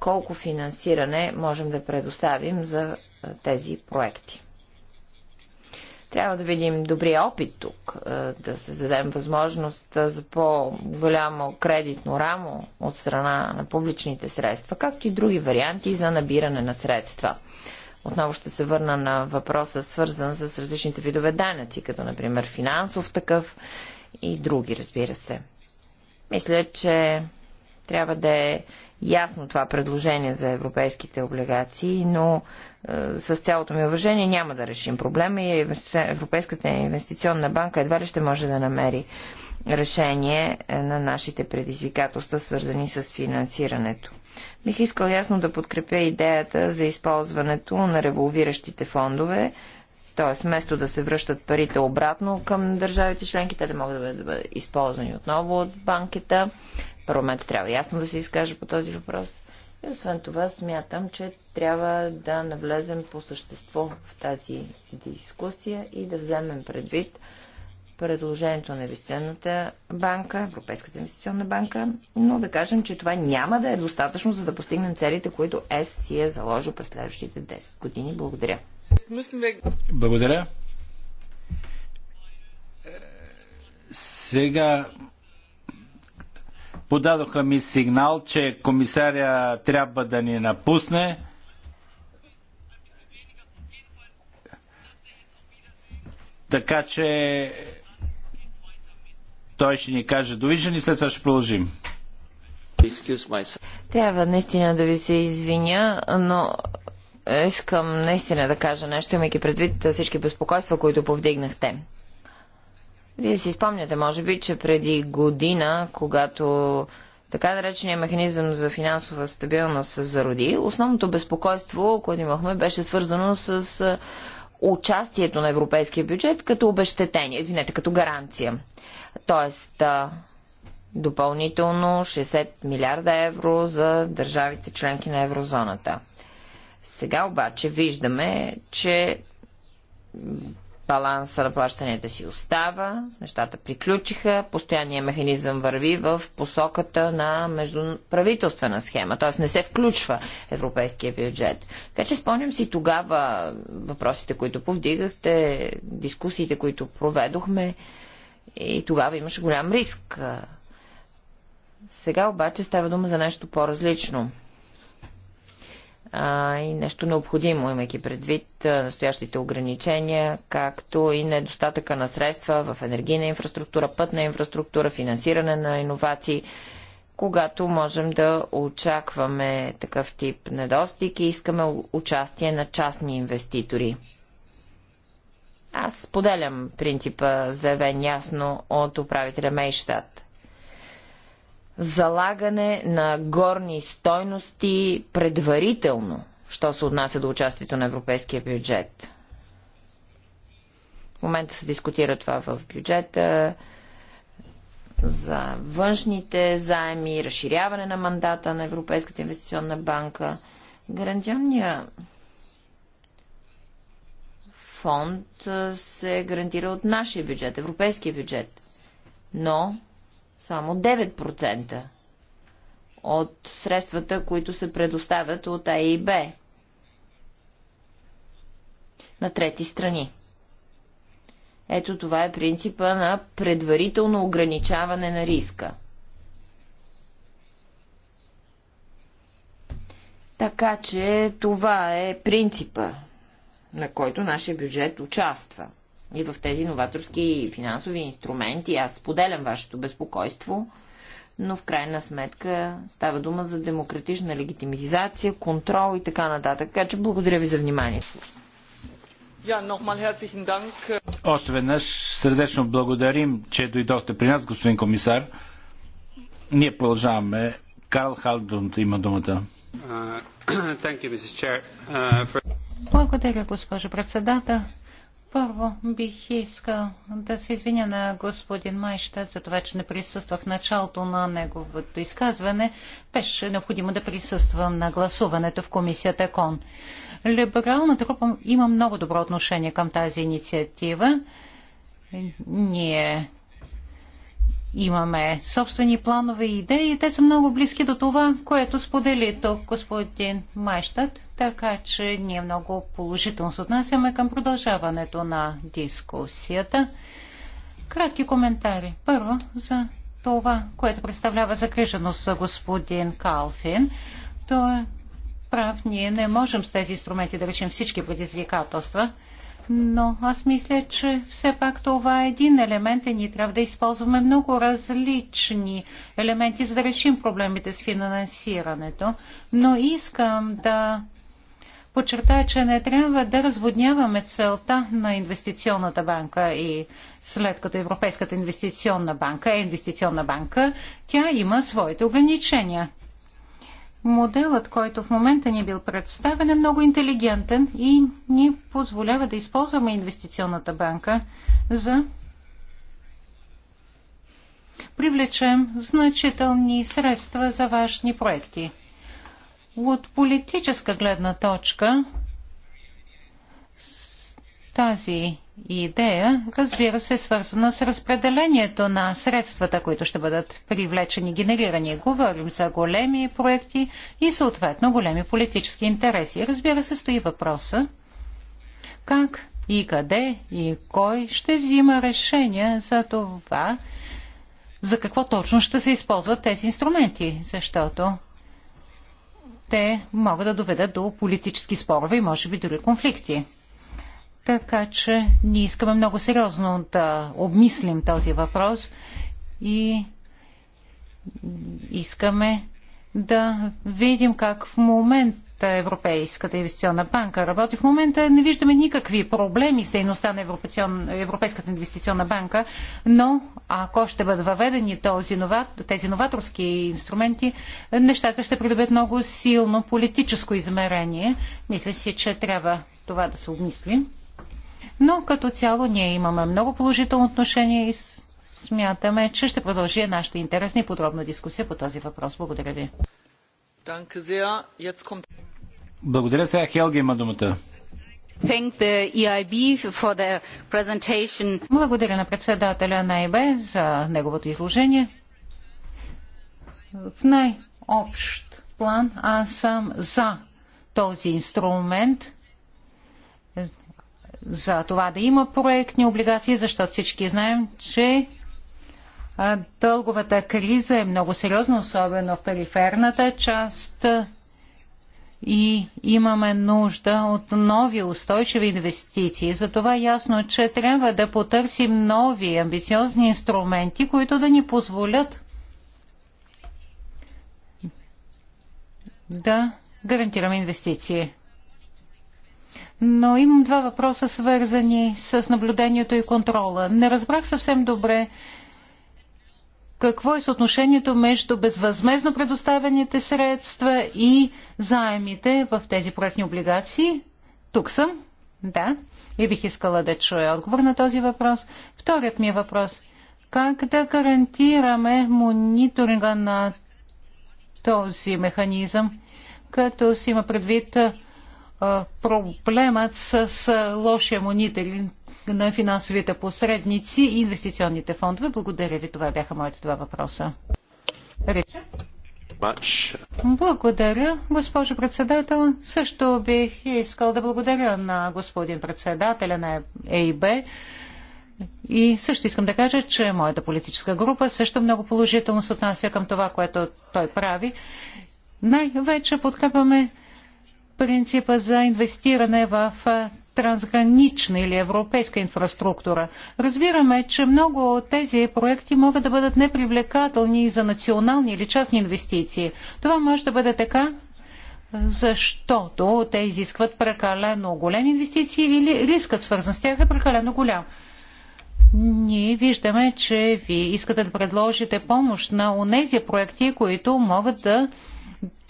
колко финансиране можем да предоставим за е, тези проекти. Трябва да видим добрия опит тук, да се зададем възможност за по-голямо кредитно рамо от страна на публичните средства, както и други варианти за набиране на средства. Отново ще се върна на въпроса, свързан с различните видове данъци, като например финансов такъв и други, разбира се. Мисля, че трябва да е ясно това предложение за европейските облигации, но с цялото ми уважение, няма да решим проблема и Европейската инвестиционна банка едва ли ще може да намери решение е, на нашите предизвикателства, свързани с финансирането. Бих искал ясно да подкрепя идеята за използването на револвиращите фондове, т.е. вместо да се връщат парите обратно към държавите членки, те да могат да бъдат, използвани отново от банката. Парламентът трябва ясно да се изкаже по този въпрос. И освен това смятам, че трябва да навлезем по същество в тази дискусия и да вземем предвид предложението на инвестиционната банка, Европейската инвестиционна банка, но да кажем, че това няма да е достатъчно, за да постигнем целите, които ЕС си е заложил през следващите 10 години. Благодаря. Благодаря. Сега подадоха ми сигнал, че комисаря трябва да ни напусне. Така че той ще ни каже довиждане и след това ще продължим. Трябва наистина да ви се извиня, но искам наистина да кажа нещо, имайки предвид всички безпокойства, които повдигнахте. Вие си спомняте, може би, че преди година, когато така наречения механизъм за финансова стабилност се зароди, основното безпокойство, което имахме, беше свързано с участието на европейския бюджет като обещетение, извинете, като гаранция. Тоест, допълнително 60 милиарда евро за държавите членки на еврозоната. Сега обаче виждаме, че баланса на плащанията си остава, нещата приключиха, постоянния механизъм върви в посоката на междуправителствена схема, т.е. не се включва европейския бюджет. Така че спомням си тогава въпросите, които повдигахте, дискусиите, които проведохме и тогава имаше голям риск. Сега обаче става дума за нещо по-различно – а, и нещо необходимо, имайки предвид настоящите ограничения, както и недостатъка на средства в енергийна инфраструктура, пътна инфраструктура, финансиране на иновации, когато можем да очакваме такъв тип недостиг и искаме участие на частни инвеститори. Аз споделям принципа, заявен ясно от управителя Мейштадт залагане на горни стойности предварително, що се отнася до участието на европейския бюджет. В момента се дискутира това в бюджета за външните заеми, разширяване на мандата на Европейската инвестиционна банка. Гарантионният фонд се гарантира от нашия бюджет, европейския бюджет. Но само 9% от средствата, които се предоставят от А и Б. на трети страни. Ето това е принципа на предварително ограничаване на риска. Така че това е принципа, на който нашия бюджет участва и в тези новаторски финансови инструменти. Аз споделям вашето безпокойство, но в крайна сметка става дума за демократична легитимизация, контрол и така нататък. Така че благодаря ви за вниманието. Още веднъж сърдечно благодарим, че дойдохте при нас, господин комисар. Ние продължаваме. Карл Халдунд има думата. Uh, [clears throat] uh, благодаря, госпожо председател. Първо бих искал да се извиня на господин Майштад за това, че не присъствах в началото на неговото изказване. Беше необходимо да присъствам на гласуването в комисията КОН. Либералната група има много добро отношение към тази инициатива. Ние Имаме собствени планове и идеи те са много близки до това, което сподели тук господин Майштад, така че ние много положително се отнасяме към продължаването на дискусията. Кратки коментари. Първо за това, което представлява загриженост за господин Калфин. Той е прав, ние не можем с тези инструменти да решим всички предизвикателства – но аз мисля, че все пак това е един елемент и ние трябва да използваме много различни елементи, за да решим проблемите с финансирането. Но искам да подчертая, че не трябва да разводняваме целта на инвестиционната банка и след като Европейската инвестиционна банка е инвестиционна банка, тя има своите ограничения. Моделът, който в момента ни е бил представен, е много интелигентен и ни позволява да използваме инвестиционната банка за привлечем значителни средства за важни проекти. От политическа гледна точка тази идея, разбира се, свързана с разпределението на средствата, които ще бъдат привлечени, генерирани. Говорим за големи проекти и съответно големи политически интереси. Разбира се, стои въпроса как и къде и кой ще взима решение за това, за какво точно ще се използват тези инструменти, защото те могат да доведат до политически спорове и може би дори конфликти. Така че ние искаме много сериозно да обмислим този въпрос и искаме да видим как в момента Европейската инвестиционна банка работи. В момента не виждаме никакви проблеми с дейността на Европейската инвестиционна банка, но ако ще бъдат въведени този, тези новаторски инструменти, нещата ще придобият много силно политическо измерение. Мисля си, че трябва това да се обмисли. Но като цяло ние имаме много положително отношение и смятаме, че ще продължи нашата интересна и подробна дискусия по този въпрос. Благодаря ви. Благодаря сега. Хелги има думата. E Благодаря на председателя на ЕБ за неговото изложение. В най-общ план аз съм за този инструмент – за това да има проектни облигации, защото всички знаем, че дълговата криза е много сериозна, особено в периферната част и имаме нужда от нови устойчиви инвестиции. Затова е ясно, че трябва да потърсим нови амбициозни инструменти, които да ни позволят да гарантираме инвестиции но имам два въпроса, свързани с наблюдението и контрола. Не разбрах съвсем добре какво е съотношението между безвъзмезно предоставените средства и заемите в тези проектни облигации. Тук съм. Да. И бих искала да чуя отговор на този въпрос. Вторият ми е въпрос. Как да гарантираме мониторинга на този механизъм, като си има предвид проблемът с лошия мониторинг на финансовите посредници и инвестиционните фондове. Благодаря ви. Това бяха моите два въпроса. Благодаря, госпожо председател. Също бих искал да благодаря на господин председателя на ЕИБ. И също искам да кажа, че моята политическа група също много положително се отнася към това, което той прави. Най-вече подкрепяме принципа за инвестиране в трансгранична или европейска инфраструктура. Разбираме, че много от тези проекти могат да бъдат непривлекателни за национални или частни инвестиции. Това може да бъде така, защото те изискват прекалено големи инвестиции или рискът свързан с тях е прекалено голям. Ние виждаме, че ви искате да предложите помощ на онези проекти, които могат да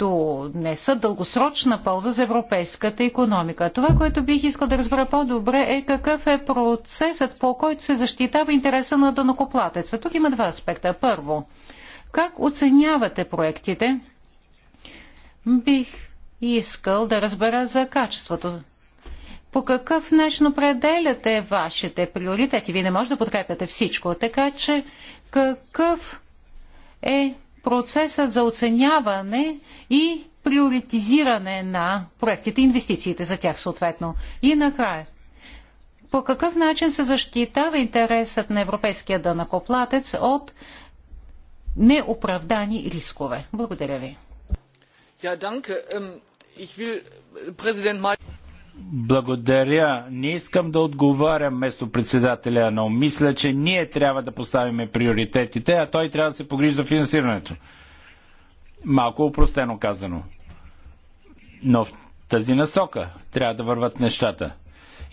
които не са дългосрочна полза за европейската економика. Това, което бих искал да разбера по-добре е какъв е процесът, по който се защитава интереса на дънокоплатеца. Тук има два аспекта. Първо, как оценявате проектите? Бих искал да разбера за качеството. По какъв начин определяте вашите приоритети? Вие не може да подкрепяте всичко, така че какъв е процесът за оценяване и приоритизиране на проектите, инвестициите за тях съответно. И накрая, по какъв начин се защитава интересът на европейския данакоплатец от неоправдани рискове? Благодаря ви. Ähm, äh, Благодаря. Не искам да отговарям вместо председателя, но мисля, че ние трябва да поставим приоритетите, а той трябва да се погрижи за финансирането. Малко упростено казано. Но в тази насока трябва да върват нещата.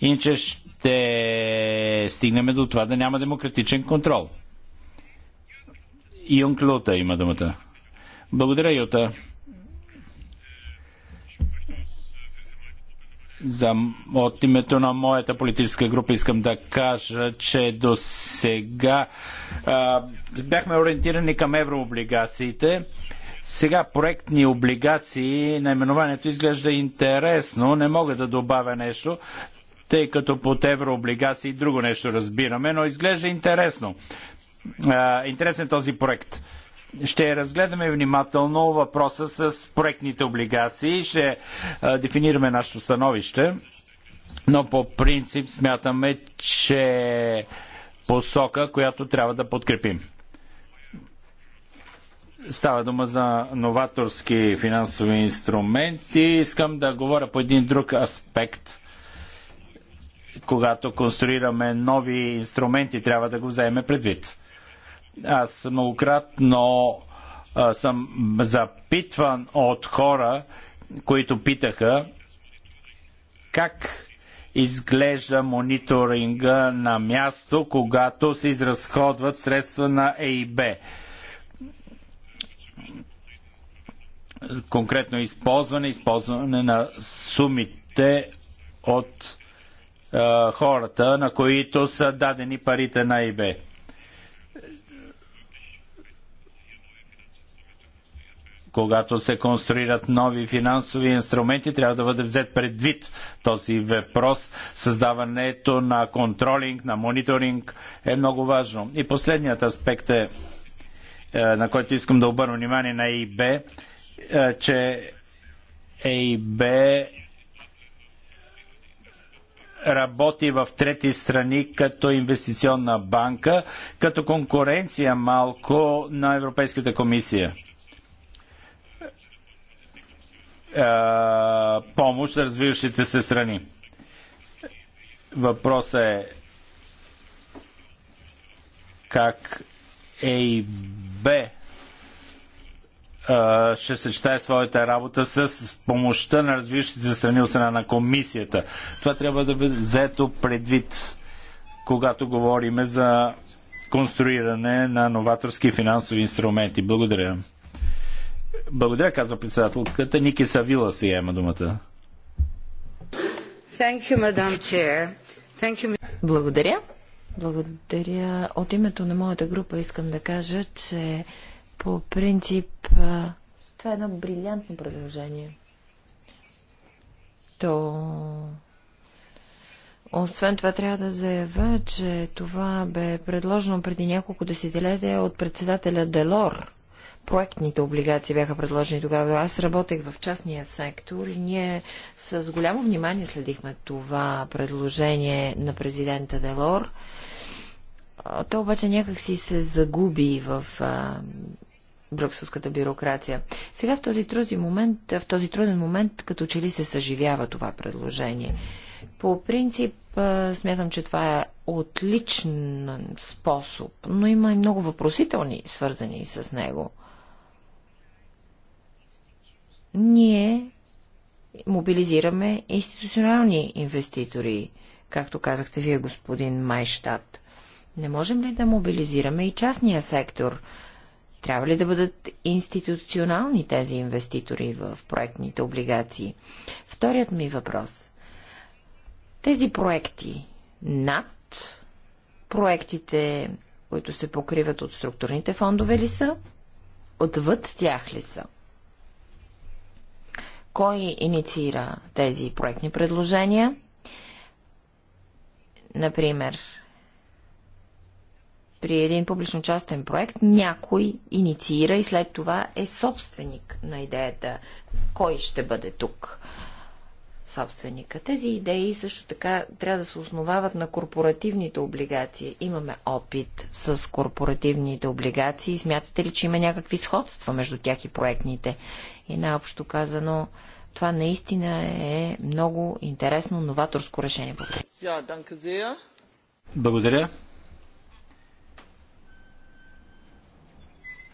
Иначе ще стигнем до това да няма демократичен контрол. Юнг Лута има думата. Благодаря, Юта. За, от името на моята политическа група искам да кажа, че до сега бяхме ориентирани към еврооблигациите. Сега проектни облигации, наименованието изглежда интересно, не мога да добавя нещо, тъй като под еврооблигации друго нещо разбираме, но изглежда интересно. А, интересен е този проект. Ще разгледаме внимателно въпроса с проектните облигации, ще а, дефинираме нашето становище, но по принцип смятаме, че посока, която трябва да подкрепим. Става дума за новаторски финансови инструменти. Искам да говоря по един друг аспект. Когато конструираме нови инструменти, трябва да го вземе предвид. Аз многократно а, съм запитван от хора, които питаха как изглежда мониторинга на място, когато се изразходват средства на ЕИБ. конкретно използване, използване на сумите от е, хората, на които са дадени парите на ИБ. Когато се конструират нови финансови инструменти, трябва да бъде взет предвид този въпрос. Създаването на контролинг, на мониторинг е много важно. И последният аспект е, е на който искам да обърна внимание на ИБ, е, че ЕИБ работи в трети страни като инвестиционна банка, като конкуренция малко на Европейската комисия. Е, помощ за развиващите се страни. Въпросът е как ЕИБ ще съчетае своята работа с помощта на развиващите страни от страна на комисията. Това трябва да бъде взето предвид, когато говорим за конструиране на новаторски финансови инструменти. Благодаря. Благодаря, казва председателката. Ники Савила си е, има думата. Благодаря. Благодаря. От името на моята група искам да кажа, че по принцип, това е едно брилянтно предложение. То... Освен това, трябва да заявя, че това бе предложено преди няколко десетилетия от председателя Делор. Проектните облигации бяха предложени тогава. Аз работех в частния сектор и ние с голямо внимание следихме това предложение на президента Делор. То обаче някакси се загуби в брюкселската бюрокрация. Сега в този, момент, в този труден момент, като че ли се съживява това предложение. По принцип, смятам, че това е отличен способ, но има и много въпросителни, свързани с него. Ние мобилизираме институционални инвеститори, както казахте вие, господин Майштад. Не можем ли да мобилизираме и частния сектор? Трябва ли да бъдат институционални тези инвеститори в проектните облигации? Вторият ми въпрос. Тези проекти над проектите, които се покриват от структурните фондове ли са? Отвъд тях ли са? Кой инициира тези проектни предложения? Например, при един публично-частен проект някой инициира и след това е собственик на идеята. Кой ще бъде тук? собственика. Тези идеи също така трябва да се основават на корпоративните облигации. Имаме опит с корпоративните облигации. Смятате ли, че има някакви сходства между тях и проектните? И най-общо казано, това наистина е много интересно новаторско решение. Благодаря. Благодаря.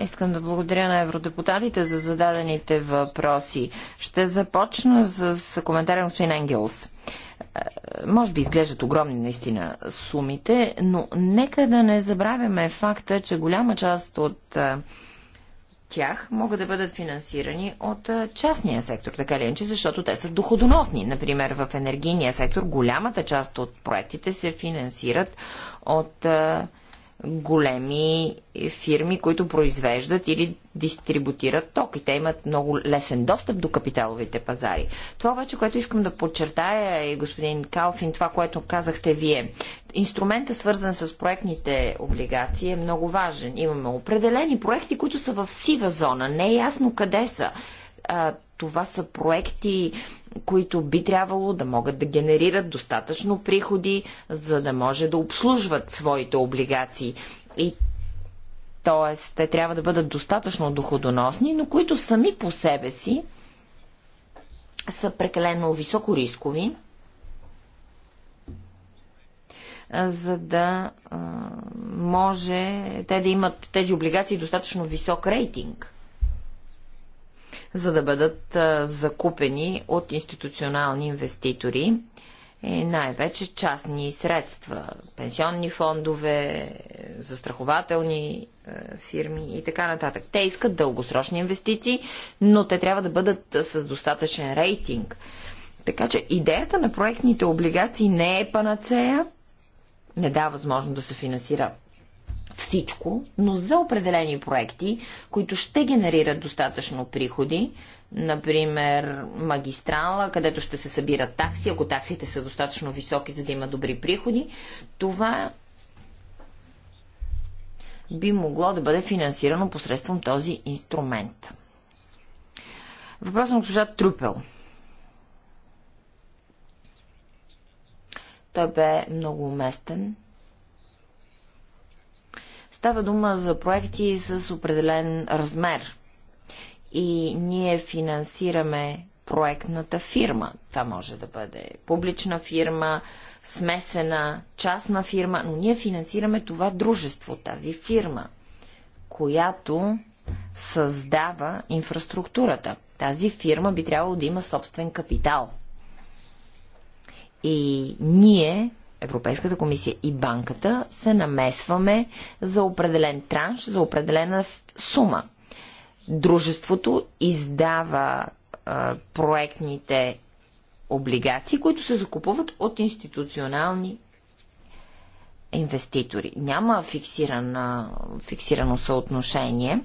Искам да благодаря на евродепутатите за зададените въпроси. Ще започна с коментаря на господин Енгелс. Е, може би изглеждат огромни наистина сумите, но нека да не забравяме факта, че голяма част от е, тях могат да бъдат финансирани от е, частния сектор, така ли е, защото те са доходоносни. Например, в енергийния сектор голямата част от проектите се финансират от големи фирми, които произвеждат или дистрибутират ток и те имат много лесен достъп до капиталовите пазари. Това обаче, което искам да подчертая и е, господин Калфин, това, което казахте вие. Инструментът, свързан с проектните облигации, е много важен. Имаме определени проекти, които са в сива зона, не е ясно къде са това са проекти, които би трябвало да могат да генерират достатъчно приходи, за да може да обслужват своите облигации. И т.е. те трябва да бъдат достатъчно доходоносни, но които сами по себе си са прекалено високо рискови, за да може те да имат тези облигации достатъчно висок рейтинг за да бъдат закупени от институционални инвеститори и е, най-вече частни средства, пенсионни фондове, застрахователни е, фирми и така нататък. Те искат дългосрочни инвестиции, но те трябва да бъдат с достатъчен рейтинг. Така че идеята на проектните облигации не е панацея, не дава възможност да се финансира всичко, но за определени проекти, които ще генерират достатъчно приходи, например магистрала, където ще се събират такси, ако таксите са достатъчно високи, за да има добри приходи, това би могло да бъде финансирано посредством този инструмент. Въпрос на госпожа Трупел. Той бе много уместен Става дума за проекти с определен размер. И ние финансираме проектната фирма. Това може да бъде публична фирма, смесена, частна фирма, но ние финансираме това дружество, тази фирма, която създава инфраструктурата. Тази фирма би трябвало да има собствен капитал. И ние Европейската комисия и банката се намесваме за определен транш, за определена сума. Дружеството издава а, проектните облигации, които се закупуват от институционални инвеститори. Няма фиксирано, фиксирано съотношение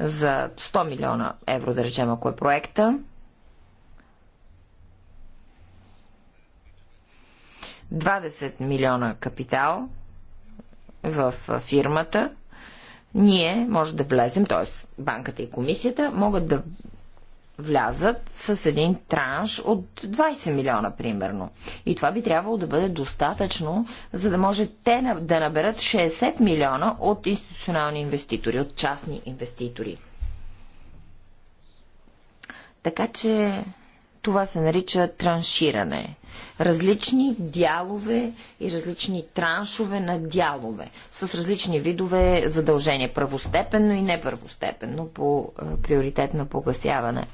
за 100 милиона евро, да речем, ако е проекта. 20 милиона капитал в фирмата, ние може да влезем, т.е. банката и комисията могат да влязат с един транш от 20 милиона, примерно. И това би трябвало да бъде достатъчно, за да може те да наберат 60 милиона от институционални инвеститори, от частни инвеститори. Така че това се нарича транширане. Различни дялове и различни траншове на дялове с различни видове задължения, първостепенно и непървостепенно по е, приоритет на погасяване.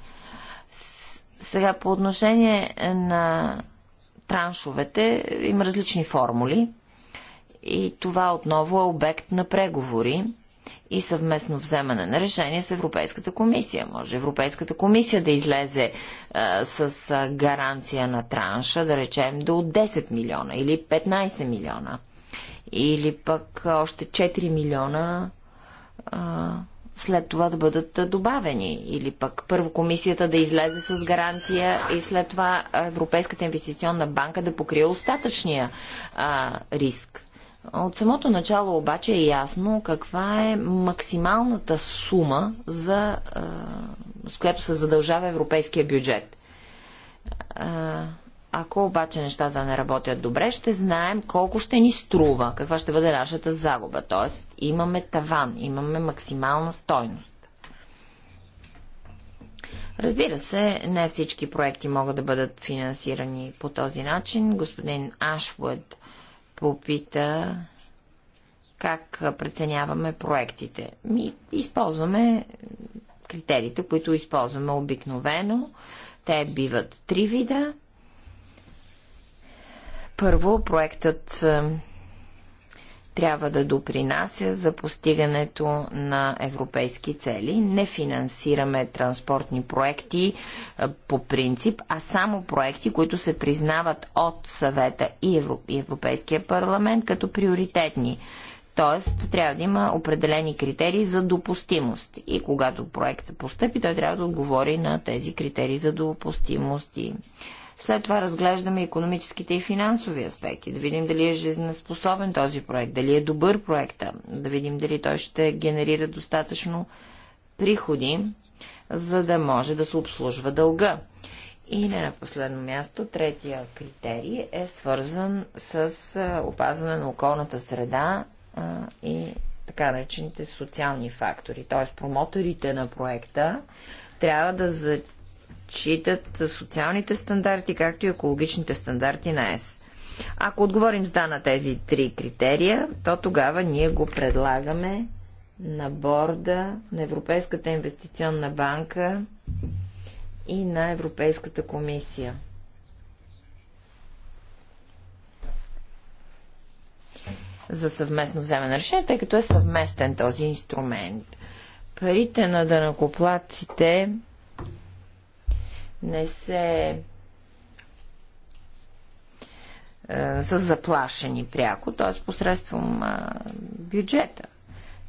Сега по отношение на траншовете има различни формули и това отново е обект на преговори и съвместно вземане на решение с Европейската комисия. Може Европейската комисия да излезе а, е, с а, е, гаранция на транша, да речем, до 10 милиона или 15 милиона. Или пък още 4 милиона а, е, след това да бъдат добавени. Или пък първо комисията да излезе с гаранция и след това Европейската инвестиционна банка да покрие остатъчния а, риск. От самото начало обаче е ясно каква е максималната сума, за, с която се задължава европейския бюджет. Ако обаче нещата не работят добре, ще знаем колко ще ни струва, каква ще бъде нашата загуба. Тоест, имаме таван, имаме максимална стойност. Разбира се, не всички проекти могат да бъдат финансирани по този начин. Господин Ашвуд попита как преценяваме проектите. Ми използваме критериите, които използваме обикновено. Те биват три вида. Първо, проектът е, трябва да допринася за постигането на европейски цели. Не финансираме транспортни проекти е, по принцип, а само проекти, които се признават от съвета и Европейския парламент като приоритетни. Тоест, трябва да има определени критерии за допустимост. И когато проектът постъпи, той трябва да отговори на тези критерии за допустимост. и. След това разглеждаме економическите и финансови аспекти, да видим дали е жизнеспособен този проект, дали е добър проекта, да видим дали той ще генерира достатъчно приходи, за да може да се обслужва дълга. И не на последно място, третия критерий е свързан с опазване на околната среда и така наречените социални фактори. Т.е. промоторите на проекта трябва да отчитат социалните стандарти, както и екологичните стандарти на ЕС. Ако отговорим с да на тези три критерия, то тогава ние го предлагаме на борда на Европейската инвестиционна банка и на Европейската комисия. за съвместно вземане на решение, тъй като е съвместен този инструмент. Парите на дънакоплаците не се е, са заплашени пряко, т.е. посредством а, е, бюджета.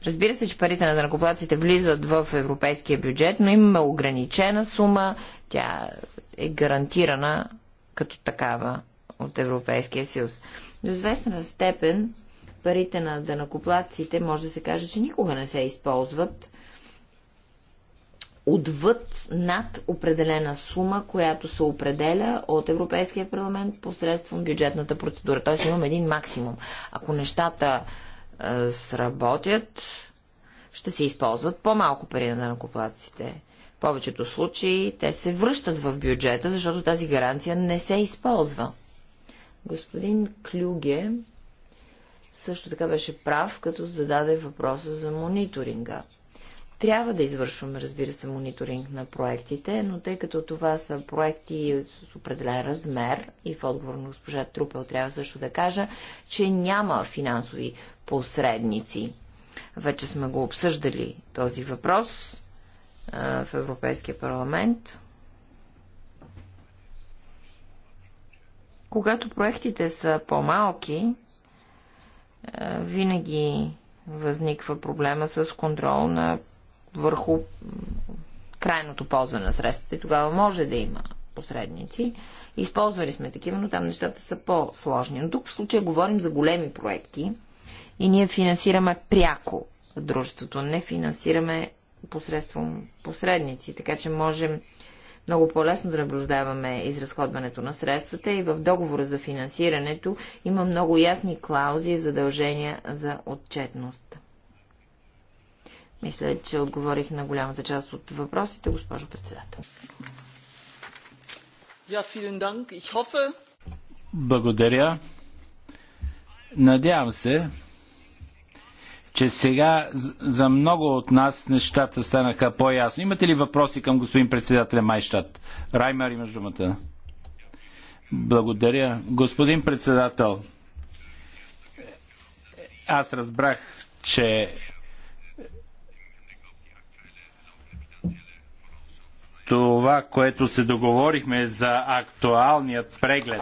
Разбира се, че парите на дънакоплаците влизат в европейския бюджет, но имаме ограничена сума. Тя е гарантирана като такава от Европейския съюз. До известна степен парите на дънакоплаците може да се каже, че никога не се използват отвъд, над определена сума, която се определя от Европейския парламент посредством бюджетната процедура. Тоест имам един максимум. Ако нещата е, сработят, ще се използват по-малко пари на накоплаците. В повечето случаи те се връщат в бюджета, защото тази гаранция не се използва. Господин Клюге също така беше прав, като зададе въпроса за мониторинга. Трябва да извършваме, разбира се, мониторинг на проектите, но тъй като това са проекти с определен размер и в отговор на госпожа Трупел трябва също да кажа, че няма финансови посредници. Вече сме го обсъждали този въпрос в Европейския парламент. Когато проектите са по-малки, винаги възниква проблема с контрол на върху крайното ползване на средствата и тогава може да има посредници. Използвали сме такива, но там нещата са по-сложни. Но тук в случая говорим за големи проекти и ние финансираме пряко дружеството, не финансираме посредством посредници, така че можем много по-лесно да наблюдаваме изразходването на средствата и в договора за финансирането има много ясни клаузи и задължения за отчетността. Мисля, че отговорих на голямата част от въпросите, госпожо председател. Благодаря. Надявам се, че сега за много от нас нещата станаха по-ясно. Имате ли въпроси към господин председателя Майштат? Раймер, имаш думата. Благодаря. Господин председател, аз разбрах, че това, което се договорихме за актуалният преглед,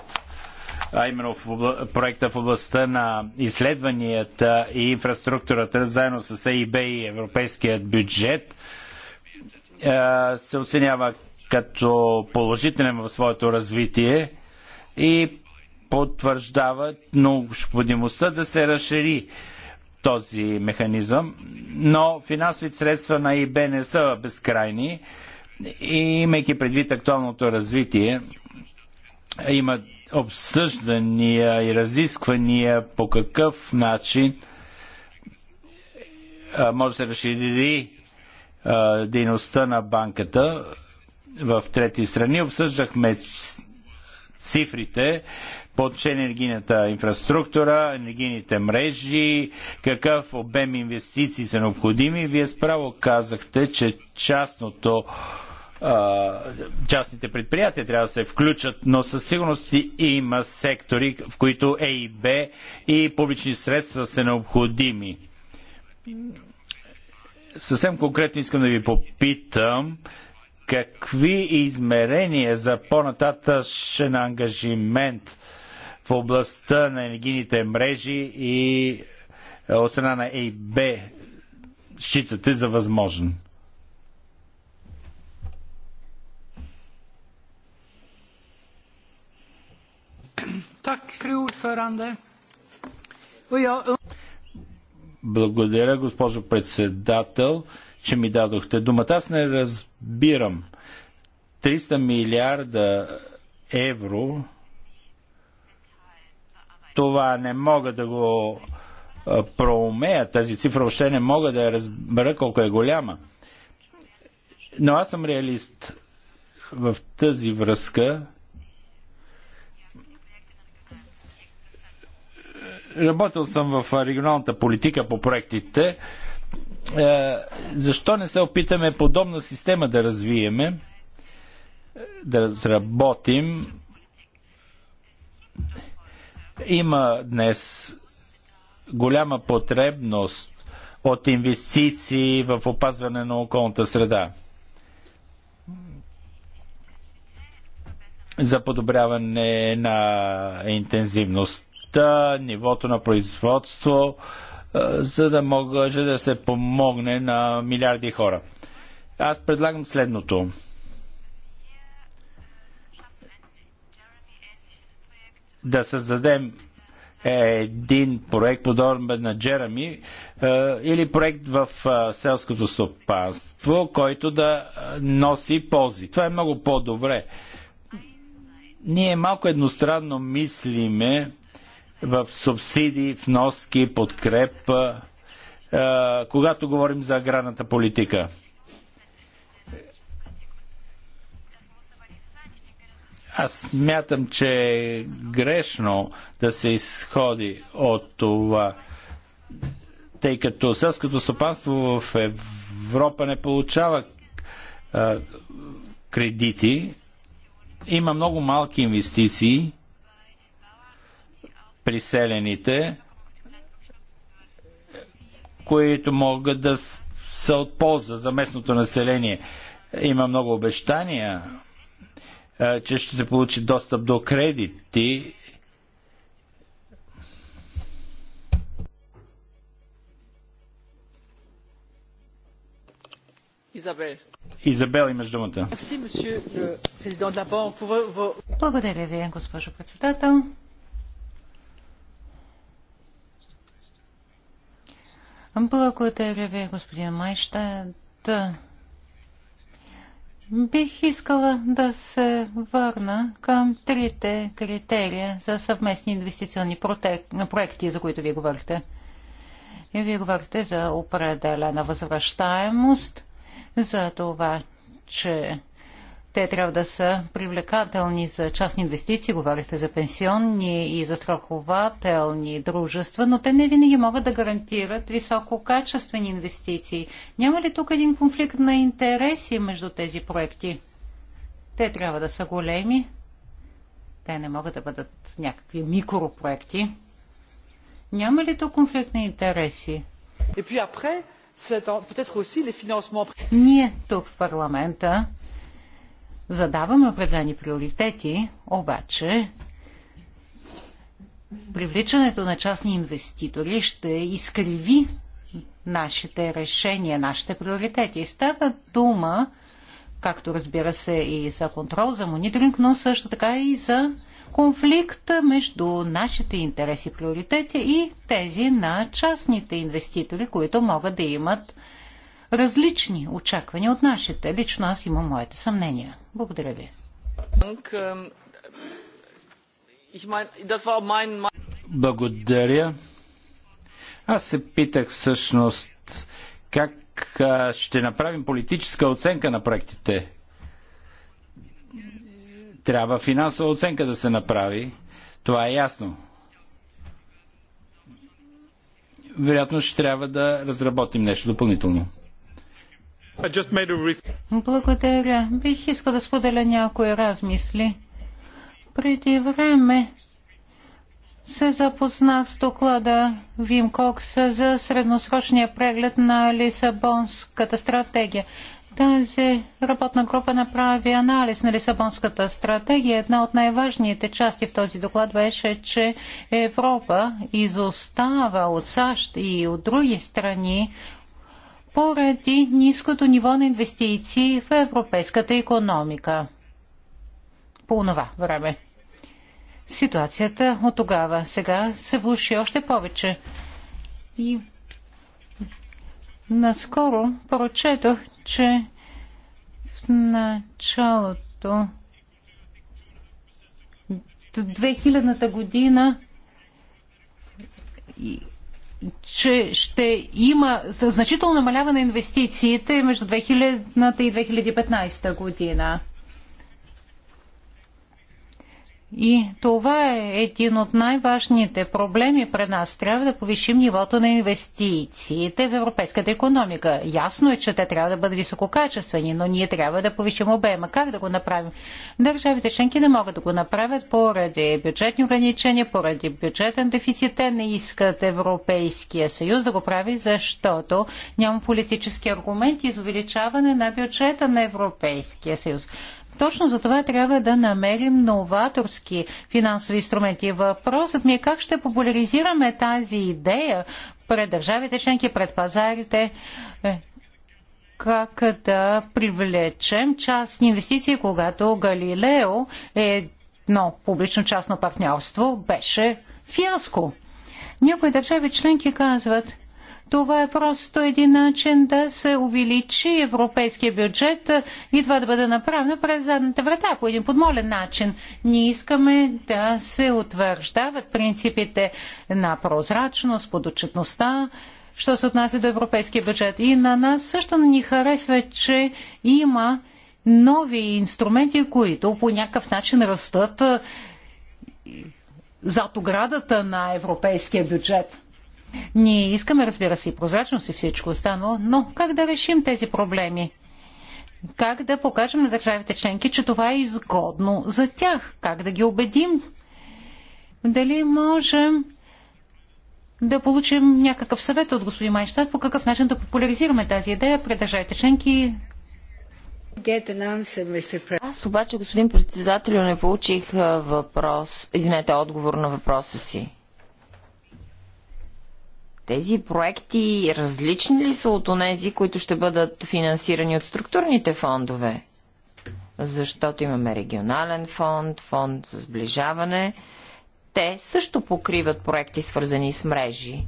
а именно в обла... проекта в областта на изследванията и инфраструктурата, заедно с ЕИБ и Европейският бюджет, е, се оценява като положителен в своето развитие и потвърждава необходимостта да се разшири този механизъм, но финансовите средства на ИБ не са безкрайни и имайки предвид актуалното развитие, има обсъждания и разисквания по какъв начин може да се разшири дейността на банката в трети страни. Обсъждахме цифрите по отношение енергийната инфраструктура, енергийните мрежи, какъв обем инвестиции са необходими. Вие справо казахте, че частното частните предприятия трябва да се включат, но със сигурност има сектори, в които Е и Б и публични средства са необходими. Съвсем конкретно искам да ви попитам какви измерения за по-нататъчен ангажимент в областта на енергийните мрежи и е, от страна на ЕИБ считате за възможни. Благодаря, госпожо председател, че ми дадохте думата. Аз не разбирам. 300 милиарда евро това не мога да го проумея. Тази цифра още не мога да я разбера колко е голяма. Но аз съм реалист. В тази връзка Работил съм в регионалната политика по проектите. Е, защо не се опитаме подобна система да развиеме, да разработим? Има днес голяма потребност от инвестиции в опазване на околната среда. за подобряване на интензивност мощността, нивото на производство, е, за да може да се помогне на милиарди хора. Аз предлагам следното. Да създадем е, един проект подобен на Джерами е, или проект в селското стопанство, който да носи ползи. Това е много по-добре. Ние малко едностранно мислиме в субсидии, вноски, подкрепа, когато говорим за аграрната политика. Аз мятам, че е грешно да се изходи от това, тъй като селското стопанство в Европа не получава кредити, има много малки инвестиции приселените, които могат да са от полза за местното население. Има много обещания, че ще се получи достъп до кредити Изабел. Изабел имаш думата. Благодаря ви, госпожо председател. Благодаря ви, господин Майштад. Бих искала да се върна към трите критерия за съвместни инвестиционни проекти, за които вие говорихте. И вие говорихте за определена възвръщаемост, за това, че те трябва да са привлекателни за частни инвестиции, говорихте за пенсионни и застрахователни дружества, но те не винаги могат да гарантират висококачествени инвестиции. Няма ли тук един конфликт на интереси между тези проекти? Те трябва да са големи. Те не могат да бъдат някакви микропроекти. Няма ли тук конфликт на интереси? Ние тук в парламента Задаваме определени приоритети, обаче привличането на частни инвеститори ще изкриви нашите решения, нашите приоритети. Става дума, както разбира се, и за контрол, за мониторинг, но също така и за конфликт между нашите интереси, приоритети и тези на частните инвеститори, които могат да имат различни очаквания от нашите. Лично аз имам моите съмнения. Благодаря ви. Ähm, Благодаря. Аз се питах всъщност как ще направим политическа оценка на проектите. Трябва финансова оценка да се направи. Това е ясно. Вероятно ще трябва да разработим нещо допълнително. Благодаря. Бих искал да споделя някои размисли. Преди време се запознах с доклада Вим Кокс за средносрочния преглед на Лисабонската стратегия. Тази работна група направи анализ на Лисабонската стратегия. Една от най-важните части в този доклад беше, че Европа изостава от САЩ и от други страни поради ниското ниво на инвестиции в европейската економика. По това време. Ситуацията от тогава сега се влуши още повече. И наскоро прочетох, че в началото 2000-та година че ще има значително намаляване на инвестициите между 2000 и 2015 година. И това е един от най-важните проблеми пред нас. Трябва да повишим нивото на инвестициите в европейската економика. Ясно е, че те трябва да бъдат висококачествени, но ние трябва да повишим обема. Как да го направим? Държавите членки не могат да го направят поради бюджетни ограничения, поради бюджетен дефицит. Те не искат Европейския съюз да го прави, защото няма политически аргументи за увеличаване на бюджета на Европейския съюз. Точно за това трябва да намерим новаторски финансови инструменти. Въпросът ми е как ще популяризираме тази идея пред държавите членки, пред пазарите, е, как да привлечем частни инвестиции, когато Галилео е едно публично-частно партньорство беше фиаско. Някои държави членки казват, това е просто един начин да се увеличи европейския бюджет и това да бъде направено през задната врата по един подмолен начин. Ние искаме да се утвърждават принципите на прозрачност, подочетността, що се отнася до европейския бюджет. И на нас също не ни харесва, че има нови инструменти, които по някакъв начин растат зад оградата на европейския бюджет. Ние искаме, разбира се, и прозрачност и всичко останало, но как да решим тези проблеми? Как да покажем на държавите членки, че това е изгодно за тях? Как да ги убедим? Дали можем да получим някакъв съвет от господин Майнштад по какъв начин да популяризираме тази идея пред държавите членки Аз обаче, господин председател, не получих въпрос, извинете, отговор на въпроса си. Тези проекти различни ли са от онези, които ще бъдат финансирани от структурните фондове? Защото имаме регионален фонд, фонд за сближаване. Те също покриват проекти, свързани с мрежи.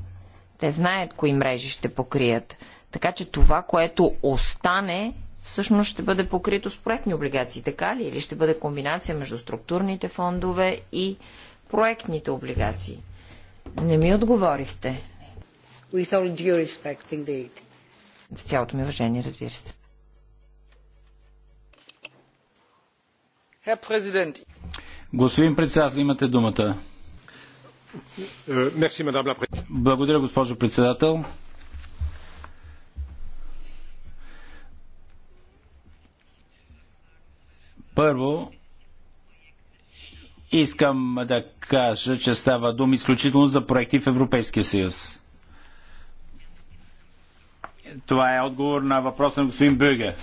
Те знаят кои мрежи ще покрият. Така че това, което остане, всъщност ще бъде покрито с проектни облигации, така ли? Или ще бъде комбинация между структурните фондове и проектните облигации? Не ми отговорихте. With all due respect, indeed. С цялото ми уважение, разбира се. Господин председател, имате думата. Е, Благодаря, госпожо председател. Първо, искам да кажа, че става дума изключително за проекти в Европейския съюз. Това е отговор на въпроса на господин Бюге.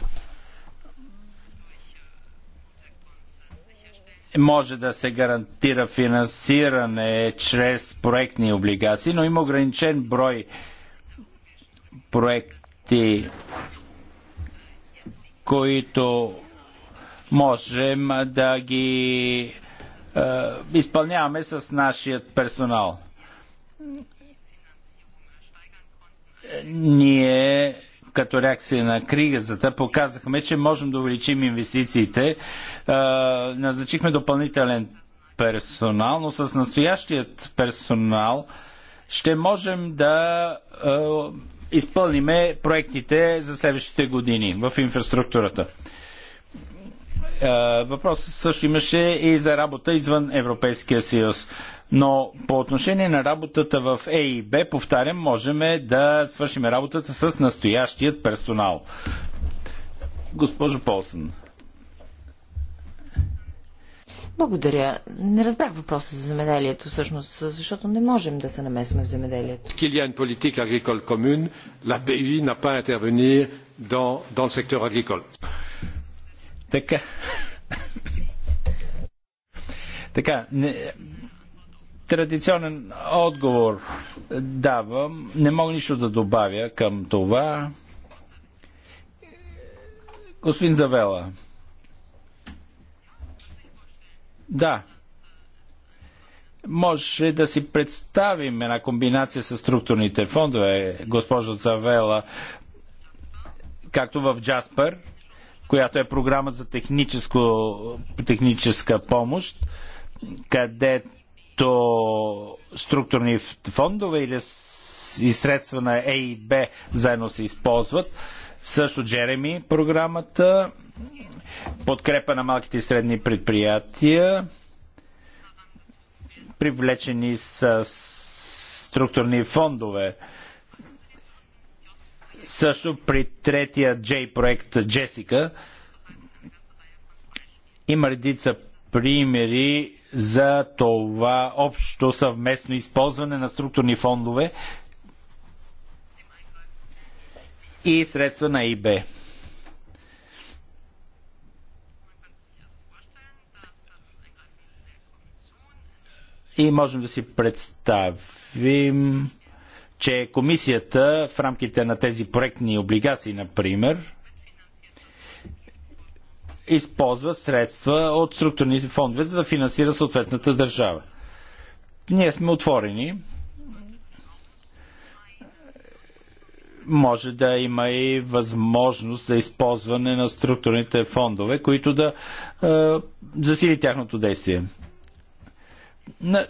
Може да се гарантира финансиране чрез проектни облигации, но има ограничен брой проекти, които можем да ги е, изпълняваме с нашия персонал. ние като реакция на кризата показахме, че можем да увеличим инвестициите. Назначихме допълнителен персонал, но с настоящият персонал ще можем да изпълниме проектите за следващите години в инфраструктурата. Е, въпрос също имаше и за работа извън Европейския съюз. Но по отношение на работата в Е и Б, повтарям, можем да свършим работата с настоящият персонал. Госпожо Полсън. Благодаря. Не разбрах въпроса за земеделието, всъщност, защото не можем да се намесваме в земеделието. Qu'il y a une politique agricole commune, la BUI n'a pas intervenir dans, dans le secteur agricole. Така. така. Не, традиционен отговор давам. Не мога нищо да добавя към това. Господин Завела. Да. Може да си представим една комбинация с структурните фондове, госпожо Завела, както в Джаспер – която е програма за техническа помощ, където структурни фондове или и средства на A и Б заедно се използват. Също Джереми програмата, подкрепа на малките и средни предприятия, привлечени с структурни фондове. Също при третия J проект Джесика има редица примери за това общо съвместно използване на структурни фондове и средства на ИБ. И можем да си представим че комисията в рамките на тези проектни облигации, например, използва средства от структурните фондове, за да финансира съответната държава. Ние сме отворени. Може да има и възможност за използване на структурните фондове, които да е, засили тяхното действие. На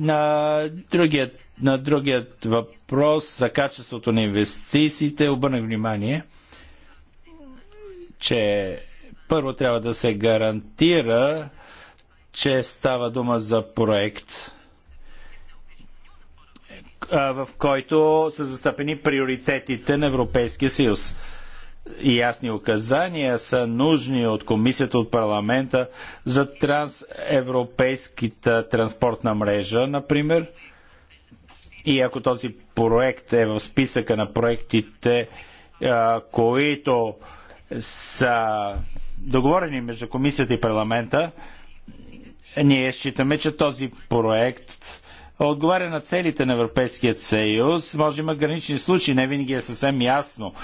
на другият, на другият въпрос за качеството на инвестициите обърнах внимание, че първо трябва да се гарантира, че става дума за проект, в който са застъпени приоритетите на Европейския съюз и ясни указания са нужни от комисията, от парламента за трансевропейската транспортна мрежа, например. И ако този проект е в списъка на проектите, които са договорени между комисията и парламента, ние считаме, че този проект отговаря на целите на Европейския съюз. Може има гранични случаи, не винаги е съвсем ясно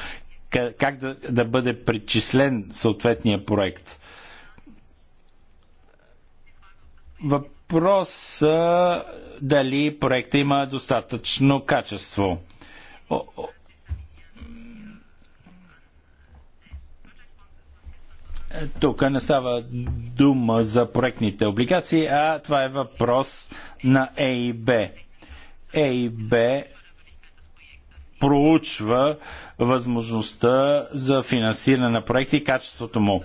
как да, да бъде причислен съответния проект. Въпрос дали проекта има достатъчно качество. Тук не става дума за проектните облигации, а това е въпрос на ЕИБ. ЕИБ проучва възможността за финансиране на проекти и качеството му.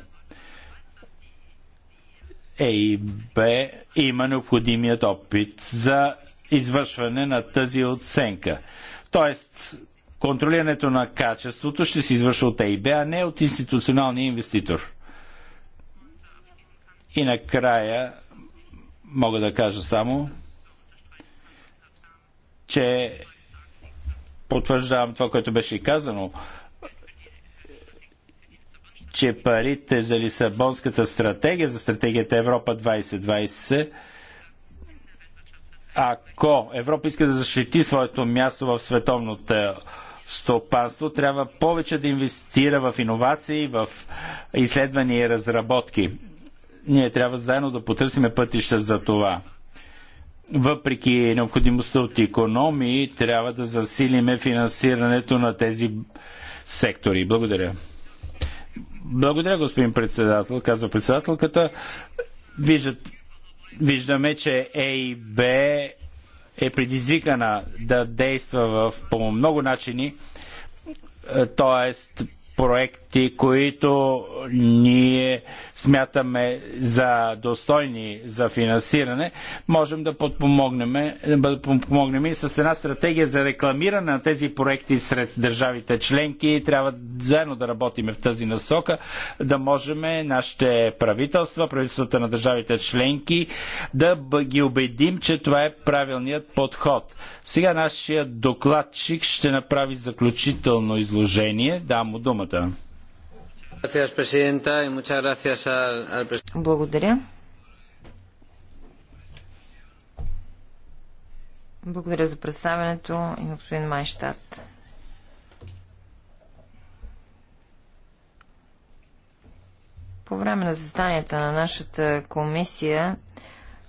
Е Б има необходимият опит за извършване на тази оценка. Тоест, контролирането на качеството ще се извършва от ЕИБ, а не от институционалния инвеститор. И накрая мога да кажа само, че потвърждавам това, което беше казано, че парите за Лисабонската стратегия, за стратегията Европа 2020, ако Европа иска да защити своето място в световното стопанство, трябва повече да инвестира в иновации, в изследвания и разработки. Ние трябва заедно да потърсим пътища за това въпреки необходимостта от економии, трябва да засилиме финансирането на тези сектори. Благодаря. Благодаря, господин председател, казва председателката. Виждат, виждаме, че ЕИБ е предизвикана да действа в, по много начини, т.е проекти, които ние смятаме за достойни за финансиране, можем да подпомогнем, да подпомогнем и с една стратегия за рекламиране на тези проекти сред държавите членки. Трябва заедно да работим в тази насока, да можем нашите правителства, правителствата на държавите членки, да ги убедим, че това е правилният подход. Сега нашия докладчик ще направи заключително изложение. Дам му думата думата. Благодаря. Благодаря за представянето и на господин Майштадт. По време на застанията на нашата комисия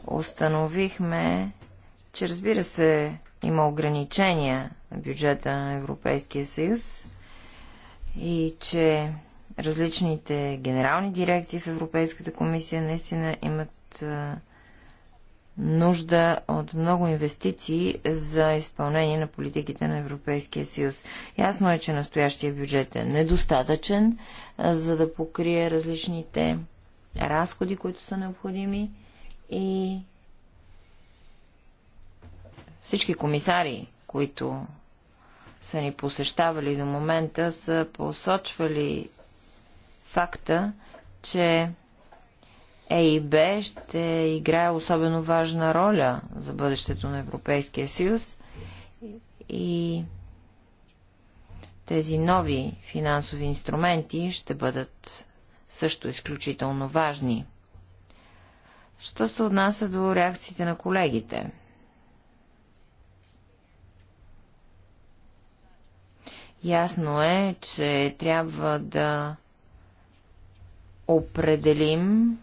установихме, че разбира се има ограничения на бюджета на Европейския съюз – и че различните генерални дирекции в Европейската комисия наистина имат нужда от много инвестиции за изпълнение на политиките на Европейския съюз. Ясно е, че настоящия бюджет е недостатъчен, за да покрие различните разходи, които са необходими и всички комисари, които са ни посещавали до момента, са посочвали факта, че ЕИБ ще играе особено важна роля за бъдещето на Европейския съюз и тези нови финансови инструменти ще бъдат също изключително важни. Що се отнася до реакциите на колегите? Ясно е, че трябва да определим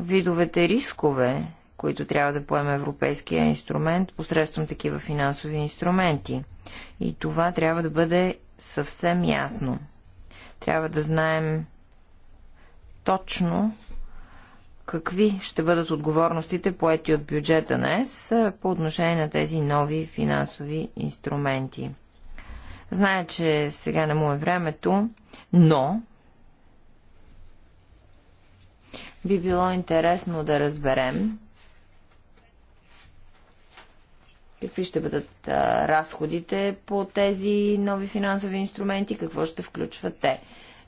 видовете рискове, които трябва да поеме европейския инструмент посредством такива финансови инструменти. И това трябва да бъде съвсем ясно. Трябва да знаем точно какви ще бъдат отговорностите поети от бюджета на ЕС по отношение на тези нови финансови инструменти. Знае, че сега не му е времето, но би било интересно да разберем какви ще бъдат а, разходите по тези нови финансови инструменти, какво ще включват те.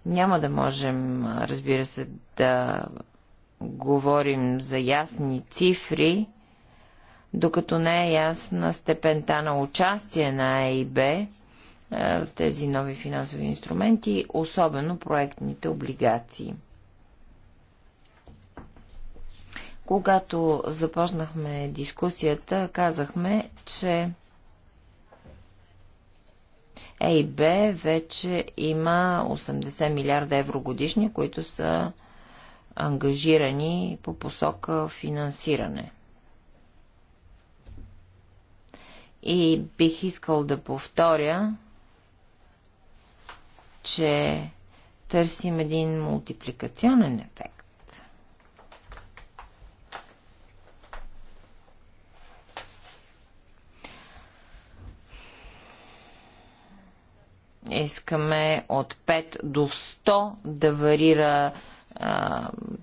Няма да можем, разбира се, да говорим за ясни цифри, докато не е ясна степента на участие на ЕИБ е, тези нови финансови инструменти, особено проектните облигации. Когато започнахме дискусията, казахме, че ЕИБ вече има 80 милиарда евро годишни, които са ангажирани по посока финансиране. И бих искал да повторя, че търсим един мултипликационен ефект. Искаме от 5 до 100 да варира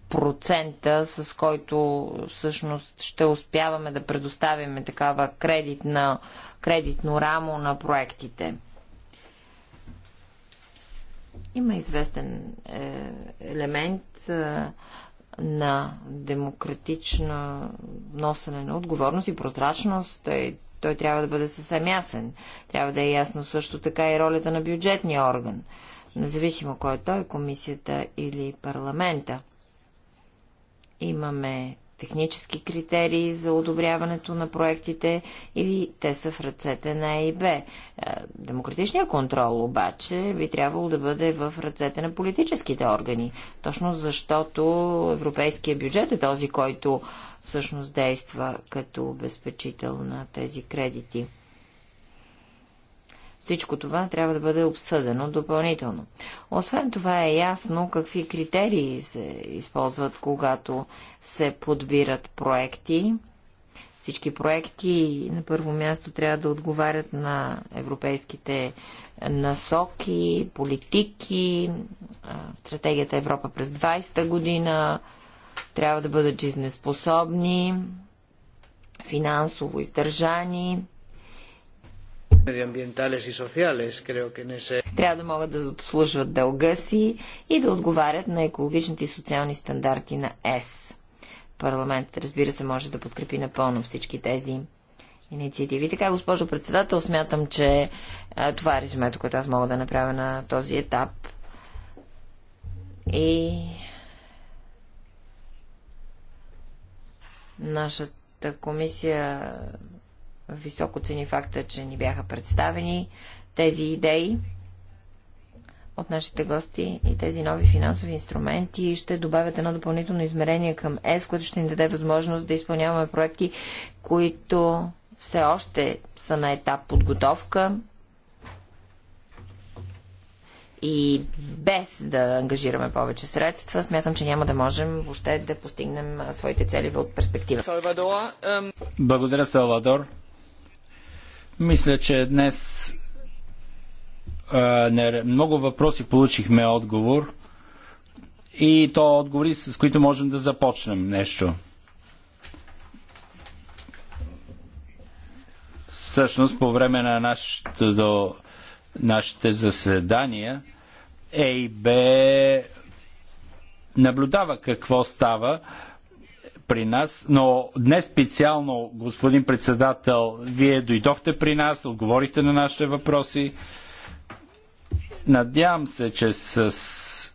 процента, с който всъщност ще успяваме да предоставяме такава кредитна, кредитно рамо на проектите. Има известен е, елемент е, на демократично носене на отговорност и прозрачност. Той, той трябва да бъде съвсем ясен. Трябва да е ясно също така и ролята на бюджетния орган, независимо кой е той, комисията или парламента. Имаме технически критерии за одобряването на проектите или те са в ръцете на ЕИБ. Е, демократичният контрол обаче би трябвало да бъде в ръцете на политическите органи, точно защото европейския бюджет е този, който всъщност действа като обезпечител на тези кредити. Всичко това трябва да бъде обсъдено допълнително. Освен това е ясно какви критерии се използват, когато се подбират проекти. Всички проекти на първо място трябва да отговарят на европейските насоки, политики, стратегията Европа през 20-та година, трябва да бъдат жизнеспособни, финансово издържани, и Трябва да могат да обслужват дълга си и да отговарят на екологичните и социални стандарти на ЕС. Парламентът, разбира се, може да подкрепи напълно всички тези инициативи. Така, госпожо председател, смятам, че това е резюмето, което аз мога да направя на този етап. И нашата комисия Високо цени факта, че ни бяха представени тези идеи от нашите гости и тези нови финансови инструменти ще добавят едно допълнително измерение към ЕС, което ще ни даде възможност да изпълняваме проекти, които все още са на етап подготовка и без да ангажираме повече средства, смятам, че няма да можем въобще да постигнем своите цели от перспектива. Благодаря, Салвадор. Мисля, че днес а, не, много въпроси получихме отговор и то отговори, с които можем да започнем нещо. Всъщност, по време на нашето, до, нашите заседания, ЕИБ наблюдава какво става при нас, но днес специално, господин председател, вие дойдохте при нас, отговорихте на нашите въпроси. Надявам се, че с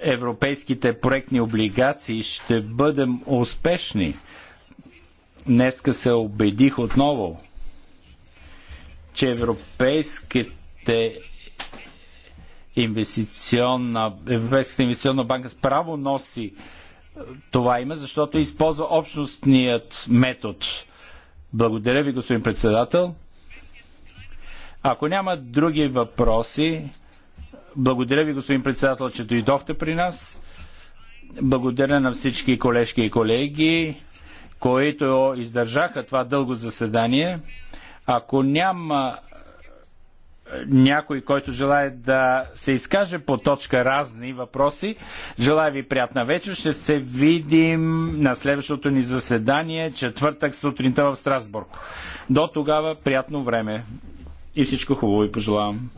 европейските проектни облигации ще бъдем успешни. Днеска се убедих отново, че европейските инвестиционна, Европейската инвестиционна банка справо носи това има, защото използва общностният метод. Благодаря ви, господин председател. Ако няма други въпроси, благодаря ви, господин председател, че дойдохте при нас. Благодаря на всички колежки и колеги, които издържаха това дълго заседание. Ако няма някой, който желая да се изкаже по точка разни въпроси. Желая ви приятна вечер. Ще се видим на следващото ни заседание, четвъртък сутринта в Страсбург. До тогава приятно време и всичко хубаво ви пожелавам.